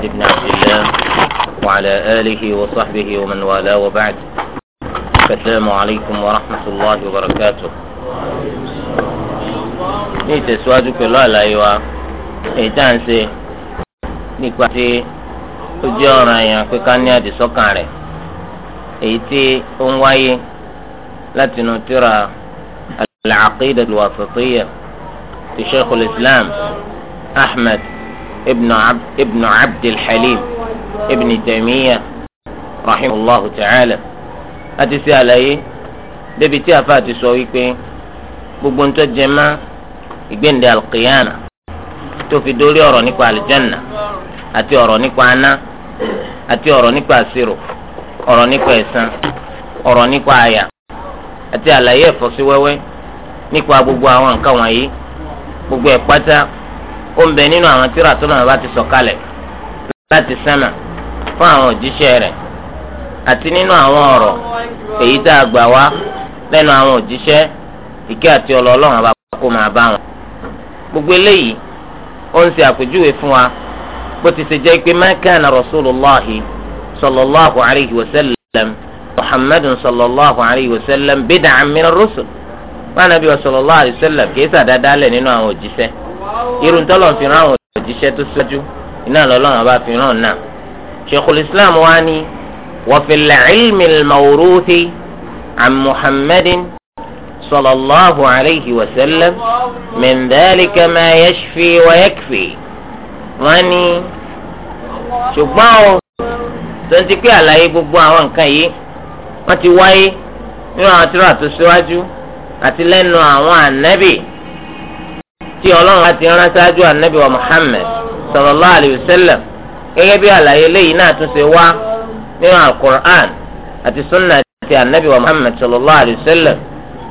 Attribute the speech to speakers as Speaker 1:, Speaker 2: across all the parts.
Speaker 1: محمد بن عبد الله وعلى آله وصحبه ومن والاه وبعد السلام عليكم ورحمة الله وبركاته نيت سواجك الله لا يوا إيتانس نيكواتي تجارة يعني كان يدي سكارة إيتي أمواي لاتنو ترى العقيدة الواسطية لشيخ الإسلام أحمد ابن عبد ابن عبد الحليم ابن تيمية رحمه الله تعالى أتسي عليه débi tí a fàá ti sọ wípé gbogbo ń tọ́jẹ má ìgbéǹde alqiyana tó fi dórí ọ̀rọ̀ nípa aljanna àti ọ̀rọ̀ nípa aná àti ọ̀rọ̀ nípa àṣírò ọ̀rọ̀ nípa ẹ̀san ọ̀rọ̀ nípa àyà àti àlàyé ẹ̀fọ́síwẹ́wẹ́ nípa gbogbo àwọn nǹkan wọ̀nyí gbogbo ẹ̀ pátá ó ń bẹ nínú àwọn tírà tó náà bá ti sọ̀kalẹ̀ láti sánà fún àwọn òjíṣẹ́ rẹ̀ àti nínú àwọn ọ̀rọ̀ èyí tá a gbà wá lẹ́nu àwọn òjíṣẹ́ ìkẹ́ àti ọlọ́ọ̀lọ́run àbá kó máa bá wọn. gbogbo eléyìí ó ń ṣe àpèjúwe fún wa bó ti ṣe jẹ́ pé ma kana rasulullahi sallallahu alayhi wa sallam muhammadun sallallahu alayhi wa sallam bid'an min rusul wa nabi wa sallallahu alayhi wa sallam kì í sàdádálẹ̀ nínú àwọn òjíṣẹ́ irun tọ́lọ̀ fi rán àwọn òjíṣẹ́ tó ṣáájú iná lọ́lọ́run bá fi rán náà sheikhul islam wa ni wafil ilmi mawruthi an muhammadin sallallahu alayhi wa sallam min dhalika ma yashfi wa yakfi wọ́n ní ṣùgbọ́n o tó ń ti pé àlàyé gbogbo àwọn nǹkan yìí wọ́n ti wáyé nínú àwọn tírà tó ṣíwájú àti lẹ́nu àwọn ànábì tí ọlọ́run àti rán ṣáájú anabi wa muhammed sallallahu alayhi wa sallam gẹ́gẹ́ bí àlàyé lẹ́yìn náà tún ṣe wá nínú alukur'an àti sunna ti anabi wa muhammed sallallahu alayhi wa sallam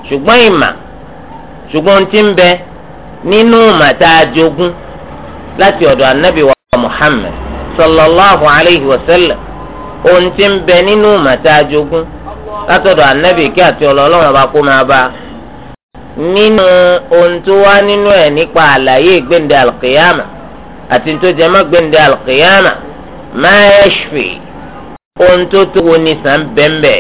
Speaker 1: ṣùgbọ́n ìmà ṣùgbọ́n tí ń bẹ nínú màtájogún láti ọ̀dọ̀ anabi wa muhammed sallallahu alayhi wa sallam ohun tí ń bẹ nínú màtájogún látọ̀dọ̀ anabi kí àti ọlọ́run ọba kó máa bá a nínú ohun tó wá nínú ẹ̀ nípa àlàyé gbẹ̀ndẹ̀ alqiyama àti tó jẹ mọ́ gbẹ̀ndẹ̀ alqiyama máa yashfi ohun tó tó wo ni sàn bẹ́ẹ̀nbẹ́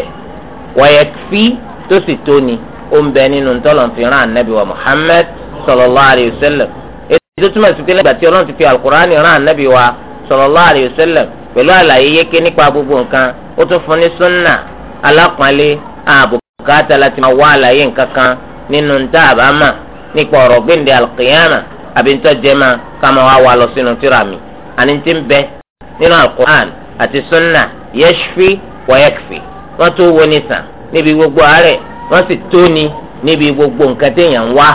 Speaker 1: wayakfi tó sì tó ni ó ń bẹ nínú ntọ́lọ́nfìrán anabi wa muhammad sallallahu alayhi wa sallam èyí tó túmọ̀ sí pé lẹ́gbàá tí ọlọ́run ti fi alukur'ani rán anabi wa sallallahu alayhi wa sallam pẹ̀lú àlàyé yéké nípa gbogbo nǹkan ó tún fún ní sunna alákùnrin àbùkátà nínú níta àbámà nípa ọ̀rọ̀ gbẹ̀ǹdẹ̀ alqiyama àbí ntọ́jẹ́mà kàmá wa wà lọ sínú tíra mi àní ti ń bẹ nínú alukur'an àti sunna yashfi wa yakfi wọ́n tó wo ní sàn níbi gbogbo àárẹ̀ wọ́n sì tó ni níbi gbogbo nǹkan téèyàn ń wá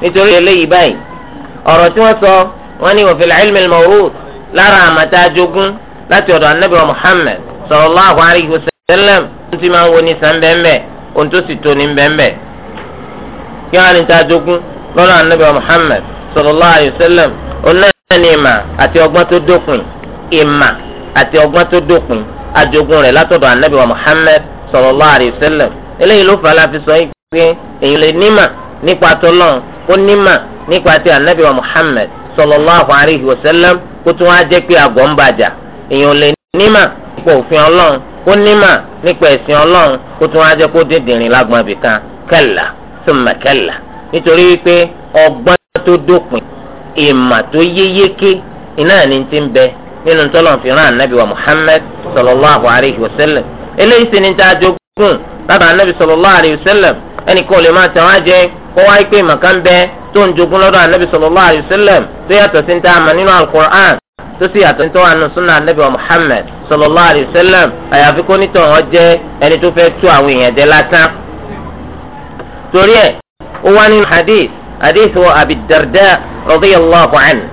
Speaker 1: nítorí eléyìí báyìí ọ̀rọ̀ tí wọ́n sọ wọ́n ní wa ilmi al lára àmàtà jogún láti ọ̀dọ̀ anabi muhammed sallallahu alayhi wa sallam tó ti máa ń wo bẹ́ẹ̀ bẹ́ẹ̀ ohun kí wọn á ní ta jogún lọ́dọ̀ anabi muhammed sallallahu alayhi wa sallam onáà ní ìmà àti ọgbọ́n tó dópin ìmà àti ọgbọ́n tó dópin àjogún rẹ̀ látọ̀dọ̀ anabi muhammed sallallahu alayhi wa sallam eléyìí ló fà á láti sọ yìí pé èyí lè nímà nípa tọ́lọ́n kó nímà nípa ti anabi muhammed sallallahu alayhi wa sallam kó tún wá jẹ́ pé àgọ́ ń bàjá èyí lè nímà nípa òfin thumma kalla nítorí wípé ọgbọ́n tó dópin ìmà tó yéyéké iná ní ti ń bẹ nínú tọ́lọ̀ fi rán ànábì wa Muhammad sallallahu alayhi wa sallam eléyìí sì ní tá a jogún bàbá ànábì sallallahu alayhi wa sallam ẹnìkan ò lè máa tàn wá jẹ kó wá pé màkà ń bẹ tó ń jogún lọ́dọ̀ ànábì sallallahu alayhi wa sallam tó yàtọ̀ sí ta àmà nínú al tó sì yàtọ̀ nítorí àánú súnà ànábì wa Muhammad sallallahu alayhi wa àyàfi kó nítọ̀ wọn jẹ ẹni tó fẹ́ tú àwọn èèyàn jẹ lásán torí ẹ̀ ó wá nínú hadith hadith wa Abi Darda radiyallahu anhu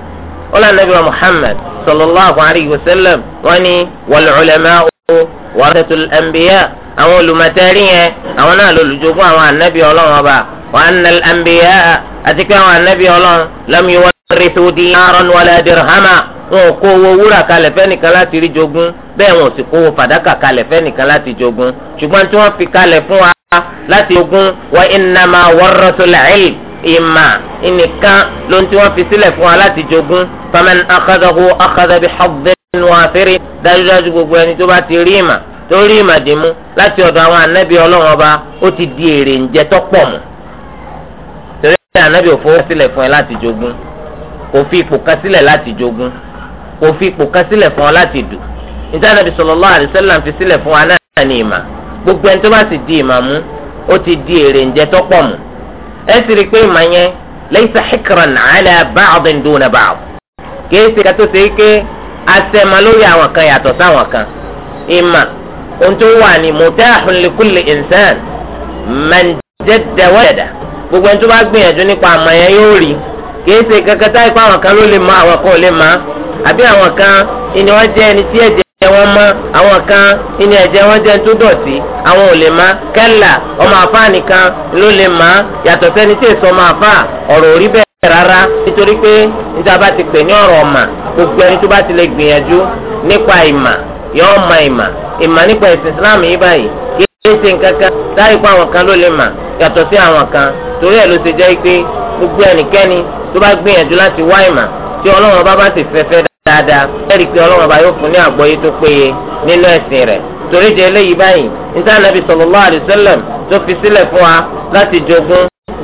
Speaker 1: wọ́n lànà bí wa Muhammad sallallahu alayhi wa sallam wọ́n ní wal ulama'u warathatul anbiya àwọn olùmọ̀tẹ́rì yẹn àwọn náà lòlùjogún àwọn ànábì ọlọ́run ọba wa anna al anbiya àti pé àwọn ànábì ọlọ́run lam yuwarrithu dinaran wala dirhama wọn kó owó wúrà kalẹ̀ fẹ́nìkan láti rí jogún bẹ́ẹ̀ wọn sì kó owó fàdákà kalẹ̀ fẹ́nìkan láti jogún ṣùgbọ́n tí wọ́n fi kalẹ̀ fún wa láti ogun wa innama warrasul ilm ìmà ìnìkan ló ń tí wọ́n fi sílẹ̀ fún wa láti jogún faman akhadahu akhadha bi haddin wafir dájúdájú gbogbo ẹni tó bá ti rí ìmà tó rí ìmà dìmú láti ọ̀dọ̀ àwọn anábì ọlọ́run ọba ó ti di èrè ǹjẹ́ tó pọ̀ mọ́ torí ẹ̀ anábì ò fowó sílẹ̀ fún ẹ láti jogún kò fi ipò kan sílẹ̀ láti jogún kò fi ipò kan sílẹ̀ fún ọ láti dù nítorí anábì sallallahu fi sílẹ̀ fún wa náà ní ìmà gbogbo ẹni tó bá sì di ìmàmú ó ti di èrè ǹjẹ́ tó pọ̀ mù ẹ sì rí i pé ìmọ̀ yẹn laysa hikran ala ba'din duna ba'd kìí ṣe kátó ṣe pé asẹ́mọ lórí àwọn kan yàtọ̀ sáwọn kan ìmọ̀ ohun wà ní mutahun li kulli insan gbogbo ẹni tó bá gbìyànjú nípa àmọ̀ yóò rí kìí ṣe kankan táyì àwọn kan ló lè mọ̀ àwọn kan ò lè mọ̀ àbí àwọn kan ìníwọ́n ẹni tí ẹ̀jẹ̀ wọn mọ àwọn kan inú ẹ̀jẹ̀ wọn jẹ́ tó dọ̀tí àwọn ò lè má kẹ́là ọmọ àfa nìkan ló lè má yàtọ̀ sẹ́ni tí èso ọmọ àfa ọ̀rọ̀ orí bẹ́ẹ̀ rárá nítorí pé níta bá ti pè ní ọ̀rọ̀ ọ̀mà gbogbo ẹni tó bá ti lè gbìyànjú nípa ìmà yọ ọmọ ìmà ìmà nípa ẹ̀sìn Islam yìí báyìí kí ẹ ṣe nǹkan kan táyì pa àwọn kan ló lè mà yàtọ̀ sí àwọn kan torí ẹ̀ ló ṣe jẹ́ pé gbogbo ẹnikẹ́ni tó bá gbìyànjú láti wá ìmà tí Ọlọ́run bá bá ti fẹ́fẹ́ dáadáa ẹ̀rí pé ọlọ́run ọba yóò fún ní àgbọ́yé tó péye nínú ẹ̀sìn rẹ̀ torí jẹ́ eléyìí báyìí níta nàbì sallallahu alaihi wasallam tó fi sílẹ̀ fún wa láti jogún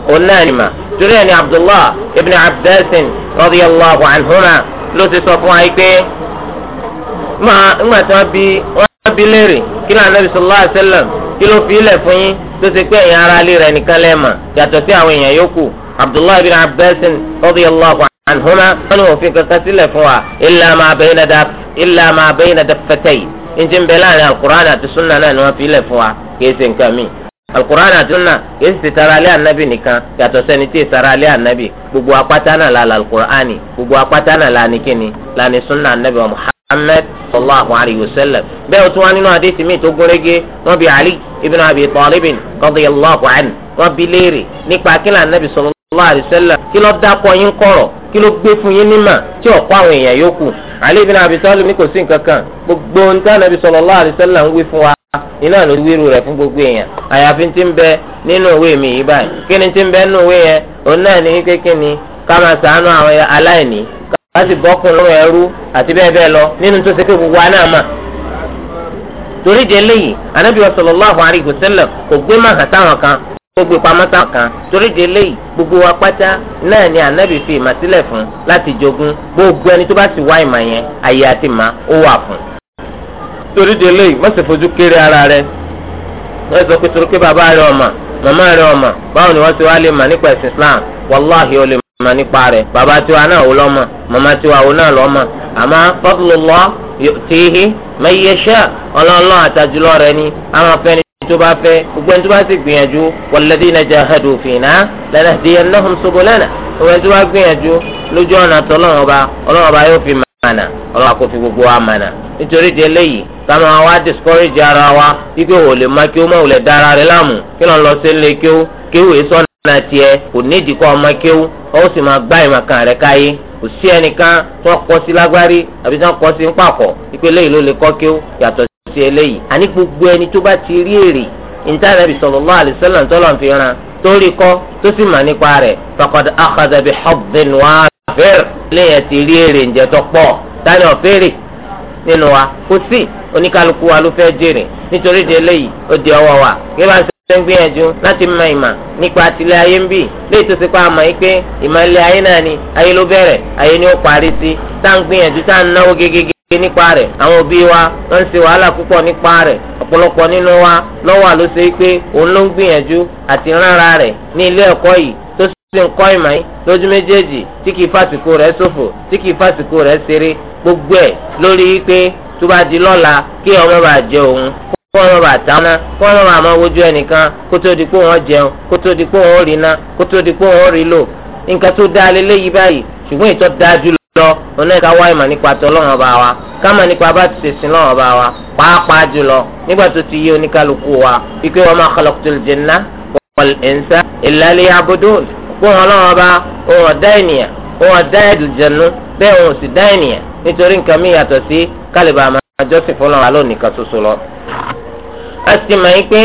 Speaker 1: òun náà nìmà torí ẹni abdullah ibn abdasin radiyallahu anhuma ló ti sọ fún wa yìí pé ńgbà tí wọ́n bí wọ́n bí léèrè kí ló ànábì sallallahu alaihi wasallam kí ló fi ilẹ̀ fún yín tó ti pé ẹ̀yin ará anhuma wọn ni wọn fi kankan sílẹ̀ fún wa illa ma bayna daf illa ma bayna daffatayn njẹ́ nbẹ láàrin alukur'an àti sunna náà ni wọ́n fi lẹ̀ fún wa kìí ṣe nǹkan mi alukur'an àti sunna kìí ṣe tara alẹ́ anabi nìkan yàtọ̀ sẹ́ni tí ì tara alẹ́ anabi gbogbo apáta náà la alukur'ani gbogbo apáta náà la nìkíni la ni sunna anabi wa muhammad sallallahu alayhi wa sallam bẹ́ẹ̀ o tún wá nínú adé tìmí tó gúnrégé wọ́n bi ali ibn abi talibin radiyallahu anhu wọ́n bi léèrè nípa akínlá anabi sọlọ́ sallallahu alaihi kí ló dákọ yín kọ̀rọ̀ kí ló gbé fún yín nímà tí ọ̀pọ̀ àwọn èèyàn yòókù Ali bin kò sí nǹkan kan gbogbo ohun tí Ànábì sallallahu ń wí fún wa iná ló wíru rẹ̀ fún gbogbo èèyàn àyàfi ń bẹ nínú mi yìí báyìí kí ni ń bẹ nínú yẹn òun náà ní ni ká máa àwọn aláìní ká sì bọ́kùn ẹrú àti bẹ́ẹ̀ lọ nínú tó ṣe gbogbo pamọ́sá kan torí de léyìí gbogbo wa pátá náà ni ànábì fi ìmọ̀ sílẹ̀ fún láti jogún gbogbo ẹni tó bá sì wá ìmọ̀ yẹn ayé àti ìmọ̀ ó wà fún. torí de léyìí má se fojú kéré ara rẹ wọ́n sọ pé torí pé bàbá rẹ ọmọ màmá rẹ ọmọ báwo ni wọ́n ti wá lè mọ̀ nípa ẹ̀sìn Islam wàláhì ó lè mọ̀ nípa rẹ̀ bàbá tiwa náà ó lọ́mọ màmá tiwa ó náà lọ́mọ àmọ́ fadlullah yu'tihi man yasha' ọlọ́ọ̀lọ́ àtàjùlọ rẹ ni àwọn tó bá fẹ́ gbogbo ẹni tó bá sì gbìyànjú walladhina jahadu fina lanahdiyannahum subulana gbogbo ẹni tó bá gbìyànjú lójú ọ̀nà tọ́lọ́run ọba ọlọ́run ọba yóò fi mana ọlọ́run àkó fi gbogbo wa mana nítorí di eléyìí káma wa discourage ara wa wípé wò lè má kí ó má wòlẹ̀ dára rẹ láàmú kí lọ́n lọ sí ilé kí ó kí ó sọ náà tiẹ̀ kò ní ìdíkọ́ ọmọ kí ó ó sì máa gbá ìmọ̀kan rẹ káyé kò sí ẹnìkan tó kọ́ sí lágbárí àbí tó kọ́ sí ń pàkọ́ ìpele lè kọ́ kí ó yàtọ̀ sí eléyìí àní gbogbo ẹni tó bá ti rí èrè ìntànàbì sallallahu alaihi wasallam tọ́lọ̀ ń fi ran torí kọ́ tó sì mà nípa rẹ̀ faqad akhadha bi haddin wafir léyìn ti rí èrè ǹjẹ́ tó pọ̀ tani ọ̀fẹ́rẹ̀ nínú wa kò sí oníkálukú wa ló fẹ́ jèrè nítorí di eléyìí ó di ọwọ́ wa kí ṣe ń gbìyànjú láti mọ ìmọ̀ nípa àtìlẹ̀ ayé ń bì léyìí tó ti pa àmọ́ yìí pé ìmọ̀ ilé ayé náà ni ayé ló bẹ̀rẹ̀ ayé ni ó parí sí tá à ń gbìyànjú tá à ń náwó gégége ké nípa rẹ̀ àwọn òbí wa wọ́n ń ṣe wàhálà púpọ̀ nípa rẹ̀ ọ̀pọ̀lọpọ̀ nínú wa lọ́wọ́ àló ṣe pé òun ló ń gbìyànjú àti rárá rẹ̀ ní ilé ẹ̀kọ́ yìí tó sì ń kọ́ ìmọ̀ yìí lójú méjèèjì tí kìí fàsìkò rẹ̀ ṣòfò tí kìí fàsìkò rẹ̀ ṣeré gbogbo ẹ̀ lórí pé tó bá di lọ́la kí ọmọ bá jẹ òun kó ọmọ bá ta ọ́nà kó ọmọ bá máa wojú ẹnìkan kó tó di pé wọ́n jẹun kó tó di pé wọ́n rìnà kó tó di pé wọ́n rìlò nǹkan tó dáa lélẹ́yìí báyìí ṣùgbọ́n ìtọ́ dáa jùlọ lọ onáyíká wá ìmọ̀ nípa tó lọ́wọ́ bá wa kámọ̀ nípa bá ti sèṣin lọ́wọ́ bá wa pàápàá jùlọ nígbà tó ti yé oníkálukú wa wípé wa ma khalaqtul jinna wal insa illa liya'budun pé wọn lọ́wọ́ bá wọn ọ̀dá ènìyàn wọn ọ̀dá ẹ̀dùjẹ̀nu bẹ́ẹ̀ wọn ò sì dá ènìyàn nítorí nǹkan mi yàtọ̀ sí kálíbà máa jọ́sìn fún lọ́wọ́ alóòní kan ṣoṣo lọ. a ti mọ̀ yín pé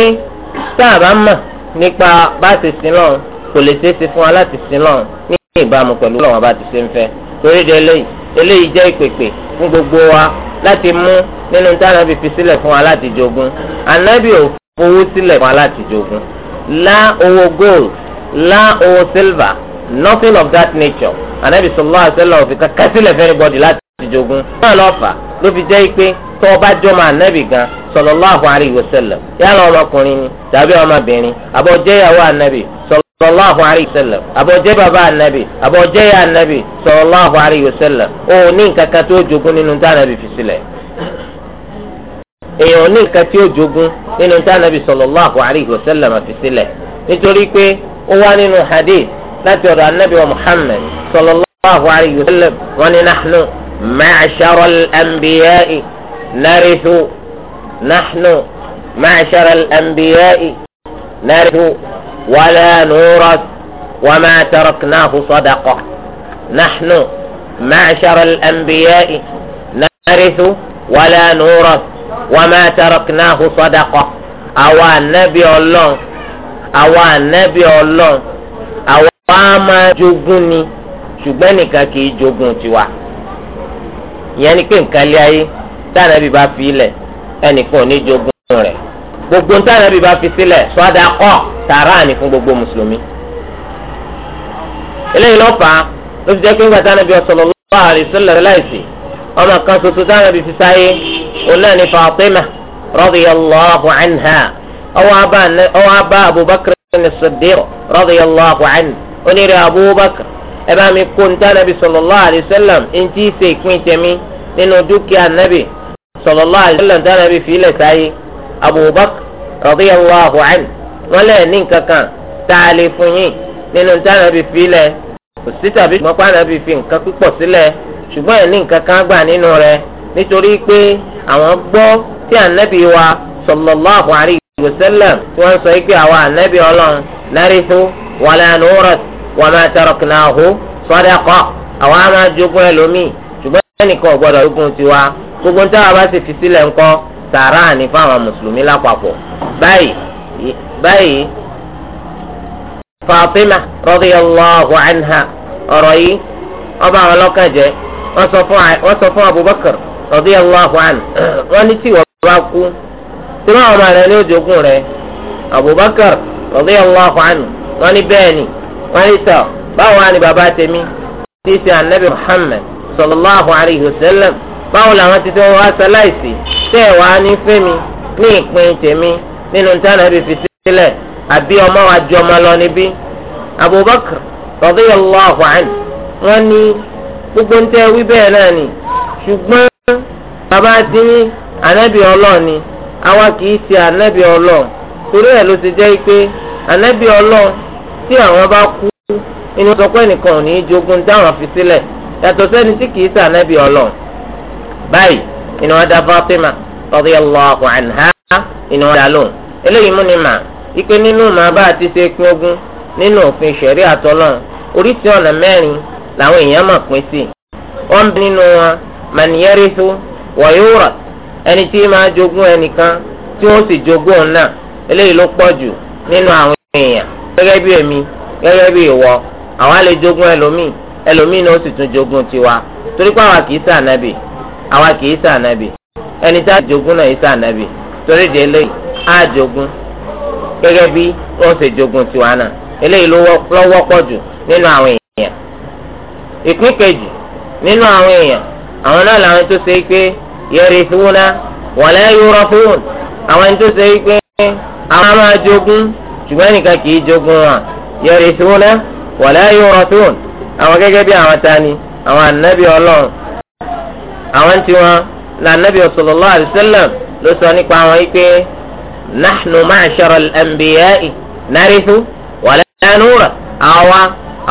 Speaker 1: tá a bá mọ̀ nípa bá ti sin lọ́wọ́ kò lè ṣeé ṣe fún wa láti sin lọ́wọ́ ní ìbámu pẹ̀lú lọ́wọ́ bá ti ṣe ń fẹ́ torí de eléyìí eléyìí jẹ́ ìpèpè fún gbogbo wa láti mú nínú tánàbì fi sílẹ̀ fún wa láti jogún ànábì ò fowó sílẹ̀ fún wa láti jogún lá owó gold lá owó silver nothing of that nature ànábì sallallahu alaihi wasallam òfin kankan sílẹ̀ fún anybody láti jogún. náà lọ́fà ló fi jẹ́ pé tó o jọmọ ànábì gan sallallahu alaihi wasallam yálà ọmọkùnrin ni tàbí ọmọbìnrin àbọ̀jẹ́yàwó ànábì sọlọ́ sallallahu alayhi wa sallam abọjẹ baba anabi abọjẹ ya anabi sallallahu alayhi wa sallam ó ní nǹkan kan tí ó jogún nínú tá anabi fi sílẹ̀ èèyàn ní nǹkan tí ó jogún nínú tá anabi sallallahu alayhi wa sallam fi sílẹ̀ nítorí pé ó wá nínú hadith láti ọ̀dọ̀ anabi wa muhammad sallallahu alayhi wa wọn ni nahnu ma'ashara al-anbiya'i narithu nahnu ma'ashara al-anbiya'i narithu. ولا نورث وما تركناه صدقة نحن معشر الأنبياء نرث ولا نورث وما تركناه صدقة
Speaker 2: أو النبي الله
Speaker 1: أو النبي الله أو ما جوجني ṣùgbọ́n nìkan kì í jogun tiwa ìyẹn ni pé nǹkan lé ayé táwọn ẹbí bá fi ilẹ̀ ẹnìkan ò ní jogun rẹ̀ gbogbo táwọn ẹbí bá fi sílẹ̀ sọ́dà kọ́ tààrà ni fún gbogbo mùsùlùmí. eléyìí ló fà á ló fi jẹ́ pé gbàtà nàbí sallallahu alaihi wasallam láìsí ọmọ kan ṣoṣo táwọn nàbí fi sáyé òun náà ni Fatima radiyallahu anha ọwọ́ abá Abubakar as-Siddiq radiyallahu anhu onírè Abubakar ẹ bá mi kó níta nàbí sallallahu alaihi wasallam ntí ṣe ìpín tèmi nínú dúkìá nàbí sallallahu alaihi wasallam níta fi ilẹ̀ sáyé Abubakar radiyallahu anhu wọ́n lẹ̀ ní nǹkan kan tá a lè fún yín nínú tí ànábì fi lẹ̀ kò sí tàbí ṣùgbọ́n pé ànábì fi nǹkan púpọ̀ sílẹ̀ ṣùgbọ́n ẹ̀ ní nǹkan kan gbà nínú rẹ̀ nítorí pé àwọn gbọ́ tí ànábì wa sallallahu alayhi wa sallam tí wọ́n sọ pé àwa ànábì ọlọ́run narithu wala nurath wa ma taraknahu sadaqa àwa á máa jogún ẹlòmíì ṣùgbọ́n ẹnìkan ò gbọ́dọ̀ ogun tiwa gbogbo nítorí àwa bá sì fi sílẹ̀ ńkọ́ báyìí Fatima radiyallahu anha ọ̀rọ̀ yìí ọba àwọn ọlọ́kàn jẹ́ wọ́n sọ fún Abubakar radiyallahu anhu wọ́n ní tí ìwọ bá kú tí wọ́n ọmọ rẹ̀ ní ojogun rẹ̀ Abubakar radiyallahu anhu wọ́n ní bẹ́ẹ̀ ni wọ́n ní sọ báwo wá ni bàbá tèmi tí í ṣe anabi Muhammad sallallahu alayhi wa sallam báwo làwọn ti tẹ́ wọ́n wá sáláìsì tẹ́ ẹ̀ wá ní fẹ́mi ní ìpín tèmi nínú tánà bí fi sí sílẹ̀ àbí ọmọ wa ju ọmọ lọ níbí Abubakar radiyallahu anhu wọ́n ní gbogbo ń tẹ́ wí bẹ́ẹ̀ náà ni ṣùgbọ́n bàbá ti ní ànábì ọlọ́ọ̀ ni àwa kì í ṣe ànábì ọlọ́ọ̀ torí ẹ̀ ló ti jẹ́ pé ànábì ọlọ́ọ̀ tí àwọn bá kú inú sọ pé nìkan ò ní í jogún dáhùn fi sílẹ̀ yàtọ̀ sẹ́ni tí kì í ṣe ànábì ọlọ́ọ̀ báyìí inú wọn dá Fatima radiyallahu anha inú wọn dá lóhùn eléyìí mú ni mà ipe nínú màá bá àti ṣe pín ogún nínú òfin ṣẹ̀rí àtọ́nà oríṣi ọ̀nà mẹ́rin làwọn èèyàn máa pín sí wọ́n bí nínú wọn mànìyẹ́rìsú wọ̀nyúrà ẹni tí máa jogún ẹnìkan tí ó sì jogún òun náà eléyìí ló pọ̀ jù nínú àwọn èèyàn gẹ́gẹ́ bí èmi gẹ́gẹ́ bí ìwọ àwa lè jogún ẹlòmíì ẹlòmíì náà ó sì tún jogún tiwa torí pé àwa kì í sànàbì àwa kì í sànàbì ẹni tá a jogún náà yìí sànàbì torí délé yìí á jogun gẹ́gẹ́ bí wọ́n ṣe jogun tiwa náà eléyìí ló wọ́pọ̀ jù nínú àwọn èèyàn ìpín kejì nínú àwọn èèyàn àwọn náà làwọn tó ṣe pé yarithuna wala yurathun àwọn tó ṣe pé àwọn máa jogún ṣùgbọ́n nìkan kì í jogún wọn yarithuna wala yurathun àwọn gẹ́gẹ́ bí àwọn tani àwọn ànábì ọlọrun àwọn tiwọn làǹnábì sallallahu alaihi wasallam ló sọ nípa àwọn nahnu ma'ashara al-anbiya'i narithu wala nura àwa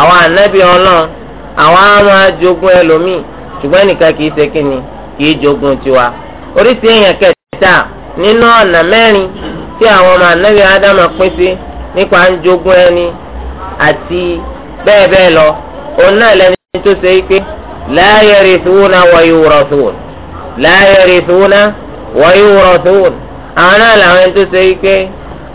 Speaker 1: àwa ànábì ọlọ́run àwa máa jogún ẹlòmíì ṣùgbọ́n nìkan kì í ṣe kíni kì í jogún tiwa oríṣi èèyàn kẹta nínú ọ̀nà mẹ́rin tí àwọn ọmọ ànábì ádámà pín sí nípa ń jogún ẹni àti bẹ́ẹ̀ bẹ́ẹ̀ lọ òun náà lẹni tó ṣe é pé la yarithuna wa yurathun la yarithuna wa yurathun àwọn náà làwọn ẹni tó ṣe wípé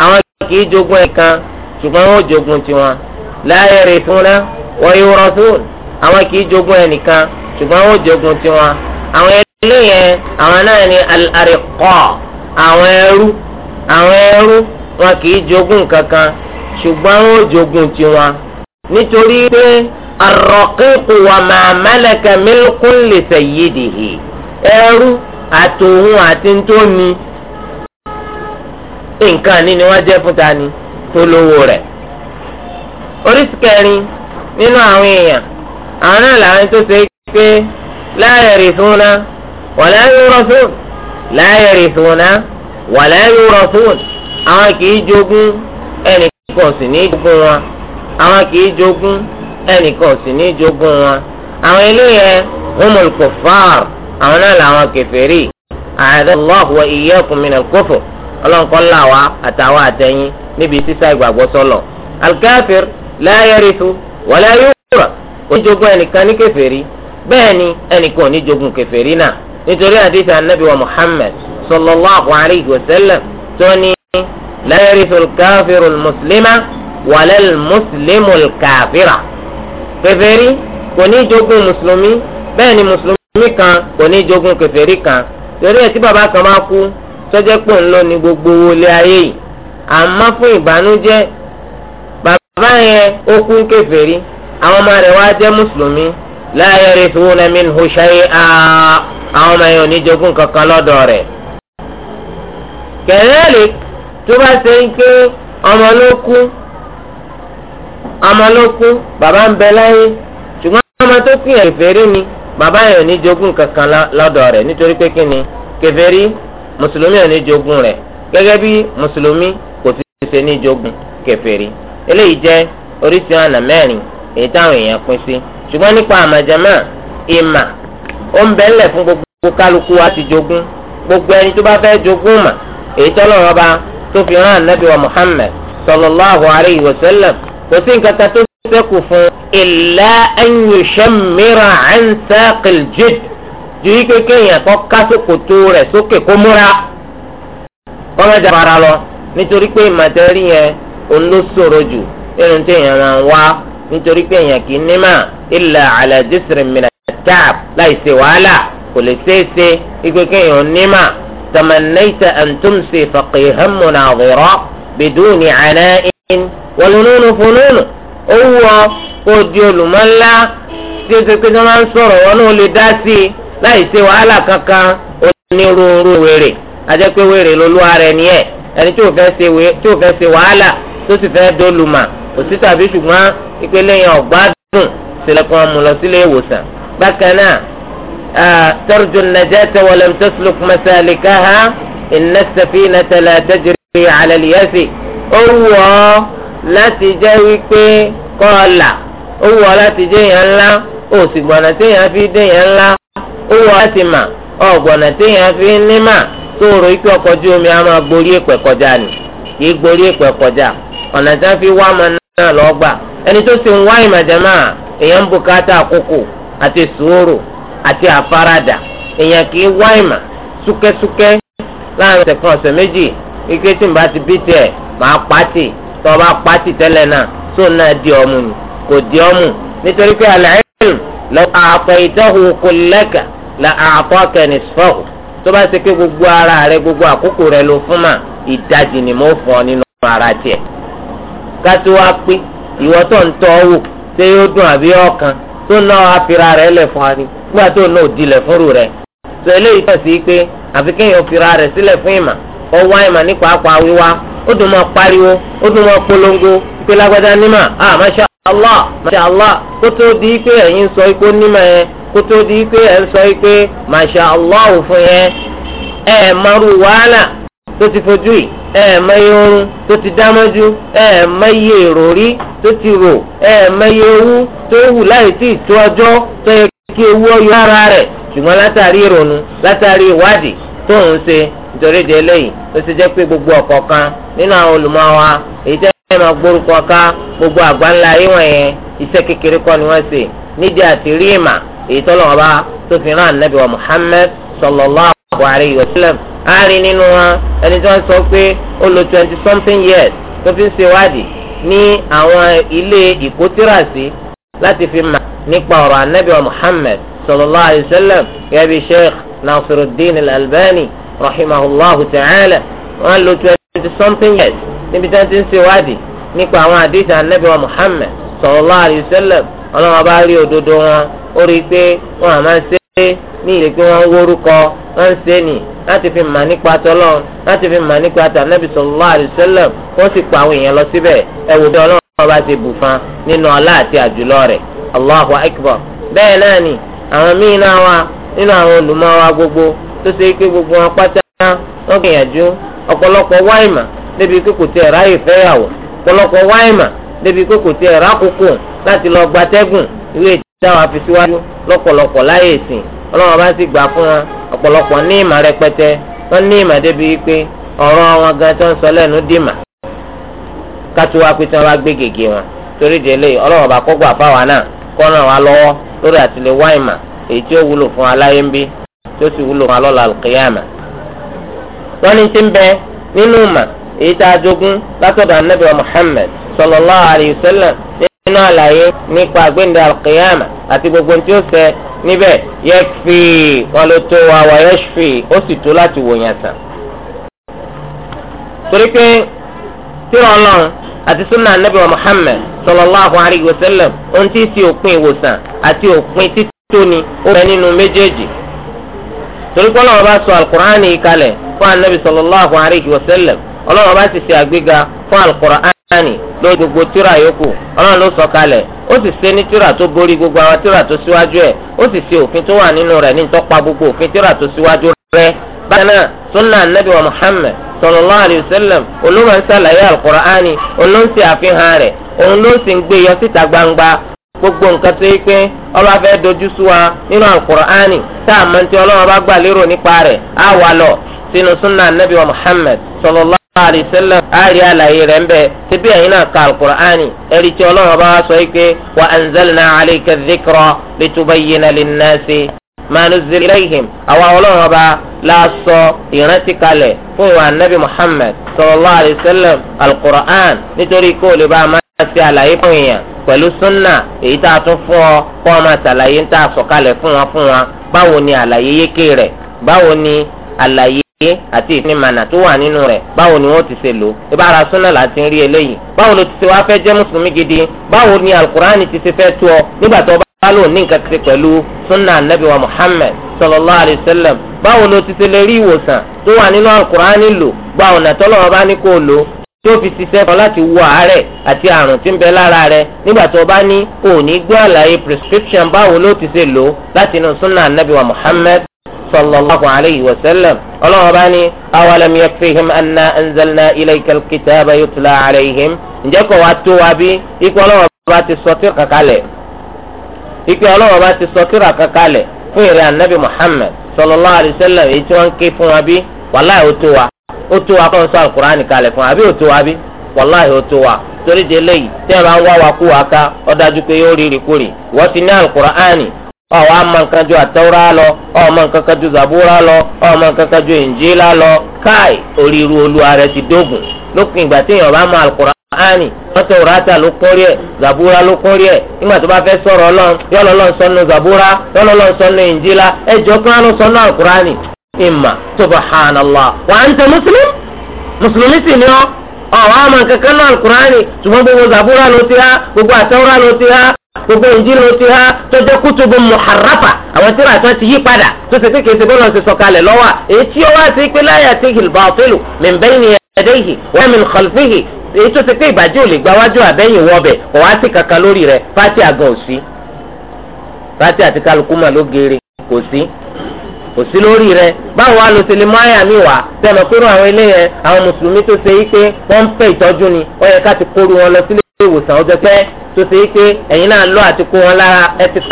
Speaker 1: àwọn kì í jogún ẹ̀kan ṣùgbọ́n wọn ò jogún tiwọn la yarithuna wa yurathun àwọn kì í jogún ẹnìkan ṣùgbọ́n wọn ò jogún tiwọn àwọn ilé yẹn àwọn náà ni al-ariqa àwọn ẹrú àwọn ẹrú wọn kì í jogún kankan ṣùgbọ́n wọn ò jogún tiwọn nítorí pé ar-raqiqu wa ma malaka milkun li sayyidihi ẹrú àtòhun àti ntóni nǹkan ní ni wọ́n jẹ́ fún ta ni tó lówó rẹ̀. oríṣi kẹrin nínú àwọn èèyàn àwọn náà làwọn tó ṣe pé la yarithuna wala yurathun la yarithuna wala yurathun àwọn kì í jogún ẹnìkan sì ní jogún wọn àwọn kì í jogún ẹnìkan sì ní jogún wọn àwọn eléyẹ humul kuffar àwọn náà làwọn kèfèrí a'adallahu wa iyyakum minal kufr ọlọ́run kọ́ là wá àtàwọn àtẹ̀yìn níbi sísá ìgbàgbọ́ sọlọ. alkafir la yarithu wala yura oníjogún ẹnìkan ní kèfèrí bẹ́ẹ̀ ni ẹnìkan ò ní jogún kèfèrí náà nítorí àdìsí anabi wa muhammad sallallahu alayhi wa sallam tó ní la yarithu alkafiru almuslima wala almuslimu alkafira kèfèrí kò ní jogún mùsùlùmí bẹ́ẹ̀ ni mùsùlùmí kan kò ní jogún kèfèrí kan torí ẹ̀ bàbá kan máa kú tọ́jẹ́ pò ń lọ ní gbogbo owó ilé ayé yìí àmọ́ fún ìbànújẹ́ bàbá yẹn ó kú kèfèrí àwọn ọmọ rẹ̀ wá jẹ́ mùsùlùmí la yarithuna minhu shay'a àwọn ọmọ yẹn ò ní jogún kankan lọ́dọ̀ rẹ̀. kẹ̀rẹ́ẹ̀lì tó bá ṣe ń pé ọmọ ló kú ọmọ ló kú bàbá ń bẹ láyé ṣùgbọ́n ọmọ tó kú yẹn kèfèrí ni bàbá yẹn ò ní jogún kankan lọ́dọ̀ rẹ̀ nítorí pé kí ni kèfèrí mùsùlùmí ò ní jogún rẹ̀ gẹ́gẹ́ bí mùsùlùmí kò ti ṣe ní jogún kèfèrí eléyìí jẹ́ orísun ọ̀nà mẹ́rin èyí táwọn èèyàn pín sí ṣùgbọ́n nípa àmàjàmá ìmà ó ń bẹ́ńlẹ̀ fún gbogbo kálukú wa ti jogún gbogbo ẹni tó bá fẹ́ jogún mà èyí tọ́lọ́run ọba tó fi rán ànábì wa Muhammad sallallahu alayhi wa kò sí nǹkan kan tó ṣẹ́kù fún illa an yushammira an saqil jidd ju yí kékeré yẹn kọ́ kásòkòtò rẹ̀ sókè kó múra kọ́mẹ́jà fara lọ nítorí pé ìmọ̀tẹ́rì yẹn òun ló ṣòro jù nínú tí èèyàn máa ń wá nítorí pé èèyàn kì í nímà illa ala jisrin min at-ta'ab láì ṣe wàhálà kò lè ṣeé ṣe ikú kéèyàn nímà tamannaita an tumsi faqihan munadira biduni ana'in walununu fununu owó kò di olùmọ̀lá tí o ti pé tí wọ́n máa ń sọ̀rọ̀ wọn náà lè dá sí i láì ṣe wàhálà kankan onírúurú wèrè ajẹ́ pé wèrè lolúwa rẹ̀ ni ẹ̀ ẹni tí ò fẹ́ ṣe wàhálà tó sì fẹ́ dolùmà òsì tàbí ṣùgbọ́n ìpele yẹn ọ̀gbádùn sílẹ̀kùn ọmọ lọ sílé ìwòsàn bákan náà ترجو النجاة ولم تسلك مسالكها إن السفينة لا تجري على اليأس owó láti jẹ́ wípé kọ́ọ̀là owó láti jẹ́ yẹn ńlá òsì gbọ̀nà tí yẹn fi dé yẹn ńlá ó wọ láti mà ọ̀gbọ̀nà téèyàn fi ń ní mà tó rò ikú ọkọ̀ ojú omi a máa gborí èpẹ̀ kọjá ni kì í gborí kọjá fi wá ọmọ náà lọ́gbà ẹni tó sì ń wá ń àkókò àti sùúrù àti àfaradà kì í wá ìmọ̀ súkẹ́súkẹ́ láàrin ọ̀sẹ̀ kan ọ̀sẹ̀ méjì ike tí n bá ti bí tiẹ̀ máa pàtì tó o bá pàtì tẹ́lẹ̀ náà tó o náà di ọmú ni kò di la àtọ́kẹ́ ní sọ́ọ̀ tó bá ṣe pé gbogbo ara rẹ gbogbo àkókò rẹ ló fún mà ìdajì ni mo fọ́ nínú ara tiẹ̀ kátó wá pé ìwọ tó ń tọ́ wò ṣé yóò dùn àbí ọkàn tó náà afira rẹ lẹ̀ fún ani nígbà tó náà dilẹ̀ fúnru rẹ̀ sọ eléyìí tọ̀ sí pé àfi kéèyàn fira rẹ̀ sílẹ̀ fún ìmà ó wá ìmà nípa apá wíwá ó dùn mọ́ pariwo ó dùn mọ́ polongo pé lágbádá nímà ah allah masha allah kó tó di pé ẹ̀yin sọ pé onímọ̀ yẹn kó tó di pé ẹ̀ ń sọ pé masha allah fún yẹn ẹ̀ mọ́rú wàhálà tó ti fojú yìí ẹ̀ mẹ́yẹ oorun tó ti dámọ́jú ẹ̀ mẹ́yẹ èròrí tó ti rò ẹ̀ mẹ́yẹ owú tó wù láì tí ì tó ọjọ́ tó yẹ kí ewu ọyọ ara rẹ̀ ṣùgbọ́n látàrí ìrònú látàrí ìwádìí tó ń ṣe nítorí ìdí ó ṣe jẹ́ pé gbogbo ọ̀kọ̀ọ̀kan nínú àwọn olùmọ̀ wa èyí tẹ́ ẹ máa gbórúkọ ká gbogbo àgbáńlá ayé wọ̀nyẹn iṣẹ́ kékeré kọ́ ni wọ́n ṣe nídìí àti rí ìmà èyí tó lọ́wọ́ bá tó fi rán ànábì wa Muhammad sallallahu alayhi wa sallam àárín nínú wọn ẹni tí wọ́n sọ pé ó lo twenty something years tó fi ń ṣèwádìí ní àwọn ilé ìkótírasì láti fi mà nípa ọ̀rọ̀ ànábì wa Muhammad sallallahu alayhi wa sallam gẹ́gẹ́ bí sheikh Nasiruddin al-Albani rahimahullahu ta'ala wọ́n lo twenty something years níbi tí wọ́n ti ń ṣe wádìí nípa àwọn àdéhùn Ànábì wa Muhammad sallallahu alaihi wasallam ọlọ́wọ́n bá rí òdodo wọn ó rí i pé wọn àmọ́ ń ṣe é ní ìlè pé wọ́n ń wórúkọ wọ́n ń ṣe nì láti fi mà nípa tọ́lọ́ láti fi mà nípa tànàbì sallallahu alaihi wasallam wọ́n sì pa àwọn èèyàn lọ síbẹ̀ ẹ wò bí ọlọ́wọ́n bá ti bù fún nínú nínú débi pé kò tiẹ̀ ráyè fẹ́yàwó ọ̀pọ̀lọpọ̀ wáìmà débi pé kò tiẹ̀ rákòókò láti lọ gbatẹ́gùn ìwé ìtìjà wa fi síwájú lọ́pọ̀lọpọ̀ láyè sìn ọlọ́wọ́n bá sì gbà fún wọn ọ̀pọ̀lọpọ̀ ní ìmà rẹpẹtẹ wọ́n ní ìmà débi pé ọ̀rọ̀ wọn gan tó ń sọ lẹ́nu dìmà kátó wa pé tí wọ́n bá gbé gègé wọn torí délé ọlọ́wọ́n bá kọ́gbà fáwa náà kọ́nà wa lọ́wọ́ lórí àtìlẹ́ wáìmà èyí tí ó wúlò fún aláyé ń bí tó sì wúlò fún alọ́lá alùkìyàmà wọ́n ní ti ń bẹ nínú ìmà èyí tá a jogún látọ̀dọ̀ anabi muhammed sallallahu alayhi wa sallam nínú àlàyé nípa àgbéǹde alqiyama àti gbogbo tí ó ṣe níbẹ̀ yakfi wọn ló tó wa wa yashfi ó sì tó láti wòyàn sàn. torí pé tíra ọlọ́run àti sunna anabi muhammed sallallahu alayhi wa sallam ohun tí í ṣe òpin ìwòsàn àti òpin títóni ó bẹ nínú méjèèjì torí pé ọlọ́run bá sọ alukur'ani kalẹ̀ fún anabi sallallahu alayhi wa sallam ọlọ́run bá sì ṣe àgbéga fún alukur'ani lórí gbogbo tíra yòókù ọlọ́run ló sọ kalẹ̀ ó sì ṣe ní tíra tó borí gbogbo àwọn tíra tó síwájú ẹ̀ ó sì ṣe òfin tó wà nínú rẹ̀ ní ìtọ́pa gbogbo òfin tíra tó síwájú rẹ̀ bákan náà sunna anabi wa muhammed sallallahu alayhi wa sallam olóma ń ṣàlàyé alukur'ani òun ló ń ṣe àfihàn rẹ̀ òun ló sì ń gbé yọ síta gbangba gbogbo nǹkan tó yí pé ọlọ́wà fẹ́ dojú sú wa nínú alukur'ani tá a mọ̀ tí ọlọ́wà bá gbà lérò nípa rẹ̀ á wà lọ sínú sunna anabi wa muhammed sallallahu àrísẹ́lẹ̀ àárí àlàyé rẹ̀ ń bẹ tẹ́bí ẹ̀yin náà ka alukur'ani ẹ̀rí tí ọlọ́run bá sọ yìí pé wa anzalna alayka dhikra litubayyina linnasi ma nuzzila ilayhim àwa ọlọ́run bá láàsọ ìrántí kalẹ̀ fún ìwà nabi muhammad sallallahu alayhi wa sallam alukur'an nítorí kó o lè bá a máa ṣe àlàyé fún èèyàn èyí tá a tún fún ọ kó o máa ń tà sọ̀kalẹ̀ fún wọn fún wọn báwo ni àlàyé yékè rẹ̀ báwo ni àlàyé àlàyé àti ìfinimànà tó wà nínú rẹ̀ báwo ni wọ́n ti ṣe lò ìbára súnà láti rí eléyìí báwo ló ti ṣe wá fẹ́ jẹ́ mùsùlùmí gidi báwo ni alukur'an ti ṣe fẹ́ tó ọ nígbà tó bá lò ní nǹkan ti pẹ̀lú súnà anabi wa muhammed sallallahu alayhi wa sallam báwo ló ti ṣe lè rí ìwòsàn tó wà nínú alukur'an lò gba ọ̀nà tọ́lọ́wọ́ bá ní kó lò tí ó fi ṣiṣẹ́ kan láti wo àárẹ̀ àti àrùn tí ń bẹ lára rẹ̀ nígbà tó bá ní òní gbé àlàyé prescription báwo ló ti ṣe lò látinú súnà anabi wa muhammed sallallahu alayhi wa sallam ọlọ́run bá ní awalam yakfihim anna anzalna ilayka alkitaba yutla alayhim ǹjẹ́ kò wá tó wa bí ikú ọlọ́run bá ti sọ tírà kankalẹ̀ ikú ọlọ́run bá ti sọ tírà kankalẹ̀ fún ìrẹ́ anabi muhammad sallallahu alayhi wa sallam èyí tí wọ́n ń ké fún wa bí wàláhì ó tó wa ó tó wa kó ń sọ alukur'ani kalẹ̀ fún wa àbí ó tó wa bí wàláhì ó tó wa torí de léyìí tẹ́ ẹ bá ń wá wa kú wa ká ọ dájú pé yóò rí rí kúrì wọ́n ti ní alukur'ani ọwọ ama nǹkan ju àtẹwúrá lọ ọmọ nǹkan kan ju zabúrá lọ ọmọ nǹkan kan ju ìnjílá lọ káì oríru olúwa rẹ ti dógùn lópin ìgbà tí èèyàn bá mọ àlùkùránì wọn tẹ òrátà ló kún rí ẹ zabúrá ló kún rí ẹ nígbà tó bá fẹ́ sọ̀rọ̀ Ọlọ́run yọlọ lọ sọnù zabúrá yọlọ lọ sọnù ìnjílá ẹjọ kan ló sọnù àlùkùránì ìmà subhanallah wa anta muslim ni ọ ọwọ ama nǹkan kan náà àlùkùránì ṣùgbọ́n gbogbo zabúrá ló ti há gbogbo àtẹwúrá ló ti há gbogbo ìjírò ti há tó jẹ́ kútùbù muharrafa àwọn tíra tó ti yí padà tó ti kékeré tó lọ sí sọ̀kalẹ̀ lọ́wọ́ èyí tí ó wá sí láyà tí hilbaatilu min bayni yadayhi wa min èyí tó ti pé ìbàjẹ́ ò lè gba àbẹ́yìn wọbẹ̀ kò wá sí kankan lórí rẹ̀ pátí àgàn ò sí àti kálukú mà ló geere kò sí kò sí lórí rẹ̀ báwo wá ló ti lè mú àyà mi wá tẹnu kúrò àwọn eléyẹn àwọn mùsùlùmí tó ṣe yí pé wọ́n ń fẹ́ ìtọ́jú ni ó yẹ ká ti kóru wọn lọ sílé ìwòsàn ọjọ́ pẹ́ tó ṣe é pé ẹ̀yin náà lọ àti kó wọn lára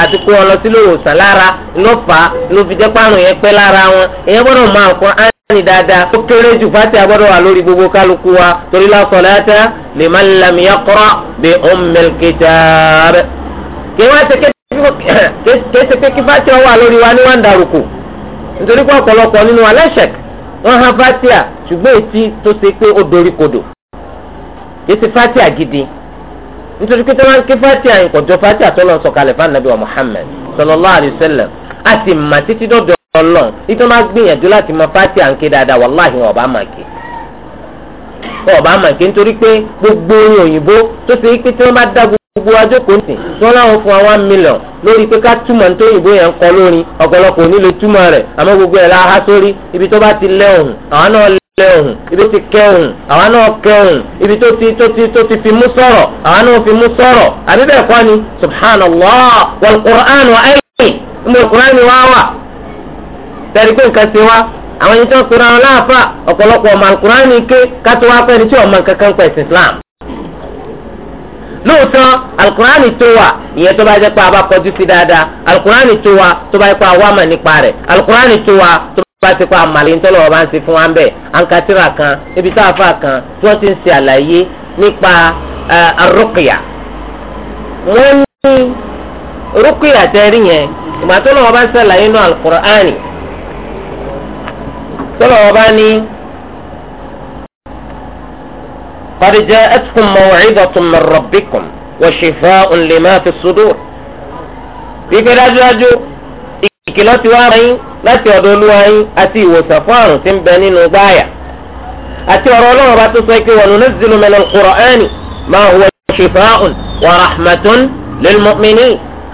Speaker 1: àti kó wọn lọ sílé ìwòsàn lára ló fà á ló fi jẹ́ párùn yẹn pẹ́ lára wọn èèyàn gbọ́dọ̀ mọ àǹkan áyánì dáadáa ó kéré jù fàtí agbọ́dọ̀ wà lórí gbogbo kálukú wa torí la salata liman lam yaqra bi ummil kitab. kí wọ́n ṣe pé kí fàtí ọ wà wa ní wọ́n ń darúkú nítorí pé ọ̀pọ̀lọpọ̀ nínú alẹ́ṣẹ̀k wọ́n ha fàtíà ṣùgbọ́n ètí tó ṣe pé ó dorí kodò kí ti fàtíà gidi nítorí pé tọ́lá ń ké fatiha yìí kọjọ fatiha tó lọ sọ̀kalẹ̀ fún anabi wa muhammed sallallahu alayhi wa sallam a ti mà títí dọ́dọ̀ ọlọ́run nítorí máa gbìyànjú láti mọ fatiha ń ké dáadáa wàláhì wọn ọba máa ké wọn ọba máa ké nítorí pé gbogbo ohun òyìnbó tó ṣe é pé tí wọ́n bá dá gbogbo ajókòó nìsín tí wọ́n láwọn fún one million lórí pé ká túmọ̀ ní tóyìnbó yẹn ń kọ lórin ọ̀pọ̀lọpọ̀ onílé túmọ̀ rẹ̀ àmọ́ gbogbo ẹ̀ la há sórí ibi tó bá ti lẹ́ òun àwọn náà lẹ́hùn ibi tí kẹ́hùn àwa náà kẹ́hùn ibi tó ti tó ti tó ti fi mú sọ̀rọ̀ àwa náà fi mú sọ̀rọ̀ àbí bẹ́ẹ̀ kọ́ ni subhanallah wal qur'an wa ayé nbẹ qur'an wa wa tẹ̀rí pé nǹkan ti wá àwọn ẹni tó ń sọ̀rọ̀ àwọn láàfà ọ̀pọ̀lọpọ̀ ọmọ alukur'an ké kátó wá pẹ́ni tí ọmọ nǹkan pẹ̀ sí islam. lóòótọ́ alukur'an tó wà ìyẹn tó bá jẹ́ pé a bá kọjú sí dáadáa alukur'an tó wà tó bá jẹ́ pé a wá mà nípa rẹ̀ alukur'an tó wà tó pàṣípà àmàlẹ́ ńtọ́lọ́ ọba ń ṣe fún wa ń bẹ̀ ànkátìrà kan ibi tá a fà kan tí wọ́n ti ń ṣe àlàyé nípa arúkìyà. wọ́n ní rúkìyà tẹ́rí yẹn ìgbà tó lọ́wọ́ ń ṣàlàyé nínú alukur'ani tó lọ́wọ́ ní. قد جاءتكم موعظة من ربكم وشفاء لما في الصدور. في كده ìkìlọ̀ ti wá rẹ́yìn láti ọ̀dọ̀ olúwa yín àti ìwòsàn fún àrùn tí ń bẹ nínú gbáàyà àti ọ̀rọ̀ ọlọ́run bá tó sọ pé wa nunazzilu min al-Qur'ani ma huwa shifaa'un wa rahmatun lil mu'minin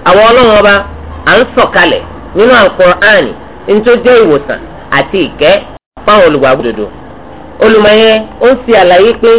Speaker 1: àwọn ọlọ́run ọba à ń sọ̀kalẹ̀ nínú al-Qur'ani ntó jẹ́ ìwòsàn àti ìkẹ́ fáwọn olùgbàgbọ́ olùmọ̀yẹ ó ń ṣe àlàyé pé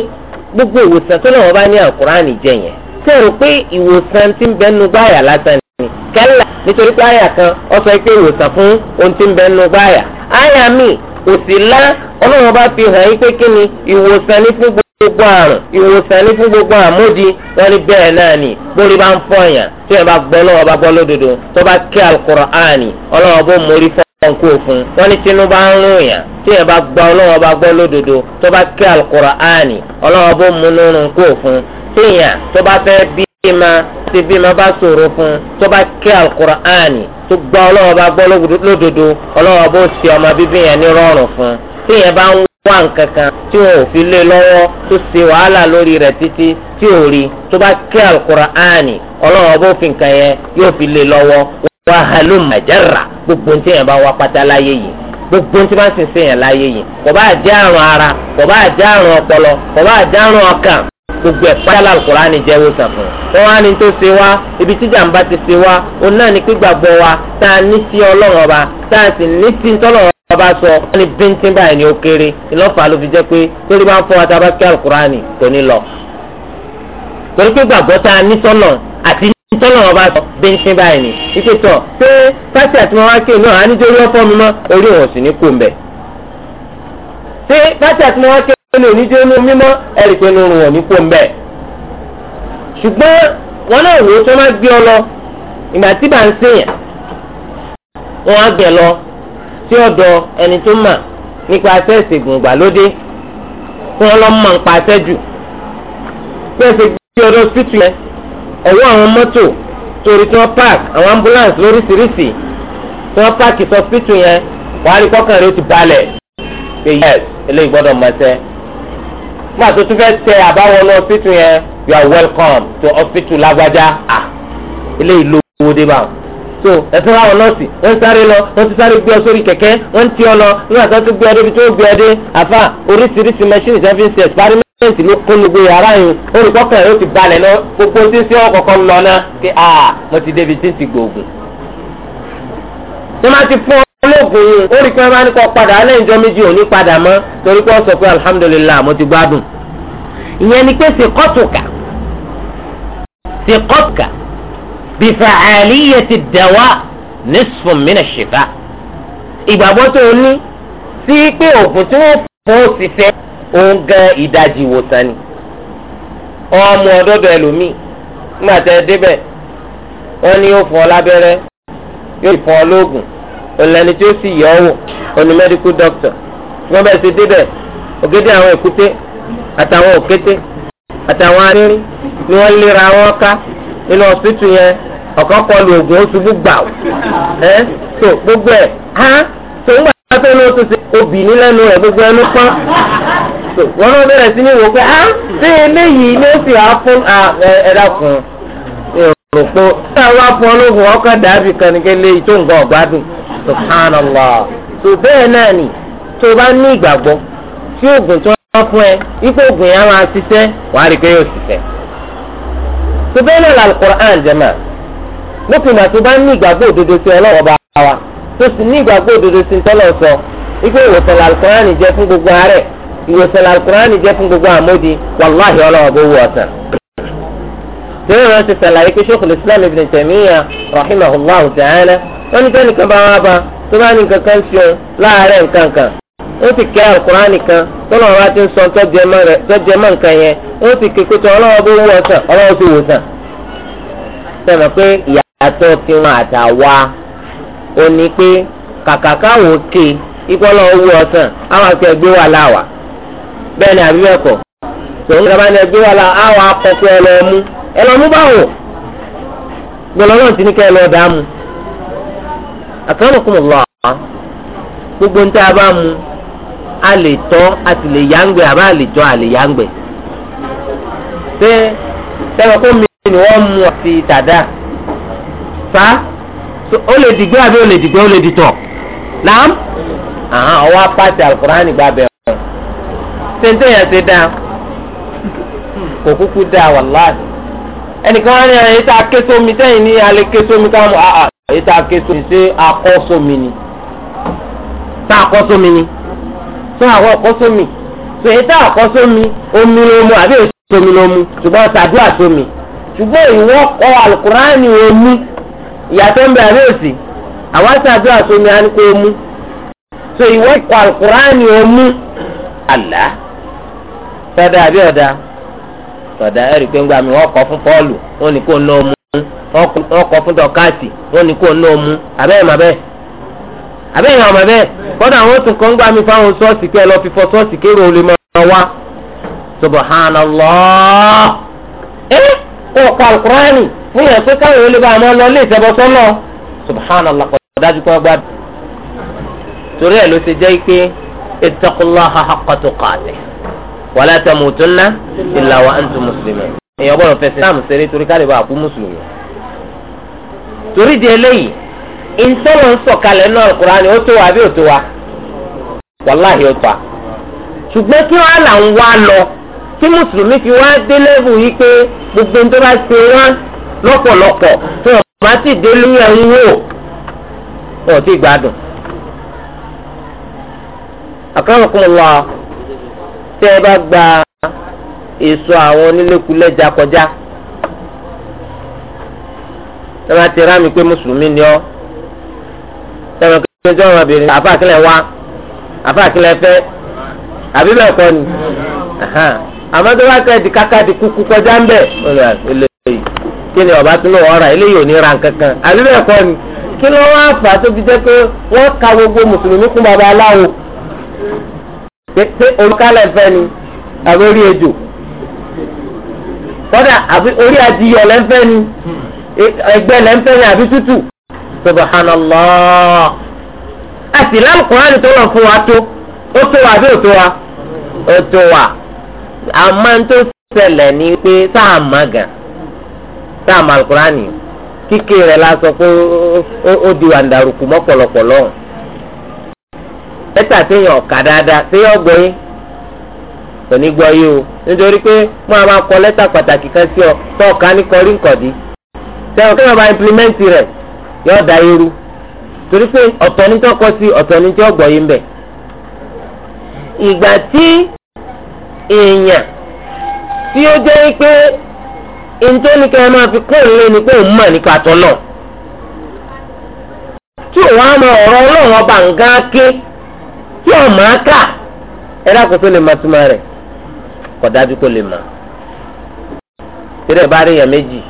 Speaker 1: gbogbo ìwòsàn tó lọ́wọ́ nítorí pé àyà kan ó sọ pé ìwòsàn fún ohun tí ń bẹ nínú gbáyà àyà míì kò sí lá ọlọ́run bá fi hàn yín pé kí ni ìwòsàn ní fún gbogbo àrùn ìwòsàn ní fún gbogbo àmódi wọn ní bẹ́ẹ̀ náà ni bórí bá ń fọyàn tí ẹ bá gbọ́ lọ́wọ́ bá gbọ́ lódodo tó bá kí Al-Qur'ani ọlọ́run bó mórí fọ́ ọ̀nkú òfun wọn ní tinubu arún yàn tí ẹ bá gba ọlọ́wọ́ bá gbọ́ lódodo tó bá kí Al-Qur'ani ọlọ́wọ́ bó múnú rún kú òfun tíyàn tó bá fẹ́ bí bímọ tí bímọ bá ṣòro fún tó bá ké alukur'ani tó gbọ́ ọlọ́wọ́ bá gbọ́ lódodo ọlọ́wọ́ bó ṣe ọmọ bíbí yẹn ní rọrùn fún tí yẹn bá ń wá nǹkan kan tí wọn ò fi lé lọ́wọ́ tó ṣe wàhálà lórí rẹ̀ títí tí ò rí tó bá ké alukur'ani ọlọ́wọ́ bó fi nǹkan yẹn yóò fi lé lọ́wọ́ wàhálù màjára gbogbo tí yẹn bá wá pátá láyé yìí gbogbo tí bá sì ń ara kò bá jẹ́ àrùn ọpọlọ kò gbogbo ẹ̀ pátá lálùkùránì jẹ́ ìwòsàn fún un. wọ́n á ní tó ṣe wá ibi tí jàǹbá ti ṣe wá òun náà ní pígbàgbọ́ wa tá a ní sí ọlọ́run ọba tá a sì ní sí tọ́lọ́run ọba sọ wọ́n ní bíntín báyìí ni ó kéré ìlọ́fà ló fi jẹ́ pé torí bá ń fọ́ ata bá kí àlùkùránì kò ní lọ. torí pígbàgbọ́ tá a ní sọ́lọ̀ àti tọ́lọ̀ ọba sọ bíntín báyìí ni ike tọ̀ pé pásítì àti mọ́wá kéwì náà á ní torí ọ̀fọ́ mi mọ́ orí òun sì ní kò ń bẹ̀. ṣé pásítì àti ó lè ní dénú mímọ́ ẹ̀rì pé nínú wọn ní kó ń bẹ̀. ṣùgbọ́n wọn náà wò ó tó má gbé ọ lọ ìgbà tí bá ń sèyàn wọn á gbẹ lọ sí ọ̀dọ̀ ẹni tó mà nípa aṣẹ́ ìṣègùn ìgbàlódé fún ọlọ́mọ nípa aṣẹ́ jù pẹ́ẹ́sì gbé ọdọ síìtì yẹn ọwọ́ àwọn mọ́tò torí tí wọ́n park àwọn ambulance lóríṣiríṣi tí wọ́n park ìsọsítù yẹn wàá rí kọ́kànlélẹ́ ti balẹ̀ pé yẹ́s eléyìí gbọ́dọ̀ mọ̀ ẹ́ nígbà tó tún fẹ́ tẹ àbáwọlé hospital yẹn you are welcome to hospital lágbájá à eléyìí lówó dé báwọn so ẹsẹ wa nọọsì wọn sáré lọ wọn ti sáré gbé ọ sórí kẹ̀kẹ́ wọn ti ọ lọ nígbà tó ti gbé ọ débi tó gbé ọ dé àfa oríṣiríṣi mẹṣíìnì tó fi ń ṣe ẹsipárímẹǹtì ló kó lóògbé yàrá yìí olùkọ́kọ́ yóò ti balẹ̀ lọ gbogbo tí ń ṣe ọkọ̀ọ̀kan lọ náà kí a mo ti débi tí ń ti gbòògùn. ṣé máa ti fún fún yín ó rí i pé máa ní kọ́ padà alẹ́ ìjọ méjì ò ní padà mọ́ torí pé ó sọ pé alhamdulilayi mo ti gbádùn ìyẹn ni pé sèkọ́tùkà sèkọ́tùkà bìfààlìyẹtì dẹ̀wà nísfùn mìíràn ṣèfà ìgbàgbọ́ tó o ní sí pé òògùn tí wọ́n fún ó ti fẹ́ òun gan ìdajì ìwòsàn ni ọmọ ọdọdọ ẹlòmíì nígbà tẹ débẹ̀ wọ́n ní yóò fún ọ yóò fún lóògùn olùlànà tí ó sì yọ ọ́ wò ọ̀nà medical doctor wọ́n bẹ̀rẹ̀ sí débẹ̀ àwọn èkúté àtàwọn òkété àtàwọn arírin ni wọ́n léra wọn ká nínú ọ̀sítù yẹn ọ̀kan kọlu oògùn oṣù gbà ẹ tó gbogbo tó ń gbà tó obì gbogbo ẹnu tó náà sí ní wò pé ṣé eléyìí ni ó sì á fún subhanallah tó bẹ́ẹ̀ náà ni tó o bá ní ìgbàgbọ́ tí oògùn tó wọ́n fún ẹ ipò oògùn yẹn á máa ṣiṣẹ́ wàá rí i pé yóò ṣiṣẹ́ tó bẹ́ẹ̀ náà làlùkùránì jàmá lópin ìgbà tó bá ní ìgbàgbọ́ òdodo sí ọlọ́wọ́ bá wa tó sì ní ìgbàgbọ́ òdodo sí tọ́lọ̀ sọ ipò ìwòsàn làlùkùránì jẹ́ fún gbogbo àárẹ̀ ìwòsàn làlùkùránì jẹ́ fún gbogbo àmódi wàláhì ọlọ́wọ́ bó wù ọ̀sán. e wọ́n ti sàlàyé pé Sheikhul Islam Ibn Taymiyyah rahimahullahu ta'ala wọ́n ní bẹ́ẹ̀ nìkan bá wá bá tó bá ní nǹkan kan sí òun láàárẹ̀ to kan ó ti kẹ́ àkùránì kan tó o bá ti ń sọ tó jẹ otu nǹkan yẹn ó ti ti wọn àtàwa ò ní pé kàkàkà wò ẹ lọ mú báwò gbọlọ náà ti ní ká ẹ lọ dàá mu akramakumullah gbogbo níta bá a lè tọ́ a sì lè yáǹgbẹ àbá a lè jọ a lè yáǹgbẹ ṣé sẹ́wọ́n kó mi ni wọ́n mu àti tàdá fa ó lè dìgbẹ́ àbí o lè dìgbẹ́ ó lè dìtọ̀ làm ọwọ́ apáti alukur'an gba bẹ̀rẹ̀ ṣé ń tẹ̀yàn ṣe dáa kò kúkú dáa wàláhì. ẹnìkan á ní ẹyẹ tá a ké sómi ní alẹ́ ké sómi ah, ah, a ké sómi akọ́ ni tá a kọ́ sómi ni tó àwọn sómi tó tá omi ló mu àbí èso sómi ló mu ṣùgbọ́n ṣùgbọ́n kọ́ alukurani omi ìyàtọ̀ ń bẹ àbí èsì àwọn á ní kó tó kọ́ alukurani omi àlá àbí sọ̀dá ẹ̀rí pé gba mi ọkọ kọ́ fún pọ́ọ̀lù wọ́n ní kó ná omu wọ́n kọ́ fún dọ́kàtì wọ́n ní kó ná omu àbẹ́yẹn mà bẹ́ẹ̀ àbẹ́yẹn ọmọ kọ́dà àwọn oṣù kan gbà mí fáwọn sọ́ọ̀sì kẹ́ lọ fi fọ sọ́ọ̀sì olè máa wá ẹ kó kọ alukurani fún yẹn pé káwọn olè bá a lọ dájú gbádùn torí wala tamutunna illa wa antum muslimun èèyàn gbọ́dọ̀ fẹsẹ̀ sáàmù ṣeré torí ká lè bá àkú mùsùlùmí. torí di eléyìí ìtọ́nà ń sọ̀kalẹ̀ náà Al-Qur'ani ó tó wa àbí ó tó wa ó ṣùgbọ́n kí wọ́n là lọ kí mùsùlùmí fi wá dé lẹ́bù gbogbo tó bá ṣe wá lọ́pọ̀lọpọ̀ tó o bá ti dé lórí ẹ̀hún wò ó tẹ́ ẹ bá gba èso àwọn onílékulẹ́já kọjá ẹ máa tẹ rámi pé mùsùlùmí ni ọ ẹ máa kí ọjọ́ ọ̀rọ̀ bìnrin àfa àkílẹ̀ wá àfa àkílẹ̀ fẹ́ àbí bẹ́ẹ̀ kọ́ ni àmọ́ tó bá kẹ́ di káká di kúkú kọjá ń bẹ̀ kí ni ọba tún lọ ọ̀rà eléyìí ò ní ra kankan àbí bẹ́ẹ̀ kọ́ ni kí ló wá fà tó fi jẹ́ pé wọ́n ka gbogbo mùsùlùmí kún baba aláwo pé olùkálẹ̀ fẹ́ ni àbí orí ejò kọ́dà àbí orí adìyẹ lẹ́fẹ́ ni ẹgbẹ́ lẹ́fẹ́ ni àbí tútù subhanallah àti lálùkùnrin tó lọ fún wa tó ó tó wa bí ó tó wa ó tó wa àmọ́ tó ṣẹlẹ̀ ni pé tá a mọ̀ gan tá a mọ̀ alukùnrin kíkè rẹ̀ la sọ pé ó di wàǹdàrúkú mọ́ pọ̀lọpọ̀ lọ́hùn. lẹ́tà téèyàn ọka dáadáa téèyàn gbọ́ yín kò ní yín o nítorí pé mo àwọn akọ lẹ́tà pàtàkì kan sí ọ tó ọ̀kà ní kọrí nkọ̀dí sẹ́wọ̀n kí wọ́n bá implimẹ́ǹtì rẹ̀ yọ da irú torí pé ọ̀tọ̀ ní tọ́kọ sí ọ̀tọ̀ ní tí ọ̀gbọ̀ yín bẹ̀. ìgbà tí èèyàn tí ó jẹ́ pé fi kó ìlú ni pé òun mọ̀ tí òun á mọ tí ò máa kà ẹ dákun tó lè máa túmọ̀ rẹ̀ kò dájú kó lè máa. tẹ́lẹ̀ bá rí èèyàn méjì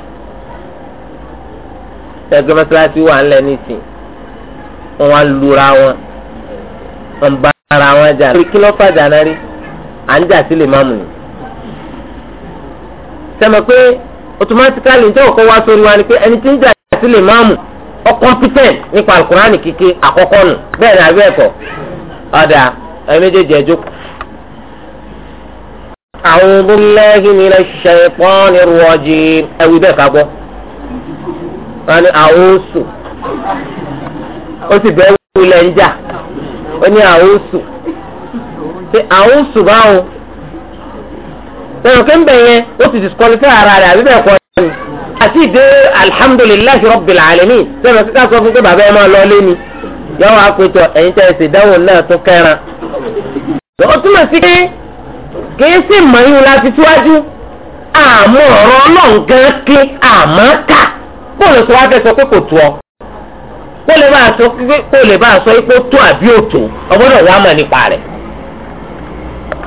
Speaker 1: ẹgbẹ́ mọ́sálásí wà ńlẹ̀ nísìn wọ́n wá lura wọn wọ́n bá ara wọn jà lórí kí ló fàjà náà rí à ń jà sí lè máa ni. sẹ́mi pé automatically ǹjẹ́ òkò wá sórí wa ni pé ẹni tí ń jà sí lè máa mú competent nípa alukurani kíkẹ́ àkọ́kọ́ nù bẹ́ẹ̀ ni àbí ẹ̀kọ́ ọ̀dà ẹ méjèèjì ẹjọ́. أعوذ بالله من الشيطان الرجيم أو بك أبو أنا أعوذ ó sì bẹ́ẹ̀ wú ilẹ̀ ń jà ó ní àwòsù ṣe àwòsù báwo lẹ́yìn kéńbẹ̀ yẹn ó ti disqualify ara rẹ̀ àbí bẹ́ẹ̀ kọ́ ẹ̀ àti ìdè alhamdulilayi rabbil alamin sẹ́mi kíkà sọ fún pé bàbá ẹ̀ máa lọ lé ni yọwọ apẹtọ ẹyin tẹ ẹsẹ ìdánwò náà tún kẹran lọ́wọ́ túmọ̀ sí pé kìí sì mọ̀yún láti túwájú àmọ́ ọ̀rọ̀ ọlọ́run gan ké àmọ́ ká kó lè tó wá fẹ́ sọ pé kò tó ọ kó lè bá a sọ pé kó lè bá a sọ pé tó àbí òtò ọgbọ́dọ̀ wá mọ̀ nípa rẹ̀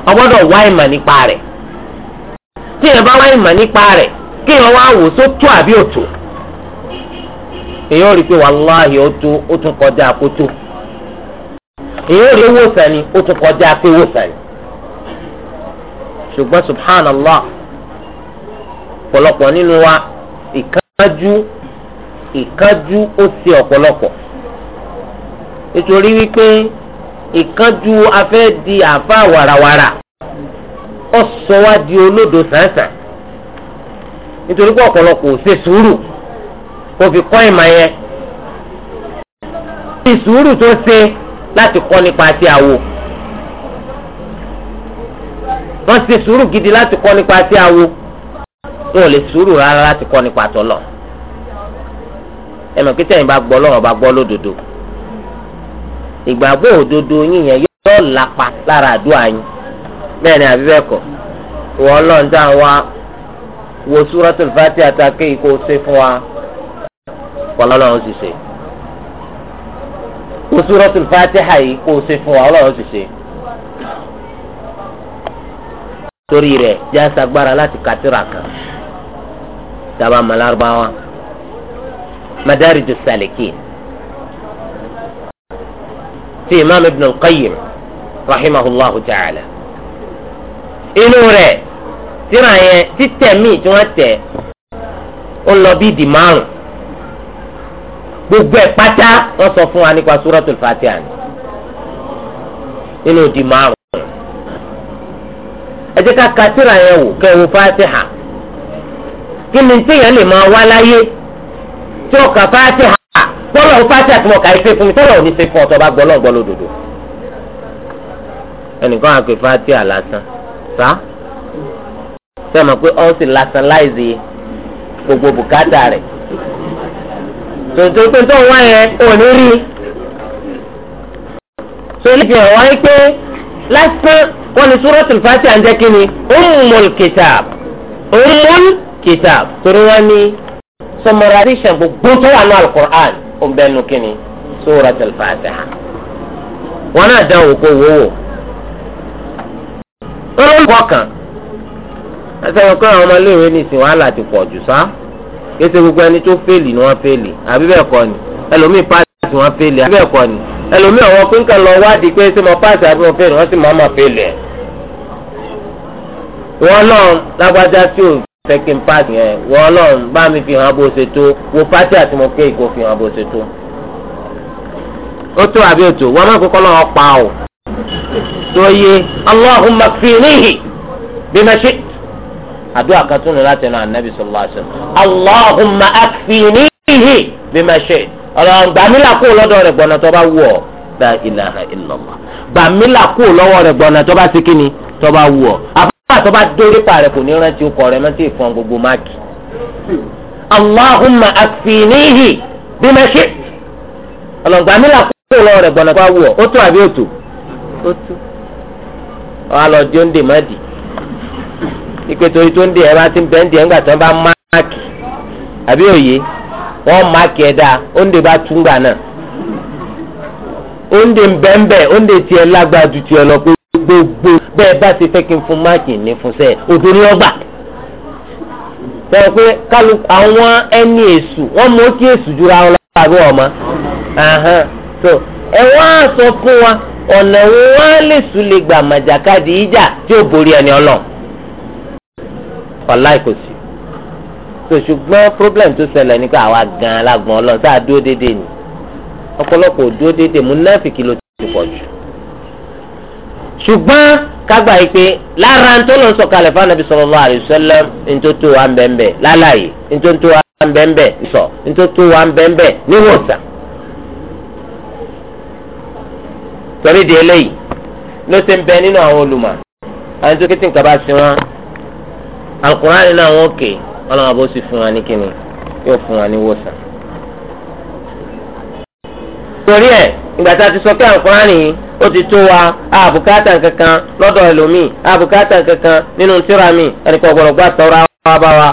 Speaker 1: ọgbọ́dọ̀ wá ìmọ̀ nípa rẹ̀ tí ìyẹn bá wá ìmọ̀ nípa rẹ̀ kí ìyẹn wá wò só tó àbí òtò. èyàn rí i pé wàláhì ó tó ó tún kọjá àkótó èyàn rí i wòsàn ni ó tún kọjá pé wòsàn ni ṣùgbọ́n subhanallah ọ̀pọ̀lọpọ̀ nínú wa ìkánjú ìkánjú ó ṣe ọ̀pọ̀lọpọ̀ nítorí wípé ìkánjú afẹ́ di àfa wàràwàrà ó sọ wá di olódo sàǹsàn nítorí pé ọ̀pọ̀lọpọ̀ ò ṣe sùúrù. kò fi kọ́ ìmọ̀ yẹn. ní sùúrù tó ṣe láti kọ́ nípa ti àwò. wọ́n ṣe sùúrù gidi láti kọ́ nípa ti àwò. wọn ò lè sùúrù rárá láti kọ́ nípa tọ́lọ̀. ẹnu kíkẹ́ yìí bá gbọ́ lọ́wọ́ bá gbọ́ lódodo. ìgbàgbọ́ òdodo yín yẹn yóò lápa lára àdúrà yín. bẹ́ẹ̀ ni àbí bẹ́ẹ̀ kọ́ wọ́n lọ́n dá wa wo súrọ́tò fàtí àtàkì kò ṣe fún wa kọlọ́lọ́run sì ṣe kó suratul fatiha yìí kó o ṣe fún wa ọlọ́run sì ṣe torí rẹ̀ jẹ́ aṣagbára láti kàtírà kan taba malarabawa madariju salikin ti imam ibn al-qayyim rahimahullahu ta'ala inú rẹ̀ tírà yẹn títẹ̀ míì tí wọ́n tẹ̀ ó lọ bí di márùn gbogbo ẹ̀ pátá wọ́n sọ fún wa nípa suratul fatiha nínú di márùn-ún ẹ jẹ́ ká katira yẹn wò kẹ́ wo fatiha kí ni téèyàn lè máa wá láyé tí ó ka fatiha tọ́lọ̀ fatiha tí mo kà í ṣe fún mi tọ́lọ̀ ò ní ṣe fún ọ tó bá gbọ́ lọ́gbọ́ lódodo ẹnìkan á pè fatiha lásán sá sẹ́mi pé ọ́n sì lásán láìsí gbogbo bùkátà rẹ̀ tòǹtò pé tó ń wá yẹn ò ní rí i. so ilé ìfihàn wáyé pé lásán wọn ni Suratul Fatiha ń jẹ́ kí ni Ummul Kitab Ummul Kitab torí wọn ní summarization gbogbo tó wà ní Al-Qur'an ó ń bẹ́ nu kí ni Suratul Fatiha. wọn náà dán òkò wò wò. olóńgbò kan àti ẹ̀yọ̀kọ́ àwọn ọmọ iléèwé wàhálà ti pọ̀ jù sá. So kése gbogbo ẹni tó fèlì ni wọ́n fèlì àbí bẹ́ẹ̀ kọ́ ni ẹlòmíì páàsì wọ́n fèlì àbí bẹ́ẹ̀ kọ́ ni ẹlòmíì ọ̀wọ́ pínká lọ wádìí pé ṣé mo páàsì àbí mo fèlì wọ́n sì máa ma fèlì ẹ̀. wọ́n náà lágbájá tí ò fẹ́ kí n páàsì yẹn wọ́n náà bá mi fi hàn bó ṣe tó wo pátí àti mo ké ìkó fi hàn bó ṣe tó. ó tó àbí òtò wọ́n má kókó náà pa ò. tó yé Allahumma kfinihi bima shi'ta àdúrà kan tún lọ láti ẹnu ànábì sallallahu alaihi wasallam allahumma akfinihi bima shi'ta ọlọ́run gbàmílà kó lọ́dọ̀ rẹ̀ gbọ́nà tó bá wù ọ́ la ilaha illallah gbàmílà kó lọ́wọ́ rẹ̀ gbọ́nà tó bá ti kíni tó bá wù ọ́ àbúrò tó bá dórí pa rẹ̀ kò ní rántí ó kọ̀ rẹ̀ mọ́tì ìfọ̀n gbogbo máàkì. allahumma akfinihi bima shi'ta ọlọ́run gbàmílà kó lọ́wọ́ rẹ̀ gbọ́nà tó bá wù ọ́ ó tó àbí ó tó ó tó ọ ìpètòrí tó ń di ẹ̀ bá ti ń bẹ́ẹ̀ ń di ẹ̀ ńgbà tí wọ́n bá máàkì àbí òye wọ́n máàkì ẹ̀ dáa oúnjẹ bá tún gbà náà oúnjẹ ń bẹ́ẹ̀ bẹ́ẹ̀ oúnjẹ tiẹ̀ lágbára ju tiẹ̀ lọ pé bẹ́ẹ̀ bá ti fẹ́ kí n fún máàkì ní fún sẹ́ẹ̀ òdo ni wọ́n gbà sọ pé kálukú àwọn ẹni èṣù wọ́n mú kí èṣù jura wọn lábẹ́ ọmọ ẹ wá sọ fún wa ọ̀nà wọn lè sùn lè gbà màjàkadì ìjà tí ó borí ẹni ọlọ́run wàláì kò sí so ṣùgbọ́n problem tó ṣẹlẹ̀ ni pé àwa gan alágbọ̀n ọlọ́run tá a dúró déédéé ni ọ̀pọ̀lọpọ̀ ò dúró déédéé múnáfìkì ló ti pọ̀ jù ṣùgbọ́n kágbà yìí pé lára ń tó lọ sọ̀kalẹ̀ fún anabi sallallahu alaihi wasallam ntótó wa ń bẹ́ẹ̀ bẹ́ẹ̀ láláyé ntótó wa ń bẹ́ẹ̀ bẹ́ẹ̀ sọ ntótó wa ń bẹ́ẹ̀ bẹ́ẹ̀ níwòsàn. torí di eléyìí ló ṣe ń bẹ nínú àwọn olùmọ̀ àwọn alukur'ani náà wọ́n kè ọlọ́run àbó si fún wa ní kíni yóò fún wa ní wòsàn. torí ẹ̀ ìgbà tá a ti sọ pé alukur'ani ó ti tó wa àbùkátà kankan lọ́dọ̀ ẹlòmíì àbùkátà kankan nínú tíra mi ẹnìkan gbà abawa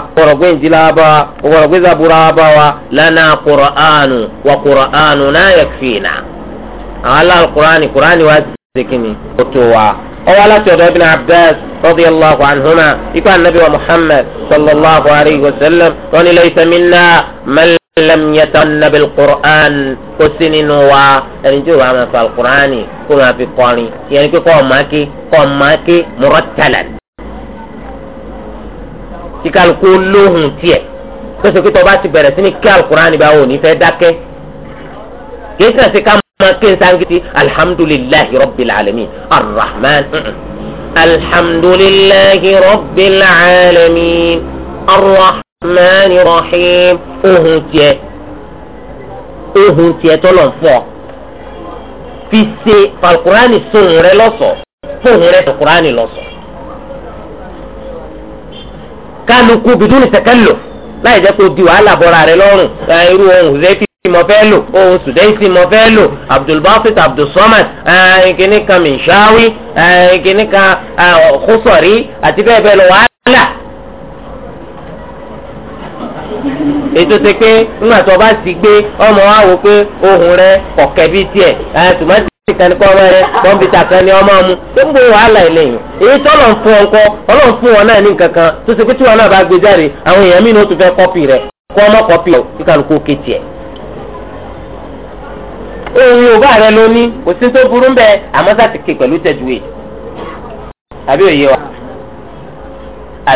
Speaker 1: njilabawa zaburabawa lana kur'anu wa kur'anu na kur'ani kur'ani wa ti ṣe o tó wa. ọwọ́ láti ọ̀dọ̀ ibn Abbas radiyallahu anhuma ikú anabi wa Muhammad sallallahu alayhi wa sallam wọn ilẹ̀ ìsẹ̀mínà mẹlẹ́m yẹtọ́nà bil qur'an kó sí nínú wa ẹni tí o bá máa fa alqur'ani kó máa fi kọrin yẹn kó kọ́ ọ̀máké kọ́ ọ̀máké murattalan. lóko lóhùn tiẹ̀ pèsè kí tọ́ bá ti bẹ̀rẹ̀ sí ni kí alqur'ani bá wò ní fẹ́ dákẹ́ kí ẹ máa ké sáńgìtì alihamudulilayi rọ́bìl alẹ́mí arahman alihamudulilayi rọ́bìl alẹ́mí arahman rahim ohun tiẹ̀ ohun tiẹ̀ tọ́lọ̀ fọ́ fi ṣe falkurani sóhun rẹ lọ́sọ̀ọ́ fóhun rẹ falkurani lọ́sọ̀ọ́ kálukú bidúni tẹkẹlò láì jẹ́ kó di wàhálà bọ́ra rẹ lọ́rùn irú ohun rẹ fi tí mo fẹ́ lò o sùdẹ́yì tí mo fẹ́ lò abdulbasit abdulsamad kìnnì kan mìṣáwí kìnnì kan kúsọ̀rí àti bẹ́ẹ̀ bẹ́ẹ̀ lọ wàhálà. ètò ti pé nígbà tó o bá ti gbé ọmọ wa wò pé ohun rẹ kọ̀kẹ́ bíi tiẹ̀ tòmátì kan ní kọ́mọ rẹ kọ́mpútà kan ní ọmọ mu tó ń bo wàhálà ìlẹ́yìn èyí tó lọ́n fún ọ ńkọ́ ọlọ́n fún ọ náà ní nǹkan kan tó ti pé tí wọn náà bá gbé jáde àwọn èèyàn mí ni ó tún fẹ́ kọ́pì ohun yorùbá rẹ ló ní kò sí tó burú ń bẹ àmọ́ sáà ti ké pẹ̀lú tẹ̀júwe àbí òye wa.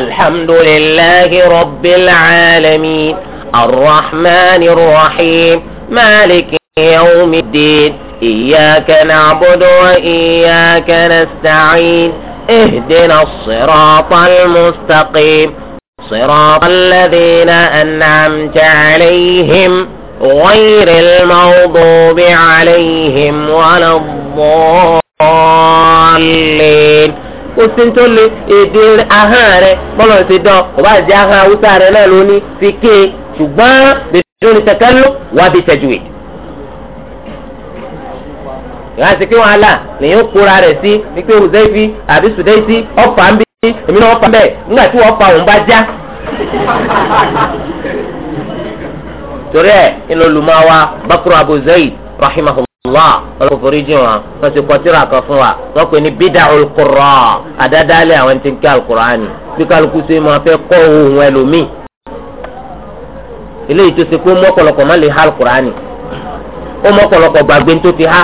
Speaker 1: الحمد لله رب العالمين الرحمن الرحيم مالك يوم الدين إياك نعبد وإياك نستعين اهدنا الصراط المستقيم صراط الذين أنعمت عليهم غير المغضوب عليهم ولا الضالين òsín tó le èdè ahọ́n rẹ bọ́lọ̀ ti dán ọba àti ahọ́n haúsá rẹ náà ló ní fi ké e. ṣùgbọ́n bèbè ní tẹ̀kẹ́lú wà bí tẹ̀júwe. ìhà sí kí wọn àlà lèyìn kóra rẹ̀ sí ní pé àbí sùdẹ́sì ọ̀fà ń bí èmi náà ọ̀fà ń bẹ̀ nígbà tí wọ́n fa òun bá já torí ẹ̀ ńlọlùmọ́wá bakr abu zayd rahimahullah ọlọ́kùnrin jìn wọn wọ́n ti kọtíra kan fún wa wọ́n pè ní bid'ul qurra àdádálẹ̀ àwọn tí ń kí alukur'ani bí kálukú sí ma fẹ́ kọ́ ohun ẹlòmíì eléyìí tó ṣe pé mọ́ ọ̀pọ̀lọpọ̀ má lè ha alukur'ani ó mọ́ gbàgbé tó ti ha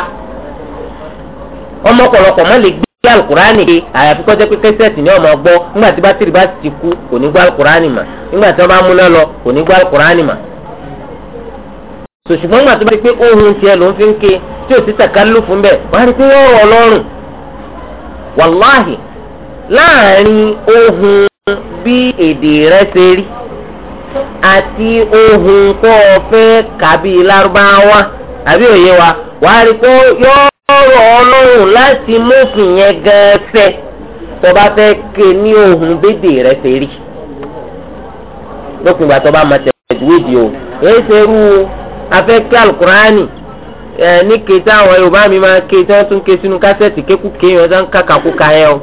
Speaker 1: ó mọ́ má lè gbé gbé alukurani àyàfi kọjá pé kẹsẹ̀tì ni ọmọ gbọ́ nígbà tí bátìrì bá ti kú kò ní gbọ́ alukurani mà nígbà tí wọ́n bá múná lọ kò ní gbọ́ alukurani mà sòṣùgbọ́n nígbà tó bá rí pé ohun tiẹ̀ ló ń fi ń ké tí ò sí tàkálù fún bẹ́ẹ̀ wọ́n á rí pé yóò rọ̀ lọ́rùn wàláhì láàrin ohun bí èdè rẹ ṣe rí àti ohun tó o fẹ́ kàbí lárúbáwá àbí òye wa wàá rí pé yóò rọ̀ lọ́rùn láti mọ́fìn yẹn gan-an fẹ́ tó bá fẹ́ ké ní ohun bédè rẹ ṣe rí lópin ìgbà tó bá máa tẹ̀síwèé di o èé ṣe rú o afẹ́ kí alukurani ẹ ní ké tí àwọn yorùbá mi máa ké tí wọ́n tún ké sínú kásẹ̀tì kékùké yẹn tó ń kàkàkùkà yẹn o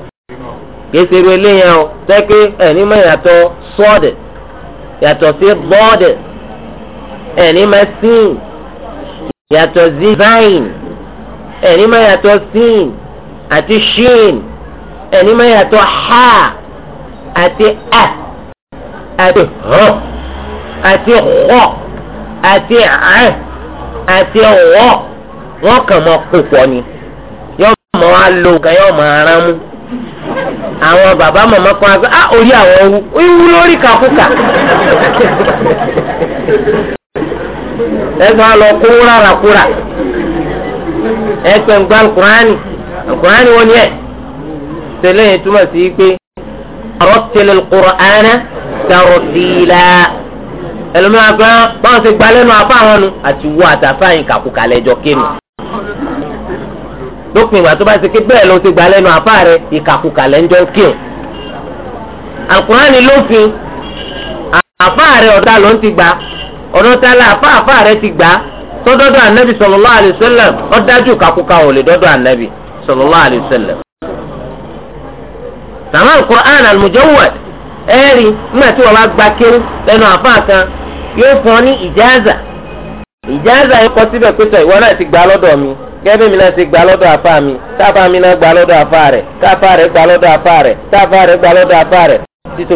Speaker 1: kéésì eru eléyẹn o tẹ́kẹ́ ẹ ní mọ̀ yàtọ̀ sọ́ọ̀dẹ̀ yàtọ̀ sí bọ́ọ̀dẹ̀ ẹ ní mọ̀ sín yàtọ̀ sí ẹ ní mọ̀ yàtọ̀ sín àti shin ẹ ní mọ̀ yàtọ̀ ha àti ẹ àti họ àti họ àti ẹ̀ àti ọ̀wọ́ wọn kàn mọ́ kó pọ̀ ni yóò mọ alo kan yóò mọ ara mú àwọn bàbá màmá kan sọ ah orí àwọn wu wíwú lórí kàkúkà ẹgbẹ́ wọn lọ kó rárá kúrà ẹgbẹ́ ń gbá alukurani wọn ni ẹ tẹ́lẹ̀ yẹn túmọ̀ sí pé ọ̀rọ̀ tẹ́lẹ̀ alukurani tẹ̀rọ̀ sí i ẹlòmíràn pé ah, báwọn ṣe gba lẹ́nu afá àwọn nu àti wọ àtàfà yìí kàkúkà lẹ́jọ́ kéènù lópin ìgbà tó bá ṣe pé bẹ́ẹ̀ ló ṣe gba lẹ́nu afá rẹ ìkàkúkà lẹ́jọ́ kéènù alukurani lófin afá rẹ ọ̀dà ló ń ti gbà ọ̀dọ́ tálá afá afá rẹ ti gbà tọ́dọ́dọ́ anabi sallallahu alaihi wasallam ọ̀dájú kàkúkà ò lè dọ́dọ̀ anabi sallallahu alaihi wasallam. sàmà alukurani almujawwad ẹ̀rí nígbà wọ́n bá gba kéwú lẹ́nu àfáà kan yóò fún ọ ní ìjáàzà ìjáàzà yóò kọ síbẹ̀ pé sọ ìwọ náà ti gba lọ́dọ̀ mi gẹ́gẹ́ mi náà ti gba lọ́dọ̀ àfáà mi táfáà mi náà gba lọ́dọ̀ àfáà rẹ̀ táfáà rẹ̀ gba lọ́dọ̀ àfáà rẹ̀ rẹ̀ gba lọ́dọ̀ àfáà rẹ̀ títí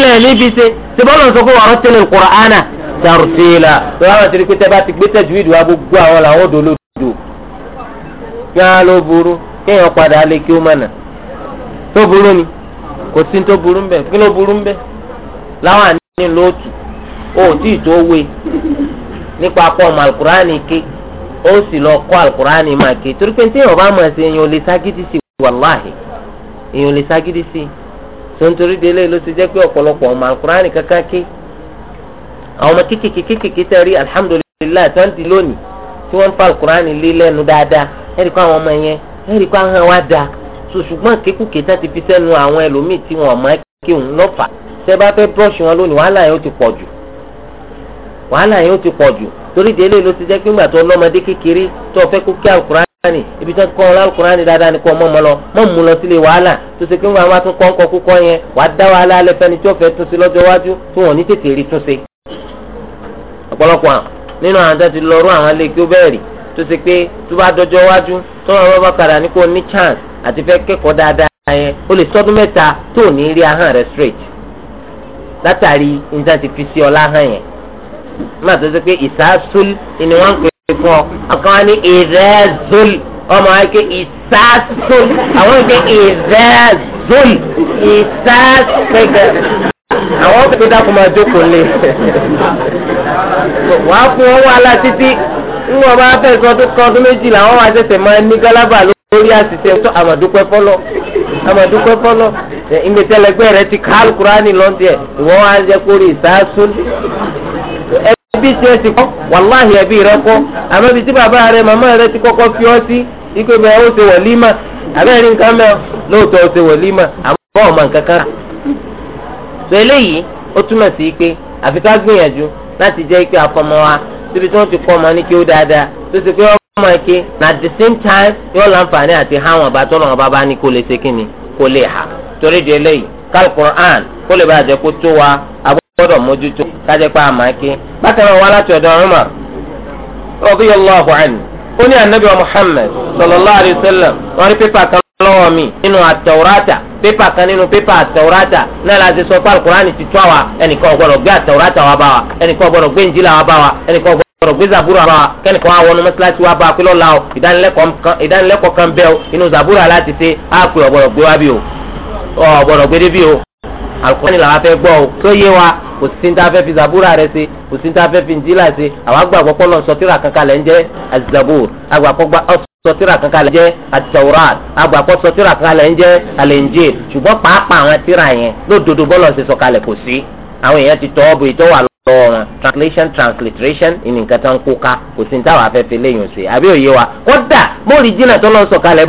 Speaker 1: alayhi wa sallam ni fi tartila tó wá ti rí pé tẹ́ bá ti gbé o wá gbogbo àwọn làwọn odò lódò kí á ló burú kéèyàn padà lé kí ó mọ̀nà tó burú ni kò sí tó burú mbẹ kí ló burú mbẹ láwọn àní lóòtù ó tí tó wé nípa pọ̀ ọmọ alukurani ké ó lọ kọ́ alukurani máa ké torí pé tí èèyàn bá mọ̀ sí èèyàn lè ságídí sí wàláhì èèyàn lè ságídí sí délé àwọn ọmọ kékèké kékèké tẹ́ rí alihamudulilayi tí wọ́n ti lónìí tí wọ́n ń fa alukurani lé lẹ́nu dáadáa ẹ̀rí kó àwọn ọmọ yẹn ẹ̀rí kó àwọn wa da so ṣùgbọ́n kékùké tán ti fi sẹ́nu àwọn ẹlòmíì tí wọ́n máa ké òun lọ́fà tẹ́ bá fẹ́ bọ́ọ̀ṣì wọn lónìí wàhálà yẹn ó ti pọ̀ jù wàhálà yẹn ó ti pọ̀ jù torí délé ló ti jẹ́ pé ńgbà tó lọ́mọdé kékeré tó fẹ́ kó kí alukurani ibi tó kọ́ alukurani dáadáa ni kò mọ́ mọ́ lọ mọ́ mú lọ sílé wàhálà tó ṣe pé ńgbà wọn á tún kọ́ ńkọ́ kúkọ́ yẹn wàá dá wàhálà alẹ́ fẹ́ni tó fẹ́ túnṣe lọ́jọ́ iwájú tí wọ́n ní tètè rí túnṣe ọ̀pọ̀lọpọ̀ nínú àwọn tó ti lọ́rú àwọn alẹ́ kí ó bẹ́ẹ̀ rí tó ṣe pé tó bá dọjọ́ wájú tó wọn bá padà ní kó ní chance àti fẹ́ kẹ́kọ̀ọ́ dáadáa yẹn ó lè sọ́dún mẹ́ta tó ní rí ahọ́n rẹ̀ straight látàrí níta ti fi sí ọ láhàn yẹn má tó ṣe pé ìsáàsúl ni wọ́n ń pè fún ọ ọkàn wa ní ìrẹ́zúl ọmọ wa ké ìsáàsúl àwọn ké ìrẹ́zúl ìsáàsúl àwọn tó dákun máa jókòó lé wàá fún wọn wà lá títí ń wọn bá fẹ́ sọ ọdún ọdún méjì làwọn wà ṣẹ̀ṣẹ̀ máa ní gálábà lórí àṣìṣe tó àmàdúpẹ́ fọlọ fọlọ rẹ ti ká alukurani lọdí ẹ ìwọ wà jẹ kó rí ẹbí tiẹ̀ ti kọ́ wàláhì ẹbí rẹ kọ́ àmọ́ ibi tí bàbá rẹ màmá rẹ ti kọ́kọ́ fi ọ́ sí ikú ibẹ̀ ó ṣe àbẹ́rẹ́ nǹkan mẹ́ọ̀ lóòótọ́ ó ṣe àmọ́ so eléyìí ó túmọ̀ sí pé àfi ká gbìyànjú láti jẹ́ pé akọmọ wa síbi tí wọ́n ti ọmọ ní kí ó dáadáa tó pé ọmọ ike na at the same time yóò láǹfààní àti háwọn àbátọ́ lọ́wọ́ bàbá ní kó lè ṣe kíni kó lè hà torí di eléyìí kálukùrán kó lè bàjẹ́ kó tó wa kaje mójútó kájẹ́ ike bákan náà láti ọ̀dọ̀ ó ní wa Muhammad sallallahu alayhi pépà kan nínú pépà àtẹwúrátà náà láti sọ pé alukurani ti tó àwa ẹnìkan ọgbọ́dọ̀ gbé àtẹwúrátà wa bá wa ẹnìkan ọgbọ́dọ̀ gbé njìlá wa bá wa ẹnìkan ọgbọ́dọ̀ gbé zabura wa kẹnìkan wa wọnú mọ́sálásí wa bá a pé lọ́la o ìdánilẹ́kọ̀ọ́ kan bẹ́ẹ̀ o inú zabura láti ṣe á pé ọgbọ́dọ̀ gbé wa bí o ọgbọ́dọ̀ gbé dé bí o alukurani làwa ta fẹ́ fi zabura rẹ ṣe kò ta fẹ́ fi njìlá ṣe àwa gbàgbọ́ lọ sọ kankan lẹ́ ń jẹ́ azabur agbàgbọ́ sọtira kankan lẹ jẹ atawura agbapọ sọtira kankan lẹ jẹ alẹnjẹ ṣùgbọ́n pàápàá àwọn tírà yẹn lódodo bọlọ ṣe sọ̀kalẹ̀ kò sí àwọn èèyàn ti tọwọ́ bọ ìtọwọ àlọwọ wọn translation transliteration ìní nǹkan tán kó ká kò sí níta wàá fẹ́ lẹ́yìn ọ̀sẹ̀ àbí òye wa kódà mọ́ọ̀rì jìnnà tó lọ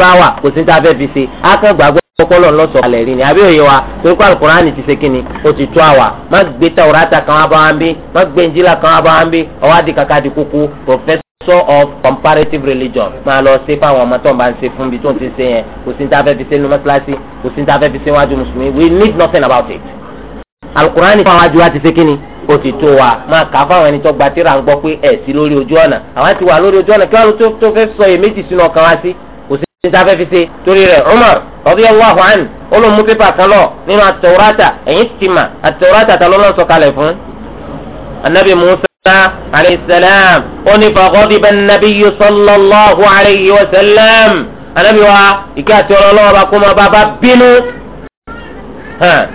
Speaker 1: bá wà kò sí níta fẹ́ fi ṣe akẹ́gbàgbọ́ kọ́kọ́lọ́ lọ́sọ̀ alẹ́ rí ni àbí òye wa torí pé alukur'an ti ṣe kíni o ti tó àwà má gbé tawurata kan wá bá wa ń bí má gbé njìlá kan wá bá wa ń bí ọwọ́ adi kàkà di kúkú professor of comparative religion máa lọ sí fáwọn ọmọ tó ń bá ń ṣe fún bí tó ń ti ṣe yẹn kò sí ní tá a fẹ́ fi ṣe nínú mọ́ṣáláṣí kò sí ní tá a fẹ́ fi ṣe wájú mùsùlùmí we need nothing about it alukur'an fún àwọn àjùwá ti ṣe kíni o ti tó wa máa kà fáwọn ẹni tó gba ń gbọ́ pé ẹ̀ sí lórí ojú ọ̀nà títa fẹ́ fi ṣe torí rẹ̀ Umar radiyallahu anhu olùmú pépà kan lọ nínú àtẹwúrátà ẹ̀yìn tìmà àtẹwúrátà ta lọ́lọ́ sọ̀kalẹ̀ fún. anabi musa alayhi salam ó ní faghadiba an-nabiyyu sallallahu alayhi wa sallam anabi wa ìkẹ́ àti ọlọ́wọ́ bá kó ma bàbá bínú.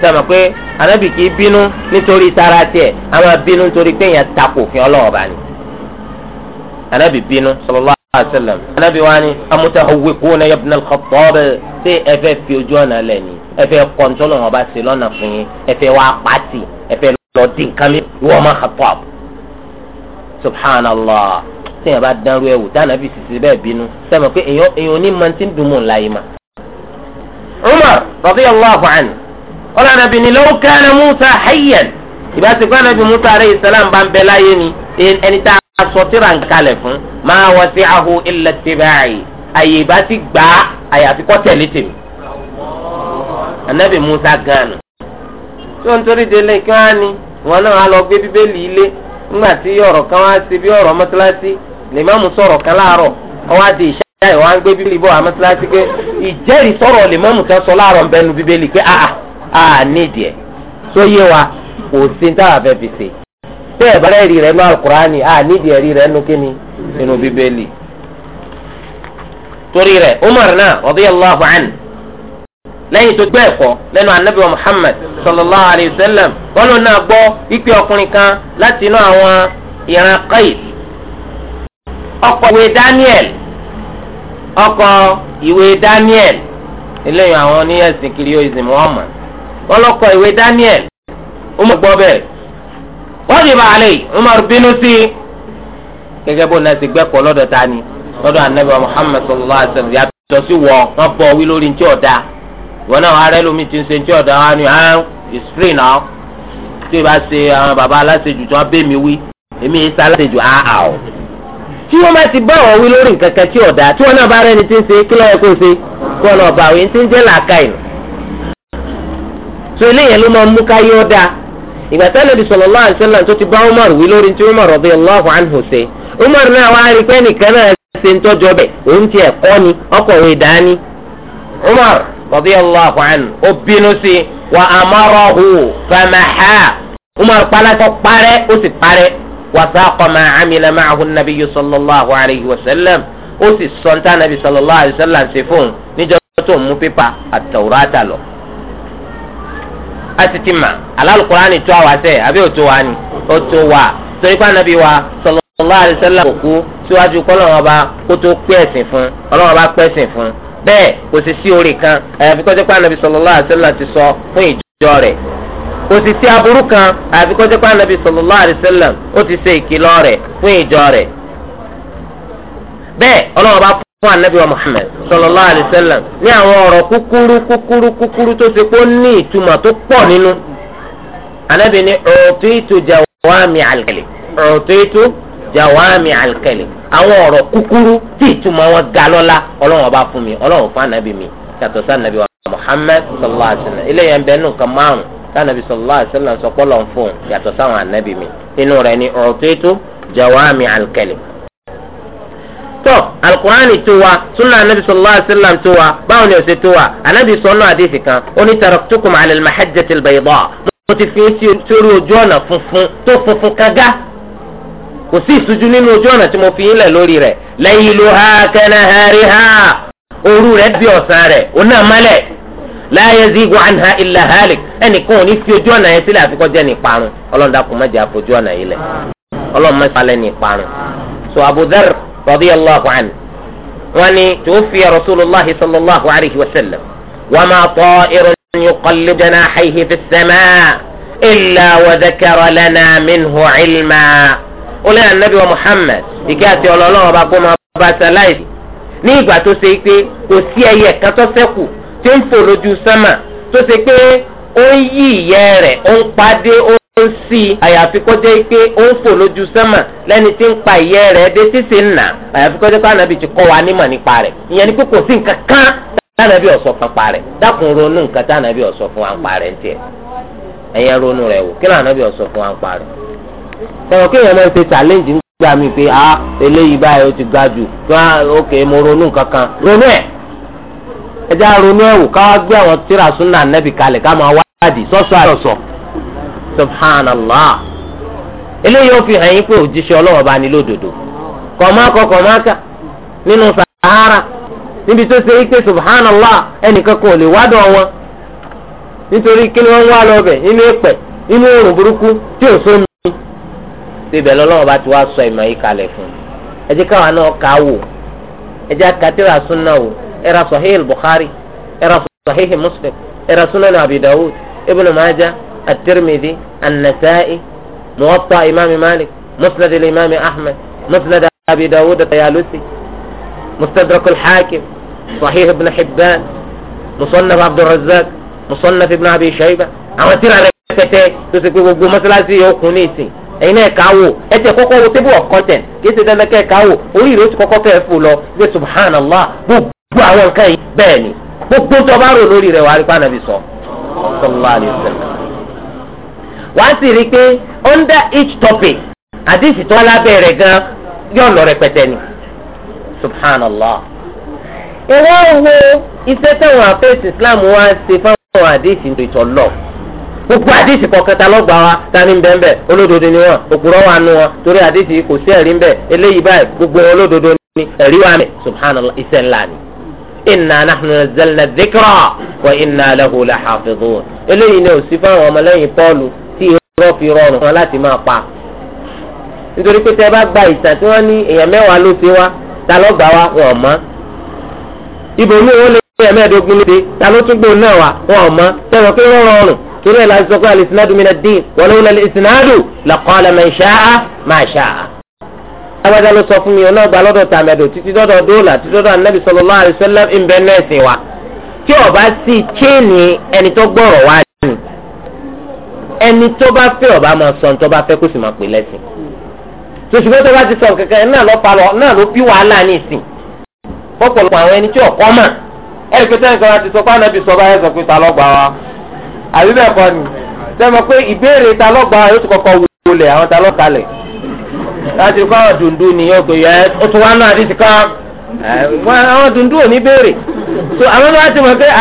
Speaker 1: sọ ma pé anabi kì í bínú nítorí tara tiẹ̀ a máa bínú nítorí pé èèyàn takò fún ọlọ́wọ́ bá ní. anabi bínú sọlọ́lá sallam anabi wani amutahawwikuna ya ibn al-khattab ṣé ẹ fẹ́ fi ojú ọ̀nà lẹ̀ ni ẹ fẹ́ kọ́ńtọ́lù wọn bá ṣe lọ́nà fún yín ẹ fẹ́ wá pàtì ẹ fẹ́ lọ dín kálí wọ́n máa Khattab subhanallah tí yẹn bá dánrú ẹ̀wò tí anabi sisi bẹ́ẹ̀ bínú sẹ́mi pé èèyàn ní mọ̀ntí dùnmù ńlá yìí ma. Umar radiyallahu anhu ọ̀là anabi ni law kana Musa hayyan ìbá ti anabi Musa alayhi salam bá ń bẹ ni ẹni tá aṣọ tíra ń kalẹ̀ fún máa wọ sí ahu illa tibai àyè ìbá ti gbà á àyàfi kọ́ tẹ̀lé tèmi. anabi musa ganu tí wọ́n ń torí délé kí wọ́n á ní wọn náà á lọ gbé bíbélì ilé nígbà tí ọ̀rọ̀ kan wá sí bí ọ̀rọ̀ mọ́tíláṣí lèmọ́mù sọ̀rọ̀ kan láàárọ̀ ọwọ́ àti ìṣá ìwà ń gbé bíbélì bọ̀ àmọ́tíláṣí pé ìjẹ́rìí sọ̀rọ̀ lèmọ́mù kan sọ láàárọ̀ ń bẹnu bíbélì pé àà ah, àà ah, ah, nídìí ẹ̀ sóyè wa kò sí ní táwa fẹ́ fi ṣe tẹ́ ẹ̀ bẹ́rẹ̀ rí rẹ̀ nú alukurani a nídìí ẹ̀rí rẹ̀ nú kíni nínú bíbélì. torí rẹ̀ umar náà radiyallahu anhu lẹ́yìn tó gbé ẹ̀kọ́ lẹ́nu anabi wa muhammad sallallahu alayhi wa sallam wọn lò náà gbọ́ wípé ọkùnrin kan láti inú àwọn ìran qais ọkọ̀ ìwé daniel ọkọ̀ ìwé daniel eléyìí àwọn oníyẹ̀sìn kiri oizim wọn mọ̀ wọn lọ́kọ̀ ìwé daniel ó mọ̀ gbọ́ bẹ́ẹ̀ wajiba ale, umar bínú sí i gẹ́gẹ́ bó ti lọ́dọ̀ ta ni lọ́dọ̀ anabi wa muhammad sallallahu alayhi wa wọ ọ, bọ̀ wí lórí ntí ọ̀dà wọn náà ara ẹlòmíì ti ń ṣe ntí ọ̀dà wọn ni ah it's free tí baba aláṣejù tí wọn bẹ́ mi wí èmi yìí sá aláṣejù áhà o ti bá wí lórí tí ọ̀dà tí náà bá ìgbà tí Ànábì sallallahu alaihi wasallam tó ti bá Umar wí lórí tí Umar radiyallahu anhu ṣe Umar náà wá rí pé nìkan náà ṣe ń tọ́jú ọbẹ̀ òun ti ẹ̀kọ́ ni ọkọ̀wé dání Umar radiyallahu anhu ó bínú sí wa amarahu famaha Umar pálákọ̀ parẹ́ ó sì parẹ́ wa saqa ma amila ma'ahu an-nabiyyu sallallahu alaihi wasallam ó sì sọ ní tí Ànábì sallallahu alaihi wasallam ṣe fún níjọ́ tó mú pépà àtàwùrátà lọ asiti ma alalukurani tó àwa sẹ àbí òtó wa ni òtó wa torí pé anabi wa sallallahu alaihi wasallam kò kú síwájú kọlọ́wọ́n ọba kó tó pẹ́ ẹ̀sìn fún ọlọ́wọ́n ọba pẹ́ ẹ̀sìn fún bẹ́ẹ̀ kò sì sí orí kan àyàfi kọjá pé anabi sallallahu alaihi wasallam ti sọ fún ìjọ rẹ̀ kò sì sí aburú kan àyàfi kọjá pé anabi sallallahu alaihi wasallam ó ti ṣe ìkìlọ̀ rẹ̀ fún ìjọ rẹ̀ bẹ́ẹ̀ ọlọ́wọ́n ọba fún anabi wa muhammed sallallahu alayhi wa sallam ní àwọn ọ̀rọ̀ kúkúrú kúkúrú kúkúrú tó ṣe pé ó ní ìtumọ̀ tó pọ̀ nínú anabi ni utitu jawami al-kalim utitu jawami al-kalim àwọn ọ̀rọ̀ kúkúrú tí ìtumọ̀ wọn ga lọ́la ọlọ́run ọba fún mi ọlọ́run fún anabi mi yàtọ̀ sí anabi wa muhammed sallallahu alayhi wa sallam ilé yẹn bẹ́ẹ̀ nù kan márùn tánàbí sallallahu alayhi wa sọ pé ọlọ́run fún yàtọ̀ sáwọn anabi mi nínú rẹ̀ ni utitu jawami al tọ́ alukur'ani tó wa sunna anabi sallallahu alayhi wa sallam tó wa báwo ni o ṣe tó wa anabi sọ̀nà àdéhìí kan ó ní taraktukum ala al-mahajjati al-bayda mo ti fi sórí ojú ọ̀nà funfun tó funfun kágá kò sí ìṣújú nínú ojú ọ̀nà tí mo fi yín lẹ̀ lórí rẹ̀ layluha kanahariha òru rẹ̀ bí ọ̀sán rẹ̀ ọ̀nà mọ́lẹ̀ la yazigu anha illa halik ẹnìkan ò ní fi ojú ọ̀nà yẹn sílẹ̀ àfikọ́ jẹ́ ní ọlọ́run dákun má àfojú ọ̀nà yìí lẹ̀ ọlọ́run má sálẹ̀ so Abu radiyallahu anhu wọ́n ní tuwfiya rasulillah sallallahu alayhi wa sallam wa ma ta'irun yuqallibu janahihi fi as-samaa illa wa dhakara lana minhu ilma olè anabi wa muhammad ìkẹ́ àti ọlọ́lọ́wọ́ bá kó máa bá sàláìsì ní ìgbà tó ṣe pé kò sí ẹyẹ kan tó ṣẹ́kù tí ń fò lójú sánmà tó ṣe pé ó ń yí ìyẹ́ rẹ̀ ó ń padé ó ń si i àyàfi kọjá pé ó ń fò lójú sẹ́mà lẹ́ni tí ń pa ìyẹ́ rẹ̀ dé títí nà àyàfi kọjá pé ànábì ti kọ́ wa nímọ̀ nípa ìyẹn ni pé kò sí nǹkan kan tànàbí ọ̀sọ̀ fún apá rẹ̀ dákun ronú nǹkan ọ̀sọ̀ fún apá rẹ̀ ń tiẹ̀ ẹ̀yẹn ronú rẹ̀ wò kí ọ̀sọ̀ fún apá rẹ̀. sọ̀rọ̀ kí èèyàn máa ń ṣe challenge mí pé ah, eléyìí báyìí ó ti ga jù mo ronú subhanallah eléyìí ó fi hàn yín pé òjíṣẹ́ ọlọ́wọ́ bá lódodo kọ̀mákọ nínú sahara níbi tó ṣe yí pé subhanallah ẹnìkan kan lè wádọ̀ wọn nítorí kí wọ́n wá lọ bẹ̀ nínú èpẹ̀ nínú òrùn burúkú tí ò sómi. síbẹ̀ lọ́lọ́wọ́ ti sọ ìmọ̀ yìí kalẹ̀ fún un ẹ jẹ́ káwa náà wò ẹ jẹ́ wò abi dawud الترمذي النسائي موطا امام مالك مسند الامام احمد مسند ابي داود الطيالوسي مستدرك الحاكم صحيح ابن حبان مصنف عبد الرزاق مصنف ابن ابي شيبه اما ترى كتي تسكو بو كونيسي اين كاو اتي كوكو تبو كوتن كيس دنا كاي كاو اوري كوكو كفولو دي سبحان الله بو بو باني بو تبارو نوري ري بانا بيسو صلى الله عليه وسلم wàá sì rí i pé under each topic àdìsí tó wá lábẹ́ rẹ̀ gan yóò lọ rẹpẹtẹ ni subhanallah. ìwọ wo iṣẹ́ táwọn àfẹ́sì islam wá ṣe fáwọn àdìsí ìtọ̀ lọ gbogbo àdìsí kọ̀ọ̀kan ta lọ́gbà wa ta ní bẹ́ẹ̀ bẹ́ẹ̀ olódodo ni wọn òkúrọ̀ wa nu wọn torí àdìsí kò sí ẹ̀rí bẹ́ẹ̀ eléyìí báyìí gbogbo olódodo ni ẹ̀rí wa mẹ́ subhanallah iṣẹ́ ńlá ni. inna nahnu nazzalna dhikra wa inna lahu lahafidhun eléyìí ni òsì fáwọn ọmọlẹ́yìn pọ́ọ̀lù irọ́ fi rọrùn fún ọ láti máa pa nítorí pé tẹ́ bá gba ìtàn tí wọ́n ní èèyàn mẹ́wàá ló ṣe wá ta ló gbà wá wọn ò mọ̀ ibò mi ò lè ṣe èèyàn mẹ́ẹ̀ẹ́dógún ló ṣe ta ló tún gbòó náà wá wọn ò mọ̀ tẹ̀wọ̀n pé wọ́n rọrùn torí ẹ̀ láti sọ pé al-isnadu min ad-din wa lawla al-isnadu laqala man sha'a ma sha'a. alábàjá ló sọ fún mi ọ̀nà ọgbà lọ́dọ̀ tàmẹ̀dọ̀ títí dọ́dọ̀ dóòlà títí dọ́dọ̀ anabi sallallahu alaihi wasallam ìbẹ́ẹ̀ nẹ́ẹ̀sìn wa tí ọba sì chéènì ẹni tó gbọ́rọ̀ wá ẹni tó bá fẹ́ ọba máa sọ ní tó bá fẹ́ kó sì máa pè lẹ́sìn tòṣùgbọ́n tó bá ti sọ kankan náà ló palọ̀ náà ló bí wàhálà ní ìsìn fọ́pọ̀lọpọ̀ àwọn ẹni tí ọ̀kọ́ mà ẹ̀rí pé tẹ́lẹ̀ kan ti sọ pé ànábì sọ báyẹn sọ pé ta ló gbà wá àbí bẹ́ẹ̀ kọ́ ni sẹ́mi pé ìbéèrè ta ló gbà wá yóò ti kọ́kọ́ àwọn ta ló kalẹ̀ láti kọ́ àwọn ni yóò gbé yẹn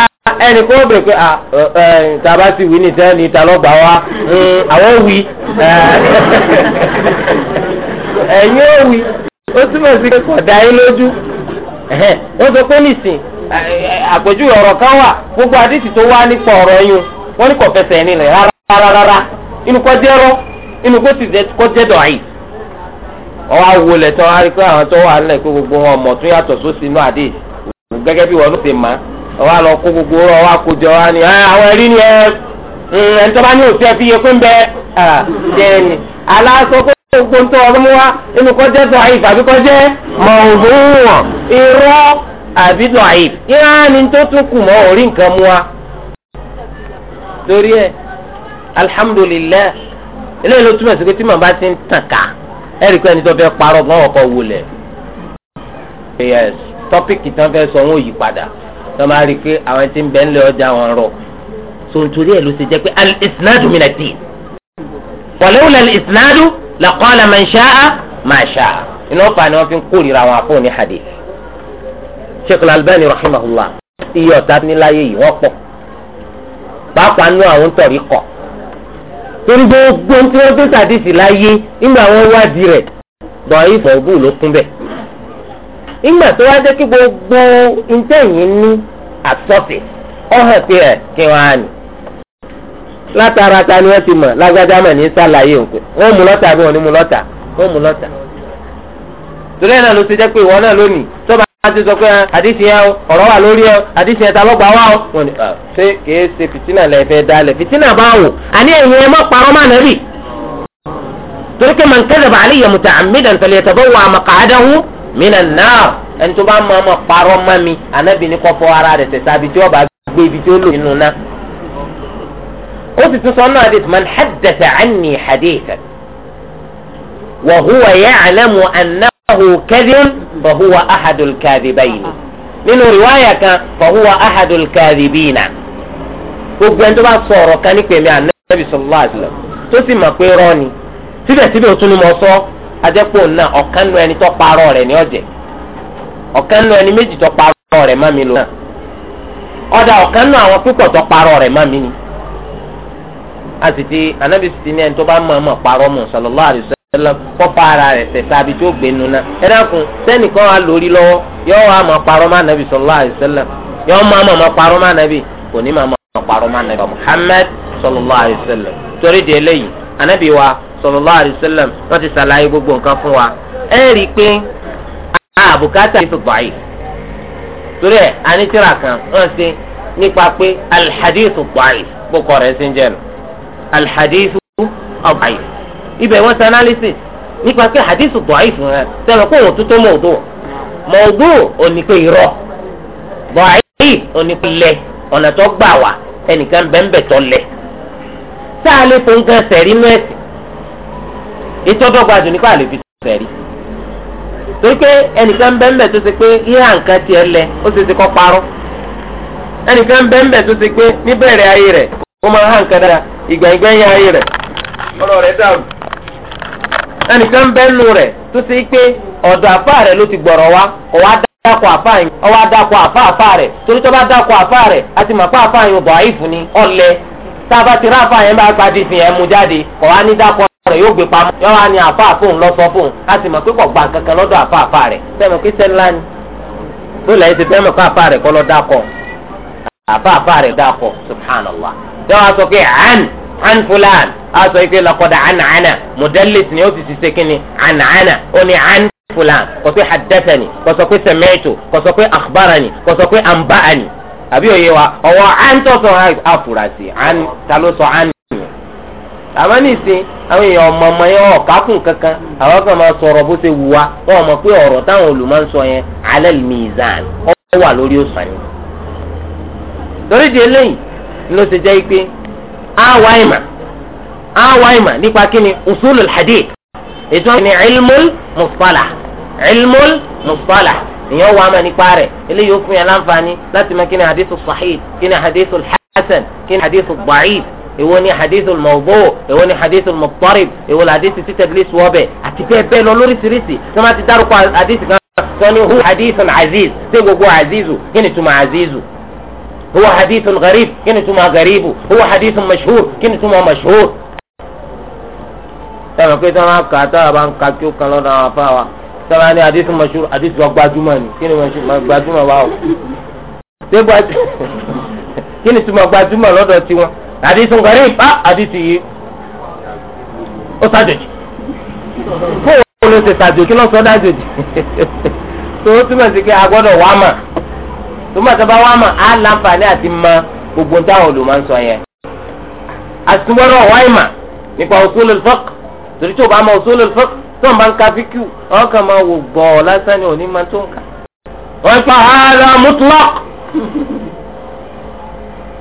Speaker 1: ó ẹnì kan ó pé tàbá ti wí ní lọ́gbà wa àwọn wí ẹ̀yin ó wí ó túmọ̀ sí pé kò dá yín lójú wọ́n sọ pé nìsín àpèjúwe ọ̀rọ̀ kan wà gbogbo àdìsí tó wá nípa ọ̀rọ̀ yín wọ́n ní kò fẹsẹ̀ nílẹ̀ rárá inú jẹ́ lẹ̀ á rí pé àwọn tó wà nílẹ̀ gbogbo wọn mọ̀ yàtọ̀ sósì inú àdìsí gẹ́gẹ́ bí ọwọ́ àlọ́ kó gbogbo ọwọ́ àkójọ wa ni àwọn ẹ̀rí ni ẹ ẹ̀ ń tọ́ bá ní òsì ẹ̀ fi yẹ pé ń bẹ jẹ́ni aláṣọ kó gbogbo ń tọ́ ọdún mú wa inú kọ́ jẹ́ dọ̀ àyè tàbí kọ́ jẹ́ mọ̀ọ́dúnwọ̀n irọ́ àbí dọ̀ àyè ìhání tó tún kù mọ́ orí nǹkan mú wa. torí ẹ alihamudulilayi eléyìí ló túmọ̀ sí pé tí màmá ti ń tàn ká ẹ̀rí pé ẹni tó fẹ́ parọ́ gan ọkọ̀ wulẹ̀. tọ́pìkì tán fẹ́ sọ wọn yí padà tó máa rí i pé àwọn tí ń bẹ ńlẹ̀ ọjà wọn rọ̀ so nítorí ẹ̀ ló ṣe jẹ́ pé al-isnadu min ad-din wa lawla al-isnadu laqala man sha'a ma sha'a iná pa ni wọ́n fi ń kórìíra àwọn afọ́ ní hadith sheikh al-Albani iye ọ̀tá níláyé yìí wọ́n pọ̀ pàápàá nú àwọn tọ̀rí kọ̀ torí gbogbo tí wọ́n gbé sàdísì láyé nínú àwọn wádìí rẹ̀ dọ̀ ìfọ̀ òbú ló kún bẹ́ẹ̀. ìgbà tó wá jẹ́ kí gbogbo ntẹ̀yìn ní kí wọ́n á nì. látara ta ni wọ́n ti mọ̀ lágbájá mọ̀ ní sàlàyé òǹkè wọ́n mú lọ́tà bí wọ́n ní mú lọ́tà wọ́n mú lọ́tà. torí ẹ̀ náà ló ti jẹ́ pé ìwọ náà lónìí a ti sọ pé àdìsí ah, ọ̀rọ̀ wà lórí ẹ àdìsí ta lọ́gbà wá ọ. wọ́n ní ah, ṣé kìí ṣe fìtínà lẹ fẹ́ dalẹ̀ fìtínà bá wò àní ẹ parọ́ torí mina náà ẹni tó bá mọ ọmọ parọ́ mọ́ mi ànábì ní kọ́fọ́ ara rẹ̀ tẹ̀sẹ̀ àbí tí ọba gbé ibi tí ó lò nínú náà. ó sì tún sọ náà hadith man haddatha anni hadithan wa huwa ya'lamu annahu kadhib fa huwa ahadul kadhibayn nínú riwaya kan fa huwa ahadul kadhibina gbogbo ẹni tó bá sọ kan nípa èmi ànábì sallallahu alaihi tó sì mọ̀ pé rọ́ọ̀ni síbẹ̀síbẹ̀ ó tún ní mo sọ ajẹ́pọ̀ náà ọ̀kan nu ẹni tó parọ́ rẹ̀ ní ọ̀jẹ̀ ọ̀kan nu ẹni méjì tó parọ́ rẹ̀ má mi lò náà ọ̀dà ọ̀kan nu àwọn púpọ̀ a sì ti anabi sì ti ní ẹni tó bá mọ̀ ọmọ parọ́ mọ̀ sallallahu alaihi wasallam kọ́ fa ara rẹ̀ tẹ̀sà àbí tó gbé nu náà ẹ dákun sẹ́nìkan wa lórí lọ́wọ́ yọ wà mọ̀ parọ́ má anabi sallallahu alaihi wasallam wọ́n ti ṣàlàyé gbogbo nǹkan fún wa ẹ rí i pé àbùkátà ti fògbà yìí torí ẹ anítìrà kan wọ́n ṣe nípa pé alhadithu gbàyè kókó rẹ̀ ṣe ń jẹ́ nu alhadithu ọgbàyè ibẹ̀ wọ́n ṣe analysis nípa pé hadithu gbàyè fún ẹ sẹ́wọ̀n kó wọ́n tuntun mọ̀ọ́dù mọ̀ọ́dù òní pé irọ́ gbàyè òní pé lẹ̀ ọ̀nà tó gbà wá ẹnìkan bẹ́ẹ̀ bẹ́ẹ̀ tó lẹ̀ sáà lè fún gan sẹ̀rí mẹ́sì ìtọ́dọ̀gba jù nípa àlè fi sẹ̀rí torí pé ẹnìkan bẹ́ẹ̀nbẹ́ẹ̀ tó ṣe pé híhà nǹkan tiẹ̀ lẹ ó ṣe kọ́ parọ́ ẹnìkan bẹ́ẹ̀nbẹ́ẹ̀ tó ṣe pé níbẹ̀rẹ̀ ayé rẹ̀ ó máa há nǹkan dára ìgbà ayé rẹ̀ ọ̀rọ̀ rẹ̀ dàrú ẹnìkan rẹ̀ tó ṣe pé ọ̀dọ̀ àfáà rẹ̀ ló ti gbọ̀rọ̀ wá ọ̀wá dákọ̀ ọ̀wá dákọ̀ àfáà rẹ̀ torí ni tá a bá rẹ̀ yóò gbé pamọ́ yọ wá ní àfa àfóun lọ́sọ fóun a sì mọ̀ pé kò gba kankan lọ́dọ̀ àfa àfa rẹ̀ sẹ́mi kí sẹ́ńlá ni tó lẹ́yìn ti fẹ́mi fún àfa rẹ̀ kọ́ lọ dákọ̀ àfa àfa rẹ̀ dákọ̀ subhanallah yọ wá sọ pé àn àn fúlàn a sọ pé lọ́kọ̀dà àn ànà mùdállis ni ó ti ti sekínni àn ànà ó fulan kò sọ pé hadathani kò sọ pé sami'tu kò sọ pé akhbarani kò sọ pé anba'ani àbí òye wa ọwọ́ à ń sọ àmọ́ nìsín àwọn èèyàn ọmọ ọmọ yẹn ọ̀kákùn kankan àwọn kan máa sọ̀rọ̀ bó ṣe wù wá wọn mọ̀ pé ọ̀rọ̀ táwọn olùmọ̀ ń sọ yẹn alal mizan ó wà lórí òsàn ni. torí di eléyìí ló ṣe jẹ́ pé àwa ìmà àwa ìmà nípa kí ni usulul hadith ètò ìní ilmul mustalah ilmul mustalah èèyàn wà á nípa rẹ̀ eléyìí ó fún yẹn láǹfààní láti mọ kí ni hadithu sahih kí ni hadithu hasan kí ni hadithu da'if èwo ni hadithul mawdu' èwo ni hadithul mọ̀tọ́rì èwo ni hadith títẹ̀bílì sùwọ́bẹ̀ àti bẹ́ẹ̀ bẹ́ẹ̀ lọ lóríṣiríṣi tí wọ́n ti dárúkọ hadith kan sọ ni hu hadithun aziz ṣé gbogbo azizu kí ni tuma azizu huwa hadithun gharib kí ni tuma gharibu huwa hadithun mashhur kí ni tuma mashhur. sábà pé sábà kà á sábà bá ń ka kí ó kan lọ́dọ̀ àwọn afá wa sábà hadithun mashhur hadithun gbajúmọ̀ ni kí ni gbajúmọ̀ báwo. kí ni tuma gbajúmọ̀ lọ́dọ̀ tiwọn àdìsùn gọ̀rí ìpá àdìsùn yìí ó ṣàjòjì fóònù ló ṣe ṣàjòjì kí ló sọ dájòjì tó o túmọ̀ sí pé a gbọ́dọ̀ wá mà tó mọ̀ tó bá wá mà á láǹfààní àti mọ gbogbo táwọn olùmọ̀ ń sọ yẹn àtúbọ̀rọ̀ wá ìmà nípa usulul fiqh torí o bá mọ usulul fiqh tó ń bá ń ka fíkìú ọ̀hún kan máa wò gbọ́ lásán ni òní máa tó ń kà wọ́n fa ààrẹ mutlaq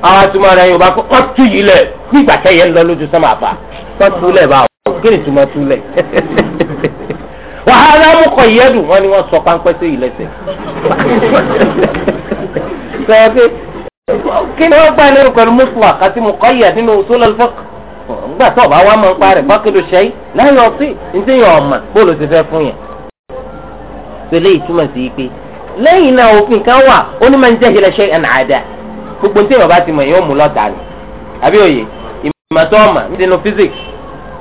Speaker 1: àwọn atúmọ̀ rẹ̀ yorùbá kó wọ́n tú yìí lẹ̀ nígbà tẹ́yẹ ń lọ lójú sọ́mà àbá wọ́n tú lẹ̀ bá wọ́n kí ni túmọ̀ tú lẹ̀ wàhálà mú kọ ìyẹ́dù wọn ni wọ́n sọ páńpẹ́ sí ìlẹ́sẹ̀ sọ́ọ́kì kí ni wọ́n gbà lérò pẹ̀lú mùsùlùmá àti mùkọ́yà nínú usul al-fiqh gbà tó ọba wa máa ń parẹ́ fákìlù ṣẹ́yí láyé ọtí ntí lẹ́yìn náà ní gbogbo tí èèyàn bá ti mọ̀ èèyàn ò mú lọ́tà ni àbí òye ìmọ̀tọ́ ọ̀mà nínú physics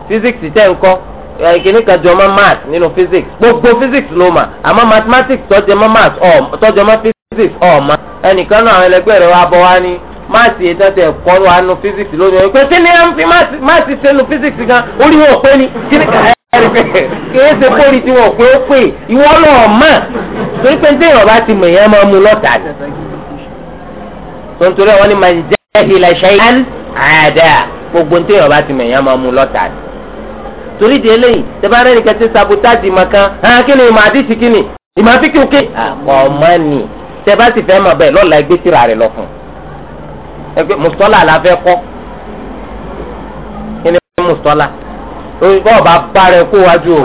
Speaker 1: physics tẹ́ ń kọ́ ìkíní kan jọmọ́ math nínú physics gbogbo physics ló mà àmọ́ mathematics tọ́jọ́ mọ́ math tọ́jọ́ mọ́ physics ọ̀ma ẹnìkan náà àwọn ẹlẹgbẹ́ rẹ̀ wá bọ́ wá ní máàsì yìí tẹ́tẹ́ ẹ̀kọ́ wa nu physics lónìí pé kí ni à ń fi máàsì ṣe nu physics gan orí wọn ò pé ni kí ni kìí ṣe pólì tí wọn ò pé ó pè ìwọ náà mọ̀ torí pé ní téèyàn bá ti mọ̀ èèyàn máa mú lọ́tà ni tó ń torí àwọn ní máa ń jẹ́ ìlẹ̀ ṣẹ́yìn àdá gbogbo ní tẹ̀yìn ọba ti mọ̀ èèyàn máa mú lọ́tà ni. torí di eléyìí tẹ́bárẹ́ nìkan ti sabotage ìmọ̀ kan hàn kí ni ìmọ̀ àdìsí kí ni ìmọ̀ àfi kí o ké. àpò ọmọ ni tẹ́bá sì fẹ́ mọ̀ bẹ́ẹ̀ lọ́la ẹgbẹ́ tìrà rẹ̀ lọ fún un. ẹ pé mùsọ́là la fẹ́ kọ́ kí ni mùsọ́là bọ́ ọba bá rẹ wájú o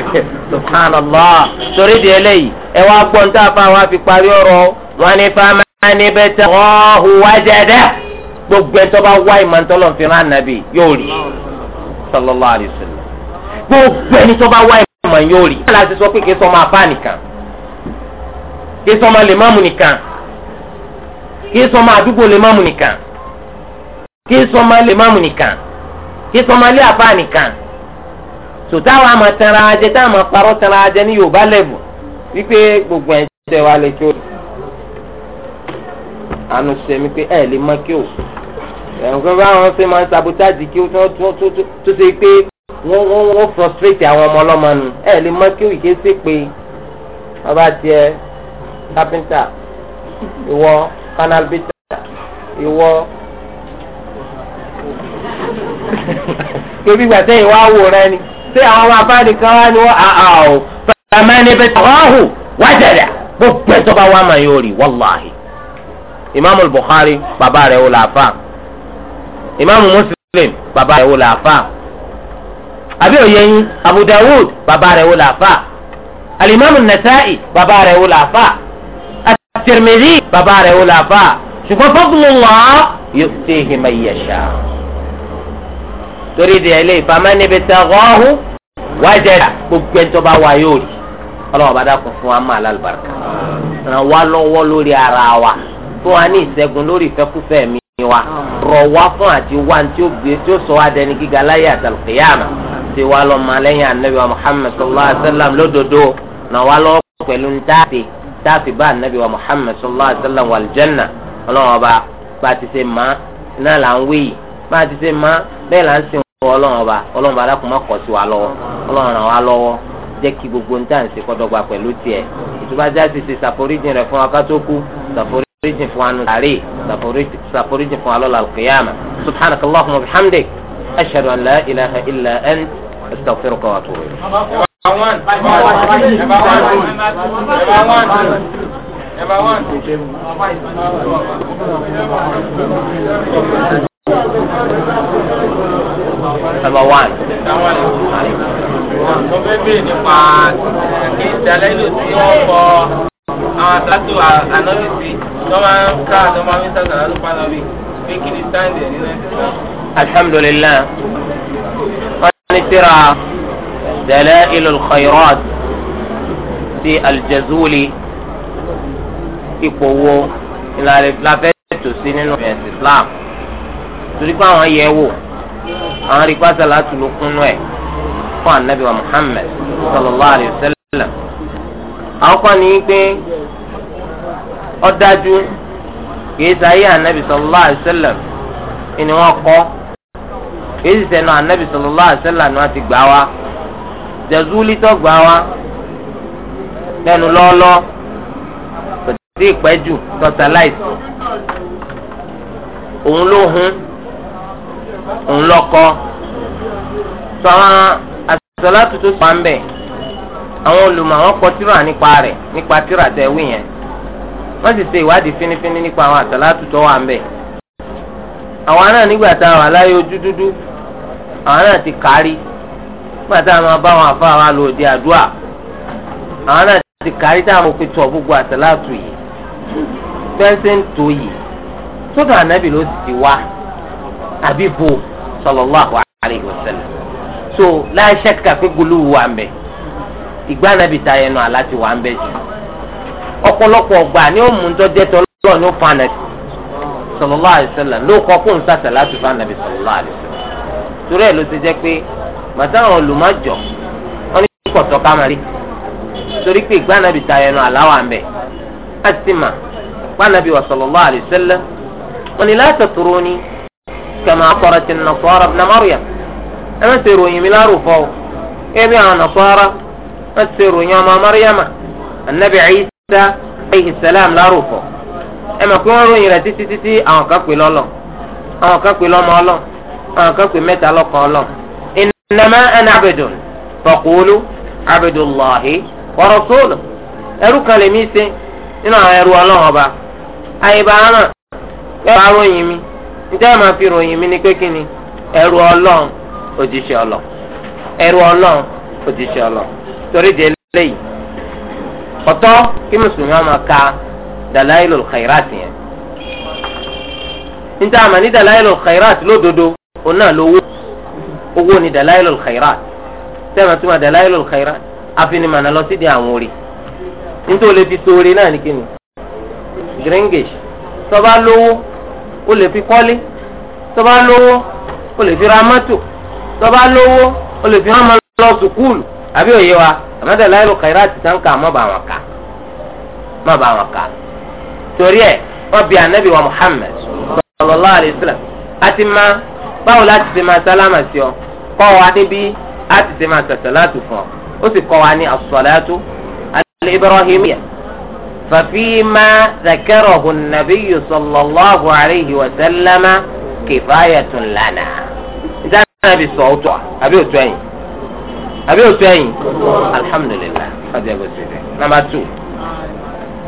Speaker 1: subhanallah torí di eléyìí ẹ wá gbọ́n tá wá fi parí ọ̀rọ̀ wọn ní fáamá ẹni bẹ tẹ ọ̀hù wájẹdẹ gbogbo ẹtọ́ bá wá ìmọ̀ntọ́lọ̀ fi rán ànábì yóò rí sallallahu alaihi wasallam gbogbo ẹni tó bá wá ìmọ̀ yóò rí. wọ́n láti sọ pé kí sọ́mọ afá nìkan kí sọ́mọ lèmọ́mù nìkan kí sọ́mọ àdúgbò lèmọ́mù nìkan kí sọ́mọ lèmọ́mù nìkan kí sọ́mọ lé afá nìkan sòtáwọn àmọ̀ tẹ̀ra ajẹ́ táwọn àmọ̀ parọ́ tẹ̀ra ajẹ́ ní Yorùbá lẹ́bù wípé gbogbo ẹ̀ ń ṣe àánú sẹmi pé ẹ lè mọ kí o ẹnìkan báwọn ṣe máa ń sabotage kí o tó ṣe pé wọ́n wọ́n wọ́n frustrate àwọn ọmọ ọlọ́mọ nù ẹ lè mọ kí o ìké ṣe pé ọba tiẹ̀ kápẹ́ńtà ìwọ canal bitter ìwọ. kébí gbàtẹ́ ìwà àwòrán ni
Speaker 2: ṣé àwọn ọmọ abáni
Speaker 1: kan wá ní wọ́n àà ò fẹ́ẹ́ máa ní bẹ́ẹ̀ tọ́hù wájà rẹ̀ gbogbo ẹ̀ tó bá wà máa yóò rí wàláhì imaamu bukhari bàbá rẹ̀ wò làáfà imaamu muslim bàbá rẹ̀ wò làáfà àbí òyeyin abu dawud bàbá rẹ̀ wò làáfà alimami nasa'i bàbá rẹ̀ wò làáfà at-tirmidhi bàbá rẹ̀ wò làáfà ṣùgbọ́n fadlullah yu'tihi man yasha torí di ẹlẹ́yìí faman ibtaghahu wajada gbogbo ẹni tó bá wá yóò rí ọlọ́wọ́ bá dákun fún wa máa lálùbáríkà ràn wá lọ́wọ́ lórí ara wa fún wa ní ìṣẹ́gun lórí ìfẹ́kúfẹ́ mi wa rọ̀ wá fún àti wá tí ó gbé tí ó sọ wá dẹni gíga láyé àtàlùkìyàmà tí wà lọ máa lẹ́yìn anabi wa muhammed sallallahu alayhi wa sallam lódodo nà wà lọ pẹ̀lú ntaàfi ntaàfi bá anabi wa muhammed sallallahu alayhi wa sallam wà lìjẹ́nà ọlọ́wọ́n bá bá ti ṣe má náà là ń wí yìí bá ti ṣe má bẹ́ẹ̀ là ń sìn wọ́n ọlọ́wọ́n bá ọlọ́wọ́n bá alákùn má kọ̀ sí wa lọ́wọ́ ọlọ́wọ́n ràn wá lọ́wọ́ jẹ́ kí gbogbo ntaàfi kọ́dọ̀gba pẹ̀lú tiẹ̀ ìtúbájá ti ṣe ṣàforíjì rẹ̀ fún akátó kú ṣàfor سبحانك سبحانك القيامة سبحانك اللهم وبحمدك أشهد أن لا إله إلا أنت أستغفرك وأتوب
Speaker 2: إليك àwọn sátú ànábì sí tó máa ń ká tó máa ń sàtà lálùpàá nàbì pé kí ni sáǹdì ẹ̀ nínú ẹ̀sìn
Speaker 1: alhamdulilayi wọn ní tírà dalailul khayrat ti aljazuli ipò wo ìlànà ìfilafẹ́ ètò nínú ẹ̀sìn islam torí pé àwọn yẹ̀ wò àwọn rí pásá láti ló kúnnú ẹ̀ fún anabi wa muhammed sallallahu alayhi wa sallam àwọn kan ní pé ọdájú kìí sáyé anabi sallallahu alayhi wa sallam ni wọn kọ kìí sẹnu anabi sallallahu alayhi wa sallam ni wọn ti gbà wá jazuli tó gbà wá lẹnu lọlọ kò sí ìpẹjù tọtaláìsì òun ló hun òun lọkọ sọ àwọn asọlá tuntun sọ wà ń bẹ àwọn olùmọ̀ àwọn kọ tírà nípa rẹ̀ nípa tírà tẹ̀ wí yẹn wọ́n sì ṣe ìwádìí fínífíní nípa àwọn àsàlátù tó wà ń bẹ̀. àwọn náà nígbà tá a wà láyé ojú dúdú àwọn náà ti kárí nígbà tá a máa bá àwọn àfa wa lò dé àdúrà àwọn náà ti kárí tá a mọ̀ pé tọ̀ gbogbo àsàlátù yìí fẹ́sẹ̀ ń tó yìí sódà ànábì ló sì ti wá àbí bo sallallahu alayhi wa sallam so láì ṣẹ́ka pé gbolú wa ń bẹ̀ ìgbà ànábì ta ẹnu àlá ti wà ń jù ọ̀pọ̀lọpọ̀ ọgbà ni ó mú ntọ́ dẹ́tọ́ lọ́wọ́ ní ó fa nàbì sallallahu alaihi wasallam ló kọ́ kó n sàtẹ̀ láti fa nàbì sallallahu alaihi wasallam torí ẹ̀ ló ti jẹ́ pé màtáwọn olùmọ̀jọ wọn ní kọ̀tọ̀ kámárì torí pé ìgbà nàbì ta ẹnu àláwà ń bẹ̀ láti mà gbà nàbì wà sallallahu alaihi wọn ni la tatruni kama atarat an-nasara ibn Maryam ẹ má ṣe ròyìn mi lárúfọ́ o ẹ̀mí àwọn nasara má ṣe ròyìn ọmọ Maryama anabi Isa Isa alayhi salam lárúfọ̀ ẹ mọ̀ pé wọ́n ròyìn títí títí àwọn kan pè lọ́lọ́ àwọn kan pè lọ́mọ ọlọ́ àwọn kan pè mẹ́ta lọ́kọ̀ ọlọ́ innama ana abdun faqulu abdullahi wa ẹrú kan lèmi nínú àwọn ẹrú ọba àyèbá hàn ẹrú aróyìn mi máa fi ròyìn mi ní ẹrú kọtọ kí mùsùlùmí ọmọ ka dalailul khairat yẹn níta àmà ní dalailul khairat lódodo òun náà lówó owó ni dalailul khairat sẹ́wọ̀n tó ma dalailul khairat afinimànà lọ sí di àwọn orí nítorí o lè fi sóore náà ní kíni gringish tọba lówó o lè fi kọ́lé tọba lówó o lè fi ra mọ́tò lówó o lè fi hàn máa lọ àbí òye wa àmọ́tẹ́ láìlú kàìrà àti sànkà má bà wọn kà má bà wọn kà torí ẹ̀ wọ́n bi anabi wa Muhammad sallallahu alayhi wa sallam àti má báwo láti ṣe máa sálámà sí ọ kọ́ wa níbí láti ṣe máa sàṣàlátù fún ọ ó sì kọ́ wa ní asọ̀látù al-ibrahimiyya fàfíìmá zakarahu nabiyyu sallallahu alayhi wa sallama kìfáyàtún lánàá. ìdáná nàbì sọ̀ ọ́ tọ́ àbí òtún ẹ̀yìn àbí òtún ẹ̀yìn alhamdulilah ọdún ẹgbẹ́ ti rẹ̀ nàmbà tù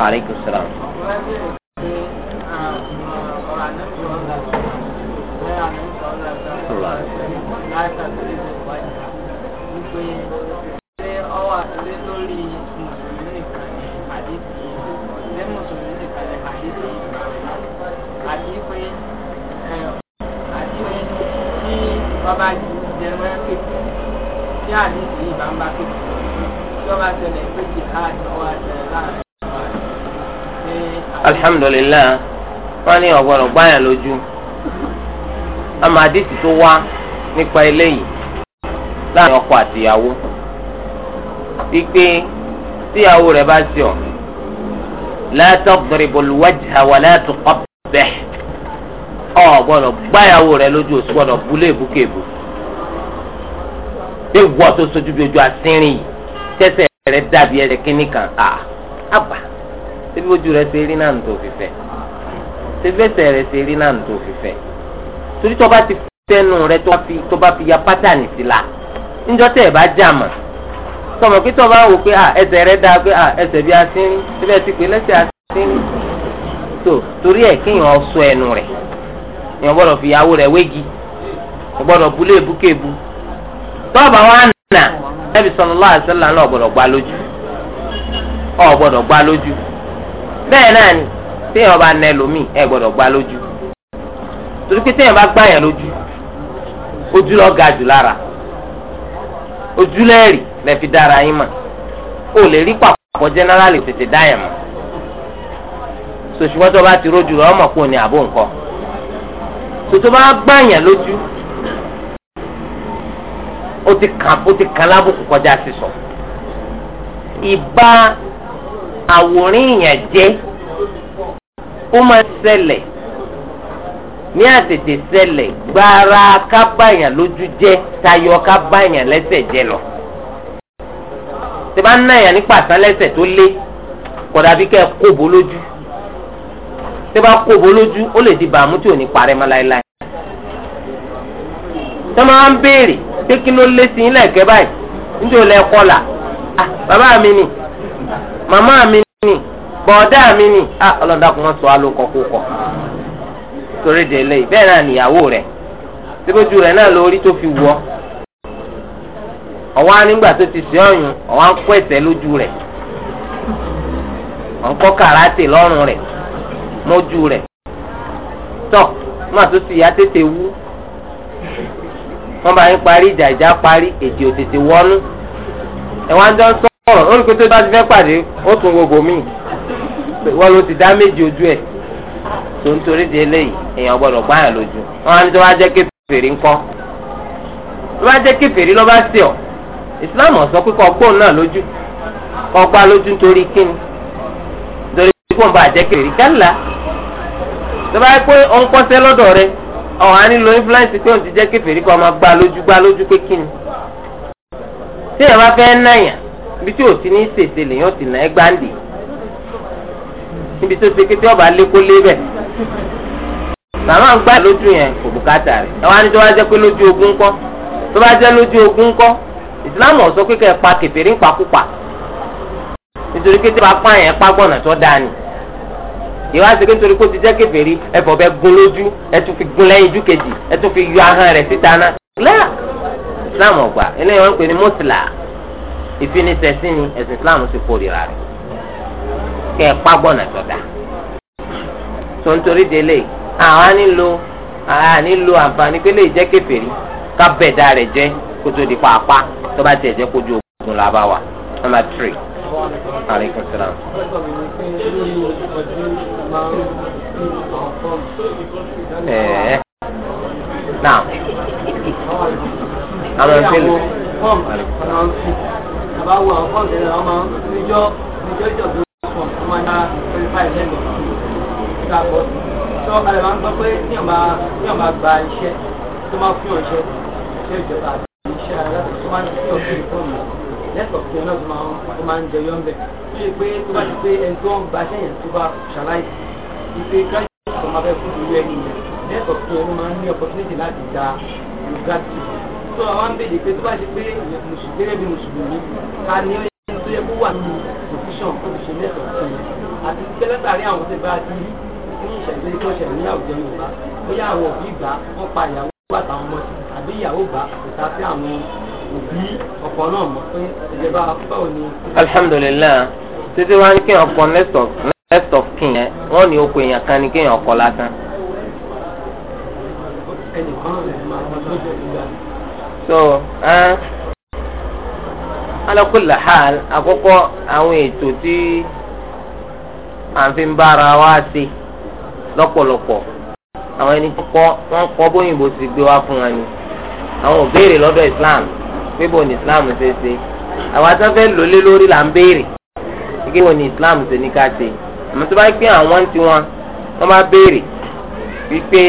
Speaker 1: aleykum salaam.
Speaker 2: Yeah nọ́mbà kejì tí wọ́n bá ṣẹlẹ̀ pé jihad ọwọ́ àṣẹlẹ̀ láàrin ọmọ rẹ̀.
Speaker 1: alhamdulilayi wọn ní ọgbọràn gbáyà lójú àmọ́ àdìsí tó wá nípa eléyìí láàrin ọkọ àtìyàwó wípé tíyàwó rẹ̀ bá ṣe ọ látọ gbèrèbọlùwájà wà látọ pàbẹ ọ gbọ́dọ̀ gbáyàwó rẹ̀ lójú òsì gbọ́dọ̀ búlé búkèbù ṣé wọ́ tó sojú bí ojú asínrin yìí tẹ́sẹ̀ rẹ dàbí ẹsẹ̀ kínní kan a, àbà ṣébi ojú rẹ ṣe rí náà ní tó fi fẹ́ ṣébi ẹsẹ̀ rẹ ṣe rí náà ní tó fi torí tó bá ti fẹ́nu rẹ tó bá fi ya pátánì sí la níjọ́ tẹ́ ẹ̀ bá jà mọ̀ sọmọ pé tó bá wò pé ẹsẹ̀ rẹ dáa pé ẹsẹ̀ bí asínrin síbẹ̀ ti pè lẹ́sẹ̀ asínrin tó torí ẹ̀ kéèyàn sọ ẹnu rẹ̀ èèyàn gbọ́dọ̀ fi ìyàwó rẹ̀ wégi èèyàn bulé búkèbu tọ́ọ̀bà wa nà ẹbí sallallahu alaihi wasallam náà ọ̀gbọ́dọ̀ gbá lójú ọ̀gbọ̀dọ̀ gbá lójú bẹ́ẹ̀ náà ni téèyàn bá nà ẹlòmíì ẹ gbọ́dọ̀ gbá lójú torí pé téèyàn bá gbá yẹn lójú ojú lọ ga jù lára ojú lẹ́ẹ̀rì lẹ fi dára yín mà ó lè rí pàpọ̀ jẹ́nẹ́rálì tètè dá yẹn mọ̀ sòṣùwọ́n tó bá ti rójú rẹ̀ ọmọ kò ní àbó nǹkan tòtò bá gbá yẹn lójú ó ti kàn ó ti kàn lábùkù kọjá sísọ. ìbá àwòrán èèyàn jẹ́ ó máa ṣẹlẹ̀ ní àtètè ṣẹlẹ̀ gbára kábàyàn lójú jẹ́ tayọ kábàyàn lẹ́sẹ̀ jẹ́ lọ. tìbá náyà ní pàtàn lẹ́sẹ̀ tó lé kódà bí kẹ́ ẹ kóbo lójú tìbá kóbo lójú ó lè di bàmú tí ò ní parẹ́ mọ́ láéláé. tẹ́ máa ń béèrè pé kí ló lé sí ilé ẹ̀kẹ́ báyìí níjó kọ́là bàbá mi ni màmá mi ni bọ̀ọ̀dá mi ni ah ọlọ́dà sọ alókọ kó torí délé bẹ́ẹ̀ náà nìyàwó rẹ̀ síbójú rẹ̀ náà lórí fi wọ́ ọ̀wá nígbà tó ti sí ọ̀yùn ọ̀wá ń kó ẹ̀sẹ̀ lójú rẹ̀ lọ́rùn ya tètè wú wọ́n bá yín parí ìjà ìjà parí èdè òtètè wọ́nú ẹ̀wọ̀n jọ ń sọ̀rọ̀ ó rí pé tó bá ti fẹ́ pàdé ó tún gbogbo míì wọ́n ló ti dá méjì ojú ẹ̀ tó ń torí di eléyìí èèyàn gbọ́dọ̀ gbáyàn lójú wọ́n á ní tó bá jẹ́ kéferì ńkọ́ tó bá jẹ́ kéferì ló bá sí ọ ìsìláàmù ọ̀sọ́ pé kọ́ gbóòn náà lójú kọ́ gbá lójú nítorí kíni nítorí kó ń bá jẹ́ kéferì kálá tó bá yẹ pé ó ń kọ́sẹ́ lọ́dọ̀ rẹ̀ Ọha á nílò influence pé òun ti jẹ́ kèfèrí kọ́ ọmọ gbá lójú gbá lójú pé kí tí ẹ fẹ́ náyà ibi tí ò ti ní sèse lèyàn ti nà ẹ́ gbáǹdì níbi tó ṣe pé tí ọba màmá gbá lójú yẹn kò bùkátà rẹ̀ bá jẹ́ pé lójú ogun kọ́ tó bá jẹ́ ogun kọ́ ìsìlámù ọ̀sọ́ pa nítorí bá pààyàn ìwà àti kékeré kó ti jẹ́ kèfèrí ẹ̀fọ́ bẹ gún lójú ẹ tún fi gún lẹ́yìn ojú kejì ẹ tún fi yọ ahọ́n rẹ̀ síta náà. láà islam ọgbà eléyìí wọn ń pè ní mùsùlà ìfinisẹ̀sìn ni ẹ̀sìn islam sì kórìíra rẹ̀ kẹ́ ẹ pàgbọ́nà sọ̀dà. tó ń torí délé àwa nílò àwa nílò àǹfààní pé léyìí jẹ́ kèfèrí ká rẹ̀ jẹ́ kó di pàápàá tó bá tiẹ̀ jẹ́ kójú ogun làbá number three. Aleykum salaam.
Speaker 2: Ẹ̀ẹ́ náà àwọn gba iṣẹ́ tó máa fún ọ̀ṣẹ́ iṣẹ́ ìjọba àti iṣẹ́ aláàbò tó máa ń ọ̀ṣẹ́ ìfọ́ọ̀mù lẹ́tọ̀ọ́ tó náà tó máa tó máa ń jẹyọ ń bẹ̀ tó ṣe pé tó bá ti pé ẹni tó ń gba sẹ́yìn tó bá ṣàlàyé ìpè káyọ̀ tó máa fẹ́ fún ìlú ẹni yẹn lẹ́tọ̀ọ́ tó ó máa ń ní opportunity láti da
Speaker 1: ìgbàtì tó àwọn béèrè pé tó bá ṣe pé mùsùlùmí bí mùsùlùmí ká ní ẹni tó yẹ kó wà ní position tó fi ṣe lẹ́tọ̀ọ́ tó yẹ àti pé látàrí àwọn tó bá ti rí ní ìṣẹ̀lẹ̀ tó bí ọkọ ni. títí wá ní next of kin yẹn wọ́n ní okùn èèyàn kan ní so ẹn ah, alákùlà àkọ́kọ́ àwọn ètò tí à ń fi bára wa ṣe lọ́pọ̀lọpọ̀ àwọn ẹni tó kọ́ wọ́n kọ́ bóyìnbó ti gbé wá fún wa Islam pé bò ní islam ṣe ṣe àwọn atọ́fẹ́ lólé lórí là ń béèrè pé bò ní islam ṣe ní ká ṣe àmọ́ tó bá pín àwọn ti wọn wọ́n bá béèrè wípé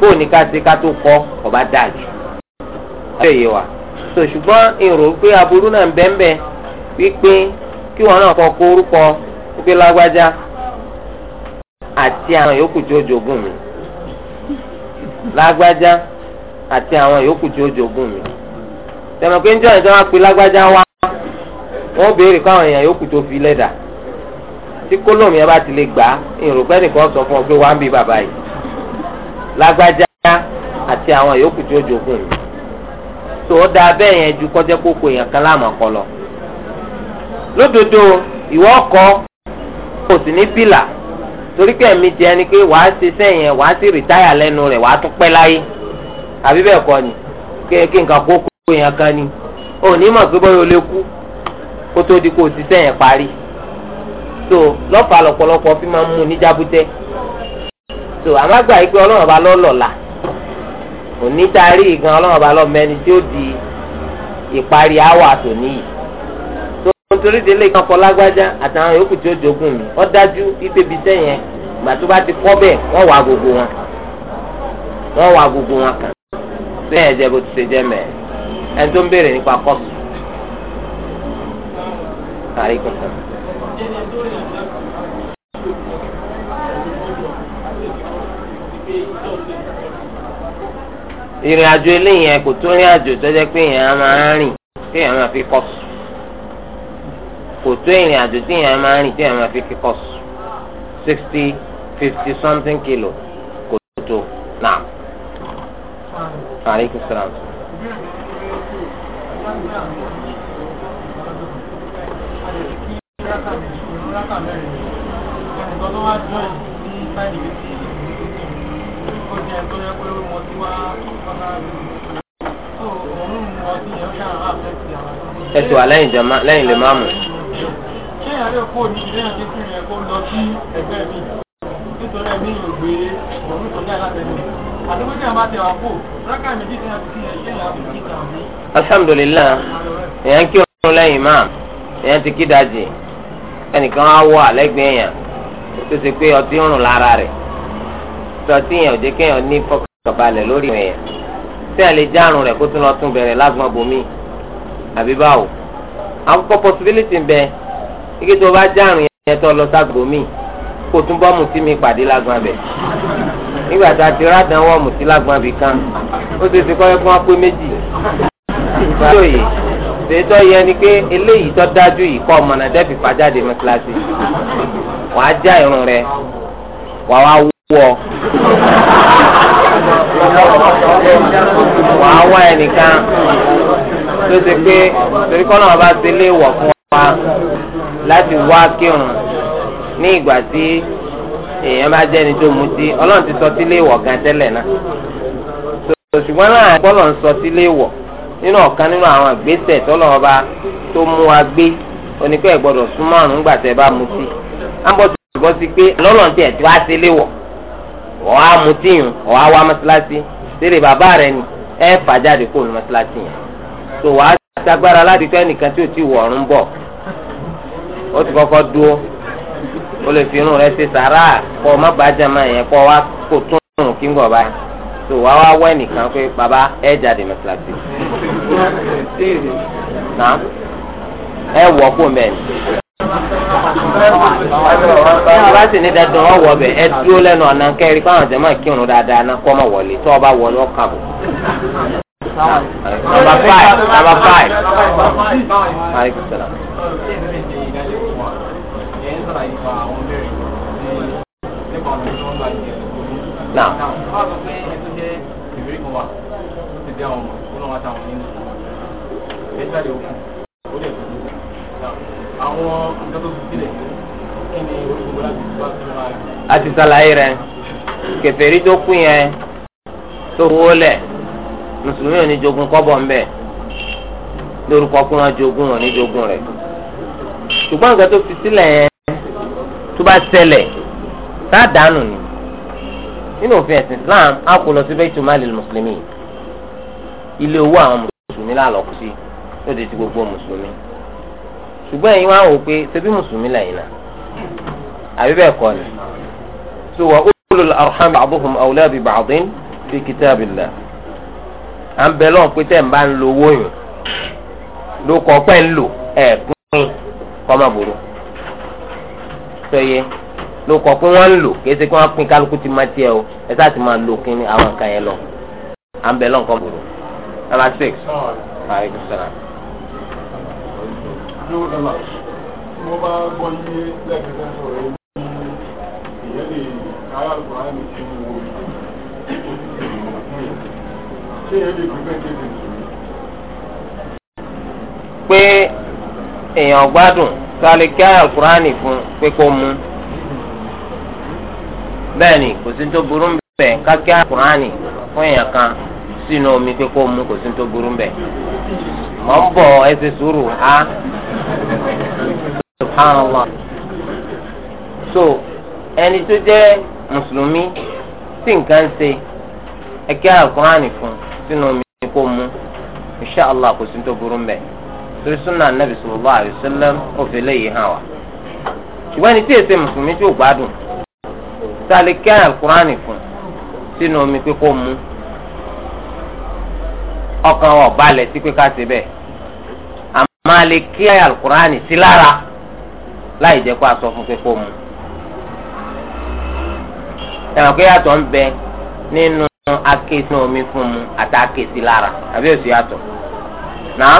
Speaker 1: bò ní ká ṣe ká tó kọ́ ọba dájú. ọjọ́ ìyè wa sọ ṣùgbọ́n èrò pé aburú náà ń wípé kí wọn náà kọ kó wípé lágbájá àti àwọn yòókù tí ó jogún mi lágbájá àti àwọn yòókù tí ó jogún mi tẹmọ pé njọ́ ìjọba pé lágbájá wá wọ́n béèrè káwọn èèyàn yòókù tó fi lẹ́dà tí kólọ́mù yẹn bá ti lè gbà á ìrùpẹ́ nìkan sọ fún ọ pé wá ń bí bàbá yìí lágbájá àti àwọn yòókù tó jogún mi tó o da bẹ́ẹ̀ yẹn ju kọjá kókó èèyàn kan láàmú ọkọ lọ lódodo ìwọ ọkọ kò sí ní pìlà torí pé ẹ̀mí tiẹ̀ ni pé wàá ṣe sẹ́yìn wàá sì rìtáyà lẹ́nu rẹ̀ wàá tún pẹ́ láyé àbí bẹ́ẹ̀ kọ́ ni kí nǹkan kókó kó yẹn ká ni ò ní mọ̀ pé bọ́yọ̀ lè kú kó tó di kó o ti sẹ́yìn parí so lọ́fà lọ́pọ̀lọpọ̀ fi máa ń mú níjàbútẹ́ so àmàgbà yìí pé ọlọ́run ọba lọ́lọ́la òní taari ìgan ọlọ́run ọba lọ́mẹ́ni tí ó di ìparí àwọ̀ àtòní yìí so nítorí délé kan fọ lágbájá àtàwọn yòókù tí ó jogún mi ó dájú ipe ibi sẹ́yìn ìgbà tó bá ti kọ́ bẹ́ẹ̀ wọ́n wà gbogbo wọn wọ́n wà gbogbo wọn kàn sí ẹ̀jẹ̀ bó ti ṣe jẹ́ mẹ́rin ẹni tó ń béèrè nípa kọ́ọ̀sì. ìrìn àjò eléyìí kò tó rìn àjò tó jẹ́ pé èèyàn máa ń rìn tí èèyàn máa fi kọ́ọ̀sì kò tó ìrìn àjò tí èèyàn máa ń rìn tí èèyàn máa fi kọ́ọ̀sì sixty fifty something kilo kò tó náà. Aleykum
Speaker 2: ẹtù alẹ́yìn jama lẹ́yìn lè máa mú. ṣé ìyàrá òkú òní ilé àti fún yẹn kó lọ sí ẹgbẹ́ mi nítorí ẹ̀mí yóò gbé ọ̀rùn tó dá látẹ̀lé
Speaker 1: alhamdulilah èèyàn kí ọ̀run lẹ́yìn máa èèyàn ti kí dajì ẹnìkan á wọ àlẹ́gbẹ̀ẹ́ yẹn tó ṣe pé ọtí ń rùn lára rẹ̀ tọ́tí yẹn ò jẹ́ kéèyàn ní fọkànbalẹ̀ lórí rẹ̀ yẹn tí a lè já àrùn rẹ̀ kó tún lọ tún bẹ̀rẹ̀ lágbọ̀n bomi àbí báwo àkọ́kọ́ possibility ń bẹ ike tó bá já àrùn yẹn tó lọ ságbó mi kó tún bọ́ mu sí mi pàdé lágbọ̀n bẹ̀ nígbà tá a ti rádàn wọ́n mùsí lágbọ́n bì kan ó ti ti kọ́yọ́ fún wa méjì. lóye tètò yẹ ni pé eléyìí tó dájú yìí kọ́ ọmọ náà dẹ́bi fàjáde mi kíláàsì wàá já irun rẹ wàá wá wúwọ́ wàá wá ẹnìkan tó ti pé torí kọ́ náà bá ti lé wọ̀ fún wa láti wá kírun ní ìgbà tí. èèyàn bá jẹ́ ẹni tó ọlọ́run ti sọ sílé ìwọ̀ gan tẹ́lẹ̀ náà ṣùgbọ́n náà bọ́lọ̀ ń sọ sílé ìwọ̀ nínú ọ̀kan nínú àwọn àgbésẹ̀ tọ́lọ́ọba tó mú wa gbé oníkẹ́ ìgbọ́dọ̀ súnmọ́ àrùn tẹ́ bá á ń bọ́ sí pé lọ́lọ́run tiẹ̀ ti wá ìwọ̀ ọ̀há yùn ọ̀há wá tẹ́lẹ̀ bàbá ni ẹ fà jáde kó o lè fi irun rẹ ṣe sàrà kọ ọmọ bàjẹ́ máa yẹn kọ wá kó tún irun kí n gbọ̀ báyìí tó wá wá wẹ́ nìkan pé ẹ jáde ẹ kó
Speaker 2: ọ wọ ẹ dúró lẹ́nu
Speaker 1: káwọn kírun dáadáa náà kọ́ wọlé tó wọlé bò.
Speaker 2: number sàlàyé pa àwọn mẹ́rin ní nípa ọ̀nà tí wọ́n gbà jẹ náà wọ́n sọ pé ẹ tó jẹ́ ìrírí kan wà tó ti dé àwọn ọmọ tó tó dé
Speaker 1: àwọn tó wó lẹ̀ mùsùlùmí ò ní jogún kọ́bọ̀ ńbẹ̀ lórúkọ kó wọn jogún ò ní jogún rẹ̀ fi sílẹ̀ yẹn tó bá ṣẹlẹ̀ tá a dànù ni nínú òfin ẹ̀sìn Islam a kò lọ sí baitul malil mùsùlùmí ilé owó àwọn mùsùlùmí lálọ́kù sí lóde tí gbogbo mùsùlùmí ṣùgbọ́n ẹ̀yin wá wò pé ṣebí mùsùlùmí lẹ́yìn náà àbí bẹ́ẹ̀ kọ́ ni so wa ulul arham ba'duhum awla bi ba'din fi kitabillah à ń bẹ lọ́n pé tẹ̀ ń bá ń lo owó yìí ló kọ́ ń lò ẹ̀ kún sọye ló kọ pé wọ́n ń lò kí ẹsẹ̀ kí wọ́n pín kálukú ti máa tiẹ̀ o ẹ sáà ti máa lò kí ni àwọn nǹkan yẹn lọ à ń bẹ̀ lọ́nkọ́ gbòòrò. number six. aleykum salaam.
Speaker 2: mo bá gbọ́ yé lẹ́ẹ̀kẹ́ta sọ̀rọ̀ yìí ìyẹn lè káyà lùkọ́
Speaker 1: ayé pé èèyàn gbádùn sálẹ̀ kí àyà kúránì fún pé kó mú bẹ́ẹ̀ni kò sí tó burú bẹ́ẹ̀ ká kí àyà kúránì fún èèyàn kan sínú omi pé kó mú kò sí tó burú bẹ́ẹ̀ mọ̀ ń bọ̀ ẹsẹ̀ sùúrù á so ẹni tó jẹ́ mùsùlùmí tí nǹkan ṣe ẹ kí àyà kúránì fún sínú omi kó mú inṣàlá kò sí tó burú bẹ́ẹ̀. torí súnà nàbì sallallahu alaihi wasallam ó fi léyìí hàn wá. ṣùgbọ́n ní tí èsè mùsùlùmí tí ò gbádùn tá a lè kí àyàn kúránì fún sínú omi pé kó mu ọkàn wọn balẹ̀ sí pé ká ṣe bẹ́ẹ̀ àmọ́ a lè kí sí lára láì jẹ́ kó a sọ fún pé kó mu. ẹ̀rọ pé yàtọ̀ ń bẹ nínú akéésí omi fún mu àti akéésí lára àbí òsì yàtọ̀ náà.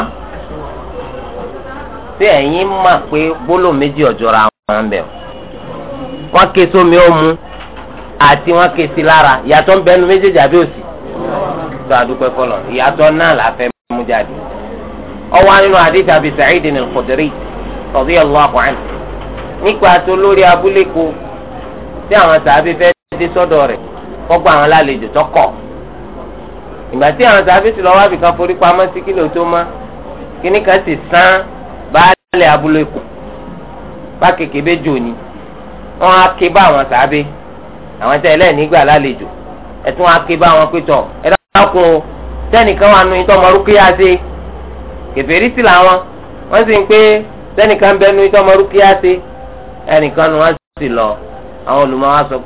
Speaker 1: tí ẹ̀yin ma pé gbólóhùn méjì ọ̀jọ̀ra wọn bẹ̀ wọ́n ké sómi ó mu àti wọ́n ké sí lára ìyàtọ̀ ń bẹnu méjèèjì àbí òsì tó àdúpẹ́ fọlọ́ ìyàtọ̀ náà la fẹ́ mú jáde ọwọ́ nínú hadith Abi Sa'id nípa tó lórí abúlé ko tí àwọn sàbí fẹ́ dé sọ́dọ̀ rẹ̀ kọ́gbà àwọn lálejò tọkọ̀ ìgbà tí àwọn sàbí ti forí pamọ́ sí tó mọ́ baálẹ̀ abúlé kù bá kékeré bẹ́ẹ̀ jò ní wọ́n á ké bá àwọn sábẹ́ àwọn tẹ́ ẹlẹ́ẹ̀ nígbà lálejò ẹ̀tún á ké bá àwọn pétọ̀ ẹ dákun o sẹ́nìkan wà nù itọ́ mọ́rúkíyà ṣe kẹfẹ́rí sí làwọn wọ́n sì ń pé nù lọ àwọn wa sọ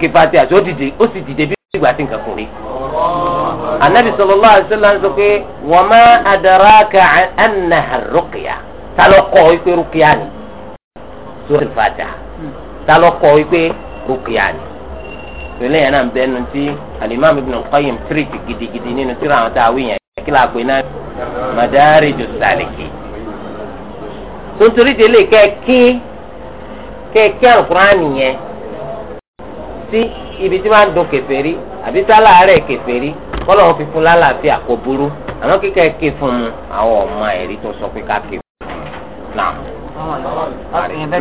Speaker 1: pé ìgbà tí nǹkan kùn rí. anabi sallallahu alaihi wasallam sọ pé wa ma adraka annaha ruqya talọkọ wípé rúkìá ni suratul Fatiha talọkọ wípé rúkìá ni tòlẹ́ yẹn náà ń bẹ́ẹ̀ nu ti alimami ibn al-qayyim tiriki gidigidi nínú tíra àwọn tá yẹn kí la gbé náà madarijus saliki. tontori délé kẹ́ẹ̀kí kẹ́ẹ̀kí àlùkùránì yẹn sí ibi tí máa ń dun kèfèrí àbí sálàárẹ̀ kèfèrí kọ́lọ̀ wọn fi fún lálàáfíà kò burú àmọ́ kíkẹ́ ké fún mu àwọn ọmọ ẹ̀rí tó sọ pé ká ké fún un náà.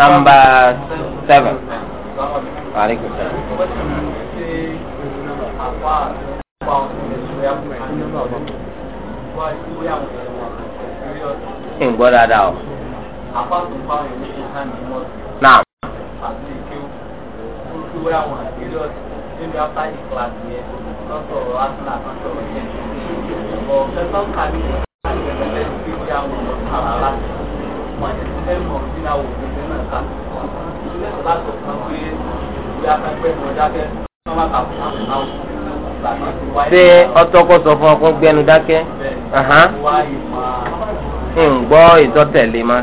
Speaker 2: nọ́mbà seven. Aleykum salaam. Ǹgbọ́ dáadáa o. Apá tó bá ìwé ìhánimọ́ sí wúra wọn nílò nílò afáàlì kíláàsì yẹn lọ́sọ̀rọ̀ arsenal kan sọ̀rọ̀ yẹn ọ̀ kẹsàn-án kàbí láti ẹgbẹ́ tí ó yà wọn lọ sára láti wọn àti ẹgbẹ́ mọ̀ sí náà wò ó ṣe náà ká lẹ́sọ̀ láti ọ̀sán pé ìwé afẹ́fẹ́ ní ọjà kẹ́ wọ́n má kàwé àwọn ṣé
Speaker 1: ọtọkọ sọ fún ọkọ gbẹnu dákẹ́ ń gbọ́ ìtọ́tẹ̀lé ma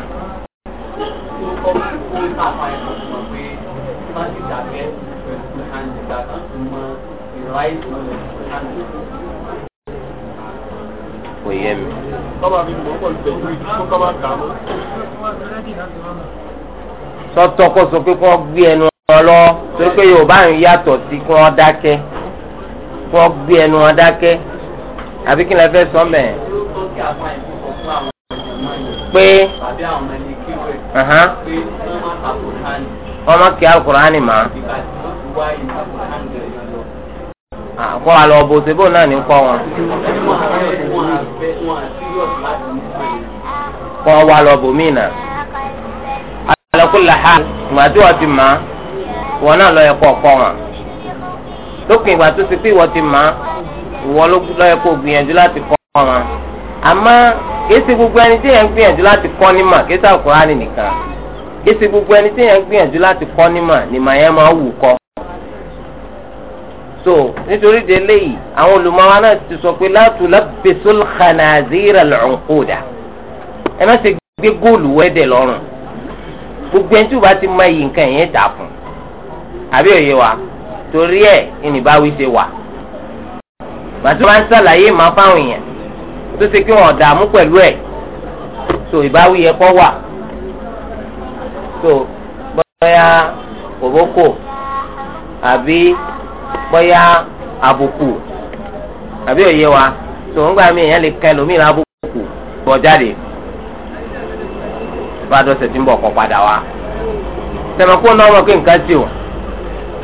Speaker 1: right kò yé mi. sọ́tọ̀ kó sọ pé kí wọ́n gbé ẹnu wọn lọ torí pé yorùbá ń yàtọ̀ sí kí wọ́n dákẹ́ kí wọ́n gbé ẹnu wọn dákẹ́ àbí kí n lè fẹ́ sọ mẹ́. pé ọmọ kí alukurani ma àkọ́ àlọ́ ọ̀bọ̀ òṣèbó náà ní kọ́ wọn.
Speaker 2: kọ́ wa lọ bòmí nà.
Speaker 1: alákùlà ha ìgbà tí wọ́n ti mọ̀ á ìwọ náà lọ yẹ kọ́ ọ̀kọ́ wọn. lókè ìgbà tó ti pé ìwọ ti mọ̀ á ìwọ lọ yẹ kó gbìyànjú láti kọ́ wọn. àmọ́ kéésì gbogbo ẹni tí yẹn ń gbìyànjú láti kọ́ ní mà kéésì àkùrá nìkan kéésì gbogbo ẹni tí yẹn ń gbìyànjú láti kọ́ ní mà ní mà yẹn máa wù kọ́ so nítorí de léyìí àwọn olùmọ̀wá náà ti sọ pé látò lábẹ́sọ̀l xanazira lọ́nkódà ẹ má ṣe gbé góòlù wẹ́dẹ̀ lọ́rùn gbogbo ẹni tí o bá ti máa yí nǹkan yẹn dà fún àbí òye wa torí ẹ ìnìbáwí ṣe wà màtí wọn ṣàlàyé ìmọ̀ fáwọn èèyàn tó ṣe kí wọn dààmú pẹ̀lú ẹ̀ so ìbáwí yẹ kọ́ wà so bóyá kòbókò àbí. bóyá àbùkù àbí òye wa tó ń gbà mí èèyàn lè ka ẹlòmíràn àbùkù bọ̀ jáde fàdọ̀ ṣẹ̀ tí ń bọ̀ kọ́ padà wá tẹ̀mọ̀ kó náà wọ́n pé nǹkan ti o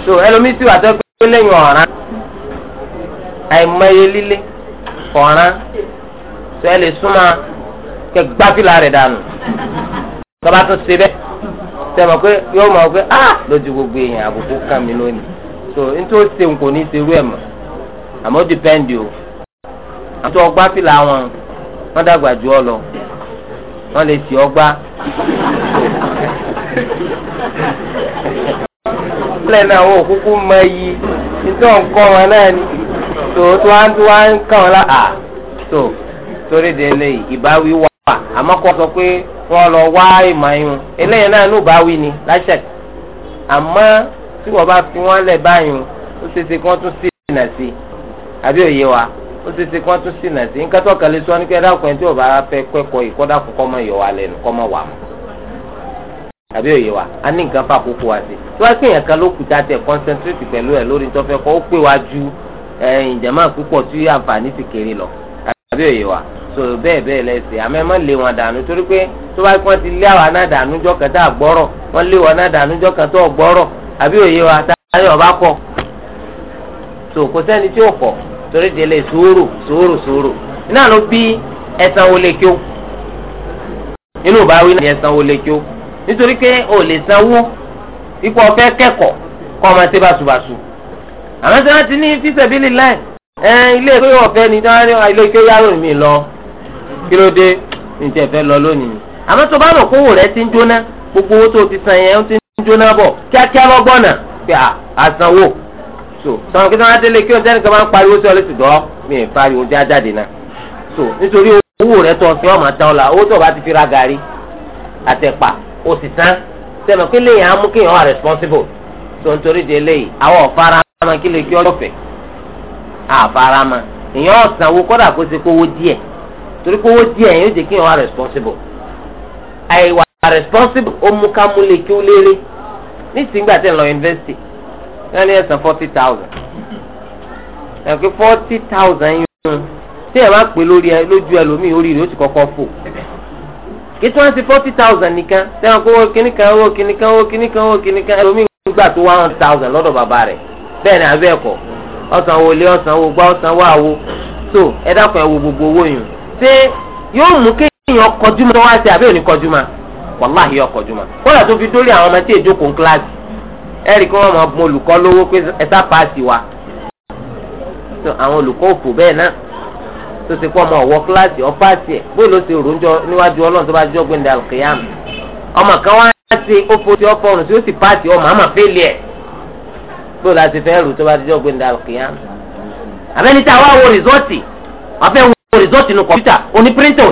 Speaker 1: tó ẹlòmí tí wà tó pé lẹ́yìn ọ̀ràn àìmọye líle ọ̀ràn tó ẹ lè súnmọ́ kẹ gbáfìlà rẹ̀ dànù tọ́ba tó ṣe bẹ́ẹ̀ tẹ̀mọ̀ yóò mọ̀ pé ah lójú gbogbo èèyàn àbùkù kàn mí lónìí. so nítorí ṣe nǹkan ní ṣerú ẹ̀ mọ̀ àmọ́ dìpẹ́ndì o àti ọgbà fìlà wọn wọ́n dàgbà jù ọ lọ wọ́n lè ṣì ọgbà lẹ́nu àwọn òkúkú mọ iyì nítorí nǹkan wọn náà ni so tí wọ́n tí wọ́n ń kàn wọ́n lá à so torí de eléyìí ìbáwí wà àmọ́ kọ́ sọ pé wọ́n lọ wá ìmọ̀ ẹ̀yún eléyìí náà ní ìbáwí ni láṣẹ àmọ́. tí wọ́n bá fi wọ́n lẹ̀ báyìí ó ṣe ṣe kí wọ́n tún sí àbí òye wa ó ṣe ṣe kí wọ́n tún sí nǹkan tó kàlẹ́ sọ ní tí wọ́n bá fẹ́ kẹ́kọ̀ọ́ yìí kọ́ mọ ìyọ̀wà lẹ́nu kọ́ wà mọ́ àbí òye wa a ní nǹkan fàkókò wa sí tí wọ́n pè yàn kan ló kù tá a tẹ̀ pẹ̀lú ẹ̀ lórí tó fẹ́ kọ́ ó pè ìjàmbá àbí òye wa táyọ̀ ọba pọ̀ tó kò sẹ́ni tí ò pọ̀ torí délé sòórò sòórò sòórò iná ló bí ẹ̀sán wọlé kí ó inú bá wí ní ẹ̀sán wọlé kí ó nítorí pé o lè sanwó ipò ọ̀fẹ́ kẹ́kọ̀ọ́ kọ́ ọmọ ṣe báṣubàṣu àmọ́ sẹ́ni ti ní fíṣẹ̀bílì láì ẹ ilé ìwé ọ̀fẹ́ ni dáhùn ah, ilé ìké yàrá mi lọ kí ló dé ní ti ẹ̀fẹ́ lọ lónìí àmọ́ tó bá mọ̀ kówó rẹ ti ń jóná gbogbo owó tó ti san yẹn ó ti jóná bọ̀ kíákíá lọ́gbọ́nà pé àsanwó so sọ̀rọ̀ kí sọ́wọ́n délé kí oúnjẹ nìkan máa ń pariwo sí ọ lẹ́sìn dọ́ mi ì pariwo oúnjẹ ajáde náà so nítorí owó rẹ tọ́ sí ọmọ àtàwọn la owó tó bá ti fi ra gàrí àtẹ̀pà ó sì tán sẹ́nu kí lè yàn á mú kéèyàn wà responsible so nítorí délé yìí àwọn ọ̀fara máa kí lè kí ọjọ́ fẹ̀ àfara máa èèyàn ọ̀sánwó kọ́dà kó ṣe kówó díẹ̀ torí kówó díẹ̀ yóò jẹ́ kéèyàn wà responsible àìwà responsible ó mú ká múlẹ̀ kí ó lérè nísìnyí gbà tẹ̀ lọ yunifásitì wọ́n ní ẹ̀sán forty thousand ẹ̀kọ́ forty thousand yìí tí ẹ̀ bá pè lórí ẹ lójú ẹ lómi orí rẹ̀ ó ti kọ́kọ́ fò kí tí ti forty thousand nìkan tẹ́wọ́n kó owó kíní kan owó kíní kan owó kíní kan owó kíní kan ẹlòmíì gbà tó one thousand lọ́dọ̀ bàbá rẹ̀ bẹ́ẹ̀ ni abẹ́ ẹ̀kọ́ ọ̀sánwó lé ọ̀sánwó gbá ọ̀sánwó àwo so ẹ dákun ẹ wo gbogbo owó yìí ṣé yóò mú kéèyàn kọjú mọ́ wá sí àbí òní kọjú mọ́ wàláhì ọkọ̀ jùmọ̀ kódà tó fi dórí àwọn ọmọ tí èjò kún kíláàsì ẹ̀rí kí wọ́n mọ olùkọ́ lówó pé ẹ̀sà paasi wa tó àwọn olùkọ́ òfò bẹ́ẹ̀ náà tó ti kọ́ ọmọ ọ̀wọ́ kíláàsì ọ paasi ẹ̀ bóyá ló ti ròjọ níwájú ọlọ́run tó bá jọ gbẹ̀ndẹ̀ alùkìyàmù ọmọ kan wá ti ó fo ti ọ̀pọ̀ ọ̀run tí ó sì paasi ọmọ àmà fẹ́lẹ̀ ẹ̀ bóyá láti fẹ́ rò tó bá jọ gbẹ̀ndẹ̀ alùkìyàmù àbẹ́ni tí àwa wo rìsọ́ọ̀tì àfẹ́ wo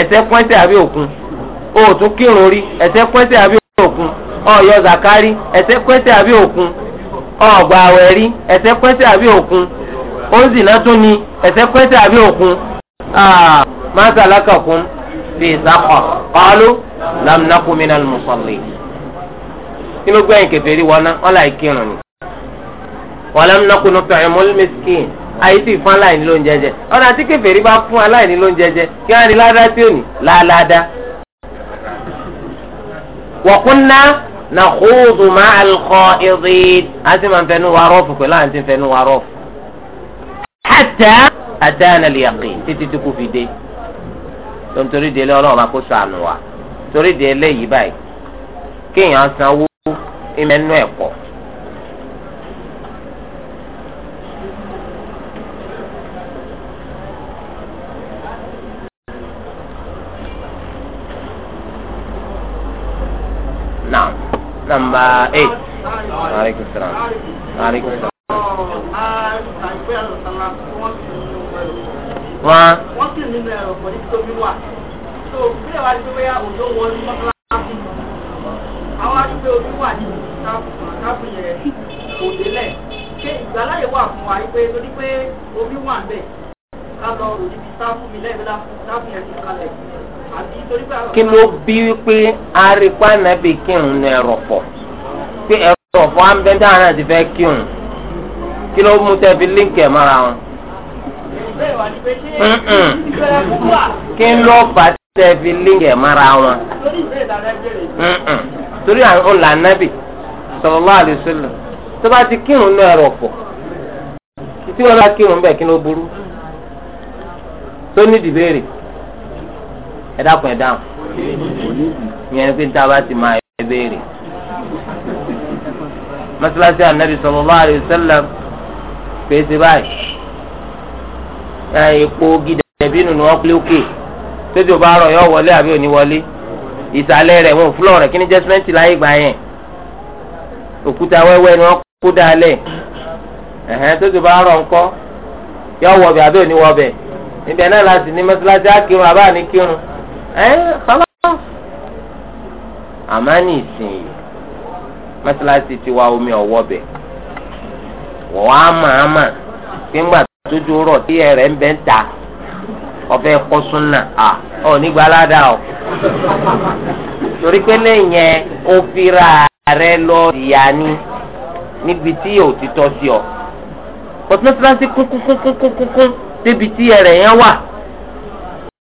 Speaker 1: ẹ̀tẹ́ pẹ́ńtẹ́ àbí òkun o tún kírun rí ẹ̀tẹ́ pẹ́ńtẹ́ àbí òkun ọ̀yọ́ zakari ẹ̀tẹ́ pẹ́ńtẹ́ àbí òkun ọ̀gbà àwẹ̀ rí ẹ̀tẹ́ pẹ́ńtẹ́ àbí òkun ounzina tún ni ẹ̀tẹ́ pẹ́ńtẹ́ àbí òkun ah, máa sàlákà kún fi ìsákọ̀ qalu lam naku minal musallin kí ló gbẹ̀yìn kẹfẹ́ rí wọn náà wọn láì kírun ni walam naku nut'imul miskin ayé sì fún aláìní ló ń jẹjẹ ọ̀nà àti kèfèrí bá fún aláìní ló ń jẹjẹ kí wọ́n á ní ládá tí ò ní láàládá. wa kunna nakhudu ma'al kha'idin a ti máa ń fẹnu wa rọ́ọ̀fù pẹ̀lú àwọn ti ń fẹnu wa rọ́ọ̀fù. hatta atana al-yaqin títí tí kò fi dé torí délé ọlọ́run máa kó sànù wa torí délé yìí báyìí kéèyàn sanwó ìmẹ́nu ẹ̀kọ́ number eight. maaleykum salaam. maaleykum salaam.
Speaker 2: wọ́n. wọ́n sì nínú ẹ̀rọ pọ̀ ní tóbi wà. so bí ẹ wá ní pé òjò wọ ní àwọn àdúgbò omi wà ní káàpù yẹn kò délẹ̀. ṣé ìgbàláyè wà fún wa pé torí pé omi ń bẹ̀ ká lọ rò níbi sáfù mi lẹ́ẹ̀mẹ́ta sáfù yẹn ti kalẹ̀. kí ló bí
Speaker 1: wípé arípa nàbì kírun ní ẹ̀rọ pé náà ti fẹ́ kírun kí ló mú líǹkì ẹ̀ mọ́ra wọn. kí ló líǹkì ẹ̀ mọ́ra wọn. torí àwọn olànàbì tó bá ti kírun ní tí bá kírun kí ló burú tó ní dìbéèrè. ẹ dákun ẹ dáhùn ìyẹn pé níta bá ti máa ẹ béèrè. mọ́sálásí ànábì sallallahu alaihi wasallam pèsè báyìí epo gidẹ̀bí nínú ọ́kúlẹ́ọ̀kẹ́ tóbi ò bá rọ̀ yọ wọlé àbí òní wọlé ìsàlẹ̀ rẹ̀ wọn ò fúlọ̀ rẹ̀ kí ni jẹ́símẹ́ǹtì láyé gbà yẹn òkúta wẹ́wẹ́ ni wọ́n kó dalẹ̀ ẹ̀hẹ́n tóbi ò bá rọ̀ ńkọ́ yọ wọbẹ̀ àbí òní wọbẹ̀ ibẹ̀ náà láti ní mọ́sálásí á kírun ní kírun. ẹ kọ́lọ́. àmọ́ ìsinyìí ti wá omi ọ̀wọ́ bẹ̀ wọ́n wá màámà pé ńgbà tójú rọ̀ tí ẹ̀rẹ̀ ń bẹ́ ń ta ọ̀fẹ́ kọ́ súnà à nígbà fira rẹ lọ ìyá ni níbi tí o ti tọ́ sí ọ. bọ́tí kún kún kún kún kún débi wà.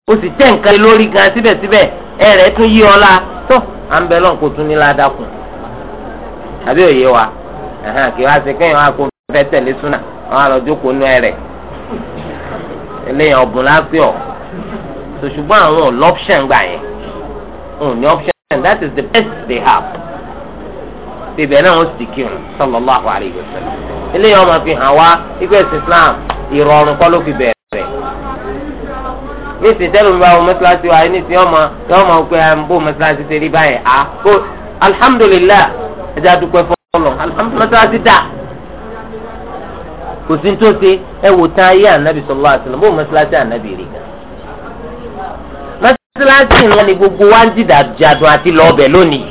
Speaker 1: o sì tẹ̀ nǹkan lórí gan síbẹ̀síbẹ̀ ẹ rẹ̀ tún yí ọ la tó à ń bẹ lọ́n kó tún ní ládàkùn àbí òye wa kí wá sí kéèyàn á kó fẹ́ tẹ̀lé súnà wọn á lọ jókòó nú ẹ rẹ̀ eléyàn ọ̀bùn lápẹ́ ọ̀ ṣùgbọ́n àwọn ò lọ́pṣẹ̀n gbà yẹn ò ní option that is the best they have bíbẹ̀ náà wọ́n sì kírun sallallahu alaihi wasallam eléyàn ọmọ fi hàn wá ikú ẹ̀sìn Islam ìrọ̀rùn kọ́ ló fi bẹ̀rẹ̀ ní ìsìtẹ́lù mi bá wọ mọ́sálásí wa ní ìsìn ọmọ tí wọ́n máa gbé ẹ̀ ń bò mọ́sálásí ti rí báyìí à kó alihamudulilayi ẹ̀dá dúpẹ́ fọlọ́ alihamudulilayi mọ́sálásí dà kò sí tó ṣe ẹ wò tán ayé ànábì sọlọ́ àtìlọ́ bó mọ́sálásí ànábì rí gan. mọ́sálásí ńlá ni gbogbo wa ń dìdà jadùn àti lọ́ọ̀bẹ̀ lónìí.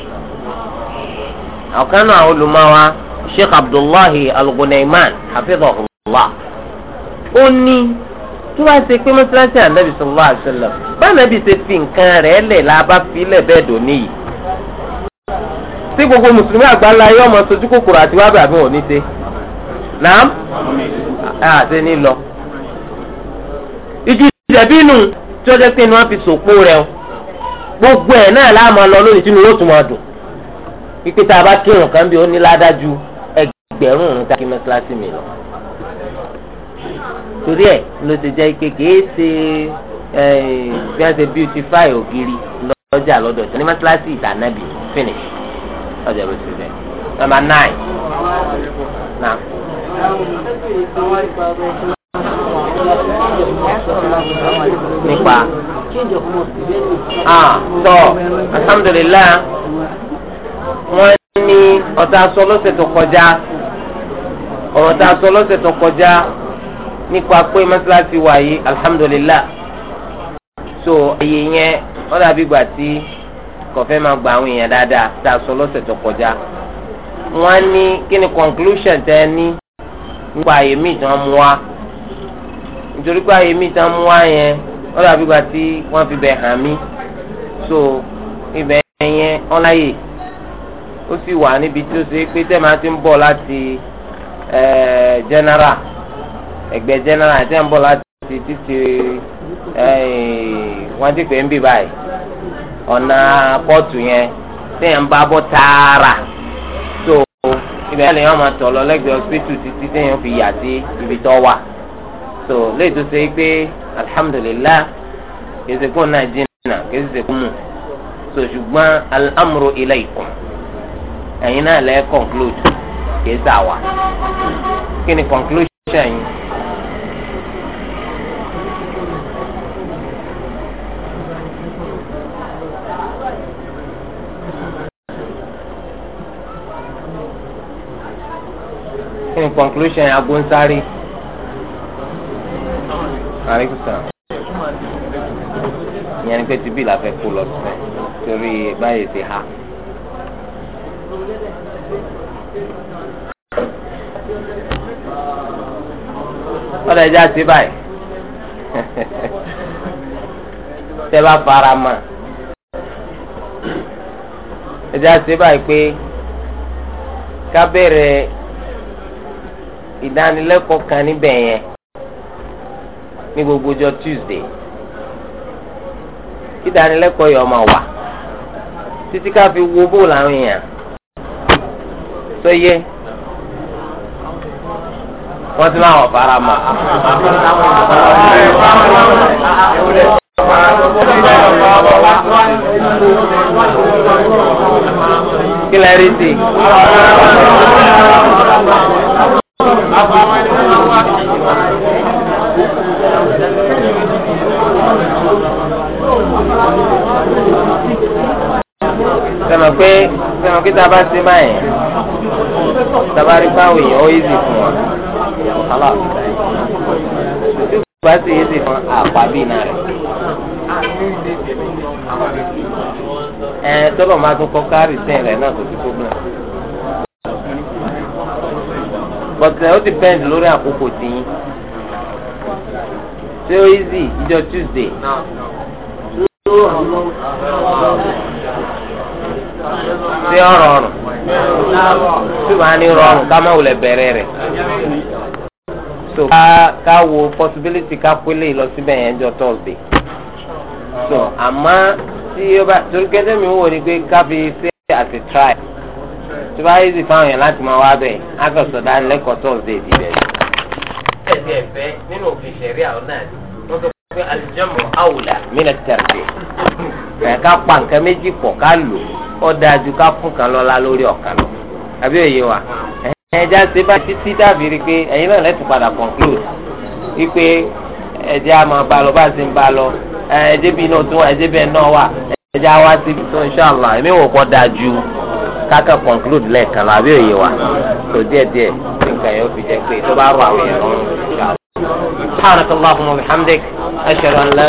Speaker 1: ọ̀kan náà olùmọ̀wá Sheikh Abdullahi Al-Gunayman hafidhahullah ó ní tó wá ṣe pé mọ́sálásí ànábì sallallahu alaihi wasallam báńàbì ṣe fi nǹkan rẹ̀ lẹ̀ la bá filẹ̀ bẹ́ẹ̀ dòní yìí. tí gbogbo mùsùlùmí àgbáńlá yóò mọ sojú kòkòrò àti wábẹ̀ àbí wọn ò ní ṣe. nàám àti ní lọ. ìjú ìjẹ̀bí nù tí ó jẹ́ pé ni wọ́n fi sòpó rẹ̀ o. gbogbo ẹ̀ náà láàmú lọ lónìí tí ni yóò tún máa dùn. pípé tá a bá kírun kan bí ó ní ládájú ẹgbẹ̀rún òun tá a kí mọ́sálásí mi lọ torí ẹ̀ ló ti jẹ́ ike kìí ṣe eh, bí wọ́n ṣe beautify ògiri lọ́jà lọ́dọ̀ ṣe ní mọ́tíláṣí ìdánábì finish ọjà ló ti bẹ̀. nọ́mbà nine. Now.
Speaker 2: nípa ah, tọ́ alhamdulillah
Speaker 1: wọ́n ní ọ̀tá sọ lọ́sẹ̀ tó kọjá ọ̀tá sọ lọ́sẹ̀ tó kọjá nípa pé mọ́sálásí wa yìí alhamdulillah so ayé yẹn wọ́n dàbí gbà tí kọ̀fẹ́ máa gba àwọn èèyàn dáadáa tá a sọ lọ́sẹ̀ tó kọjá wọ́n ní kí ni conclusion tẹ́ ẹ ní nípa àyè míì tán mú wa nítorí pé àyè míì tán mú wa yẹn wọ́n dàbí gbà tí wọ́n fi bẹ̀ hàn mí so ibẹ̀ yẹn ọ̀láyè ó sì wà níbi tí ó ṣe pé tẹ́ máa ti ń bọ̀ láti eh, general ẹgbẹ́ general àti ẹnbọ láti títí eh, wọn ti pè ń bì báyìí ọ̀nà pọ́ọ̀tù yẹn téèyàn ń bá bọ́ tààrà tó ibẹ̀ lè yàn máa tọ̀ lọ lẹ́gbẹ̀ẹ́ hospital títí téèyàn fi yà sí ibi tó wà tó lè tó ṣe pé alhamdulillah kìí ṣe kó náà jìnnà kìí ṣe kó mú so ṣùgbọ́n al-amru ilaykum ẹ̀yin náà lẹ́ conclude kìí ṣe àwa
Speaker 2: kí ni conclusion yìí.
Speaker 1: conclusion aago ń sáré. ìyẹn ni pé ti bíi làfẹ́ kó lọ sílẹ̀ torí báyìí ti hà. wọ́n lè jẹ́ àti báyìí tẹ́ bá fara mọ́ ẹ jẹ́ àti báyìí pé ká bẹ̀rẹ̀ ìdánilẹ́kọ̀ọ́ kan níbẹ̀ yẹn ní gbogbo ọjọ́ Tuesday kí ìdánilẹ́kọ̀ọ́ yẹn ọmọ wà títí ká fi wo bó làwọn èèyàn tó yẹ wọ́n ti láwọn fara mọ́.
Speaker 2: kí lè sẹ́mi
Speaker 1: pé sẹ́mi pé tá a bá ṣe báyìí tabari báwo yẹn ó yézì fún wa kálá tí o bá sì yézì fún àpábí náà
Speaker 2: rẹ̀ ẹ̀ tọ́lọ̀ máa tún
Speaker 1: kọ́ kárì sẹ́yìn rẹ̀ náà kò sí fún mi
Speaker 2: but ó ti bend lórí àkókò tìyín
Speaker 1: ṣé ó easy ìjọ Tuesday.
Speaker 2: ṣé ọ rọrùn tí
Speaker 1: wàá ní rọrùn ká má wulẹ̀ bẹ̀rẹ̀ rẹ̀ so ká ká wo possibility ká pélé lọ síbẹ̀ yẹn jọ Thursday so àmọ́ tí ó bá torí kẹ́tẹ́ mi wò ni pé ká fi ṣe àti try tó bá yé sí fáwọn yẹn láti máa wá bẹ̀ akọ̀sọ̀ dánilẹ́kọ̀ọ́ tọ́sídẹ̀ẹ́ ti bẹ̀rẹ̀. ẹ̀sì ẹ̀fẹ́ nínú òfin ṣẹ̀rí àwọn náà wọ́n sọ pé alìjọ́mọ̀ àwùlà. mina tẹ̀sí ẹ̀ ká pa nǹkan méjì pọ̀ ká lò ó dáa ju ká fún kan lọ́la lórí ọ̀kan lọ àbí òye wa ẹja ṣe bá títí dàbí rí pé ẹ̀yin náà lẹ́tù padà conclude wípé ẹ̀jẹ̀ a máa bá lọ bá ṣe ń bá lọ ẹ̀jẹ̀ bíi náà tún ẹ̀jẹ̀ bẹ́ẹ̀ náà wà ẹ̀jẹ̀ a wá síbi tó ń ṣàlọ́ ẹ̀mí wò pọ̀ dáa ju káka conclude lẹ́ẹ̀kan lábẹ òye wa tó díẹ̀ díẹ̀ nǹkan yẹn ó fi jẹ pé tó bá rọ àwọn èèyàn lọ́rùn. سبحانك اللهم وبحمدك
Speaker 2: أشهد أن لا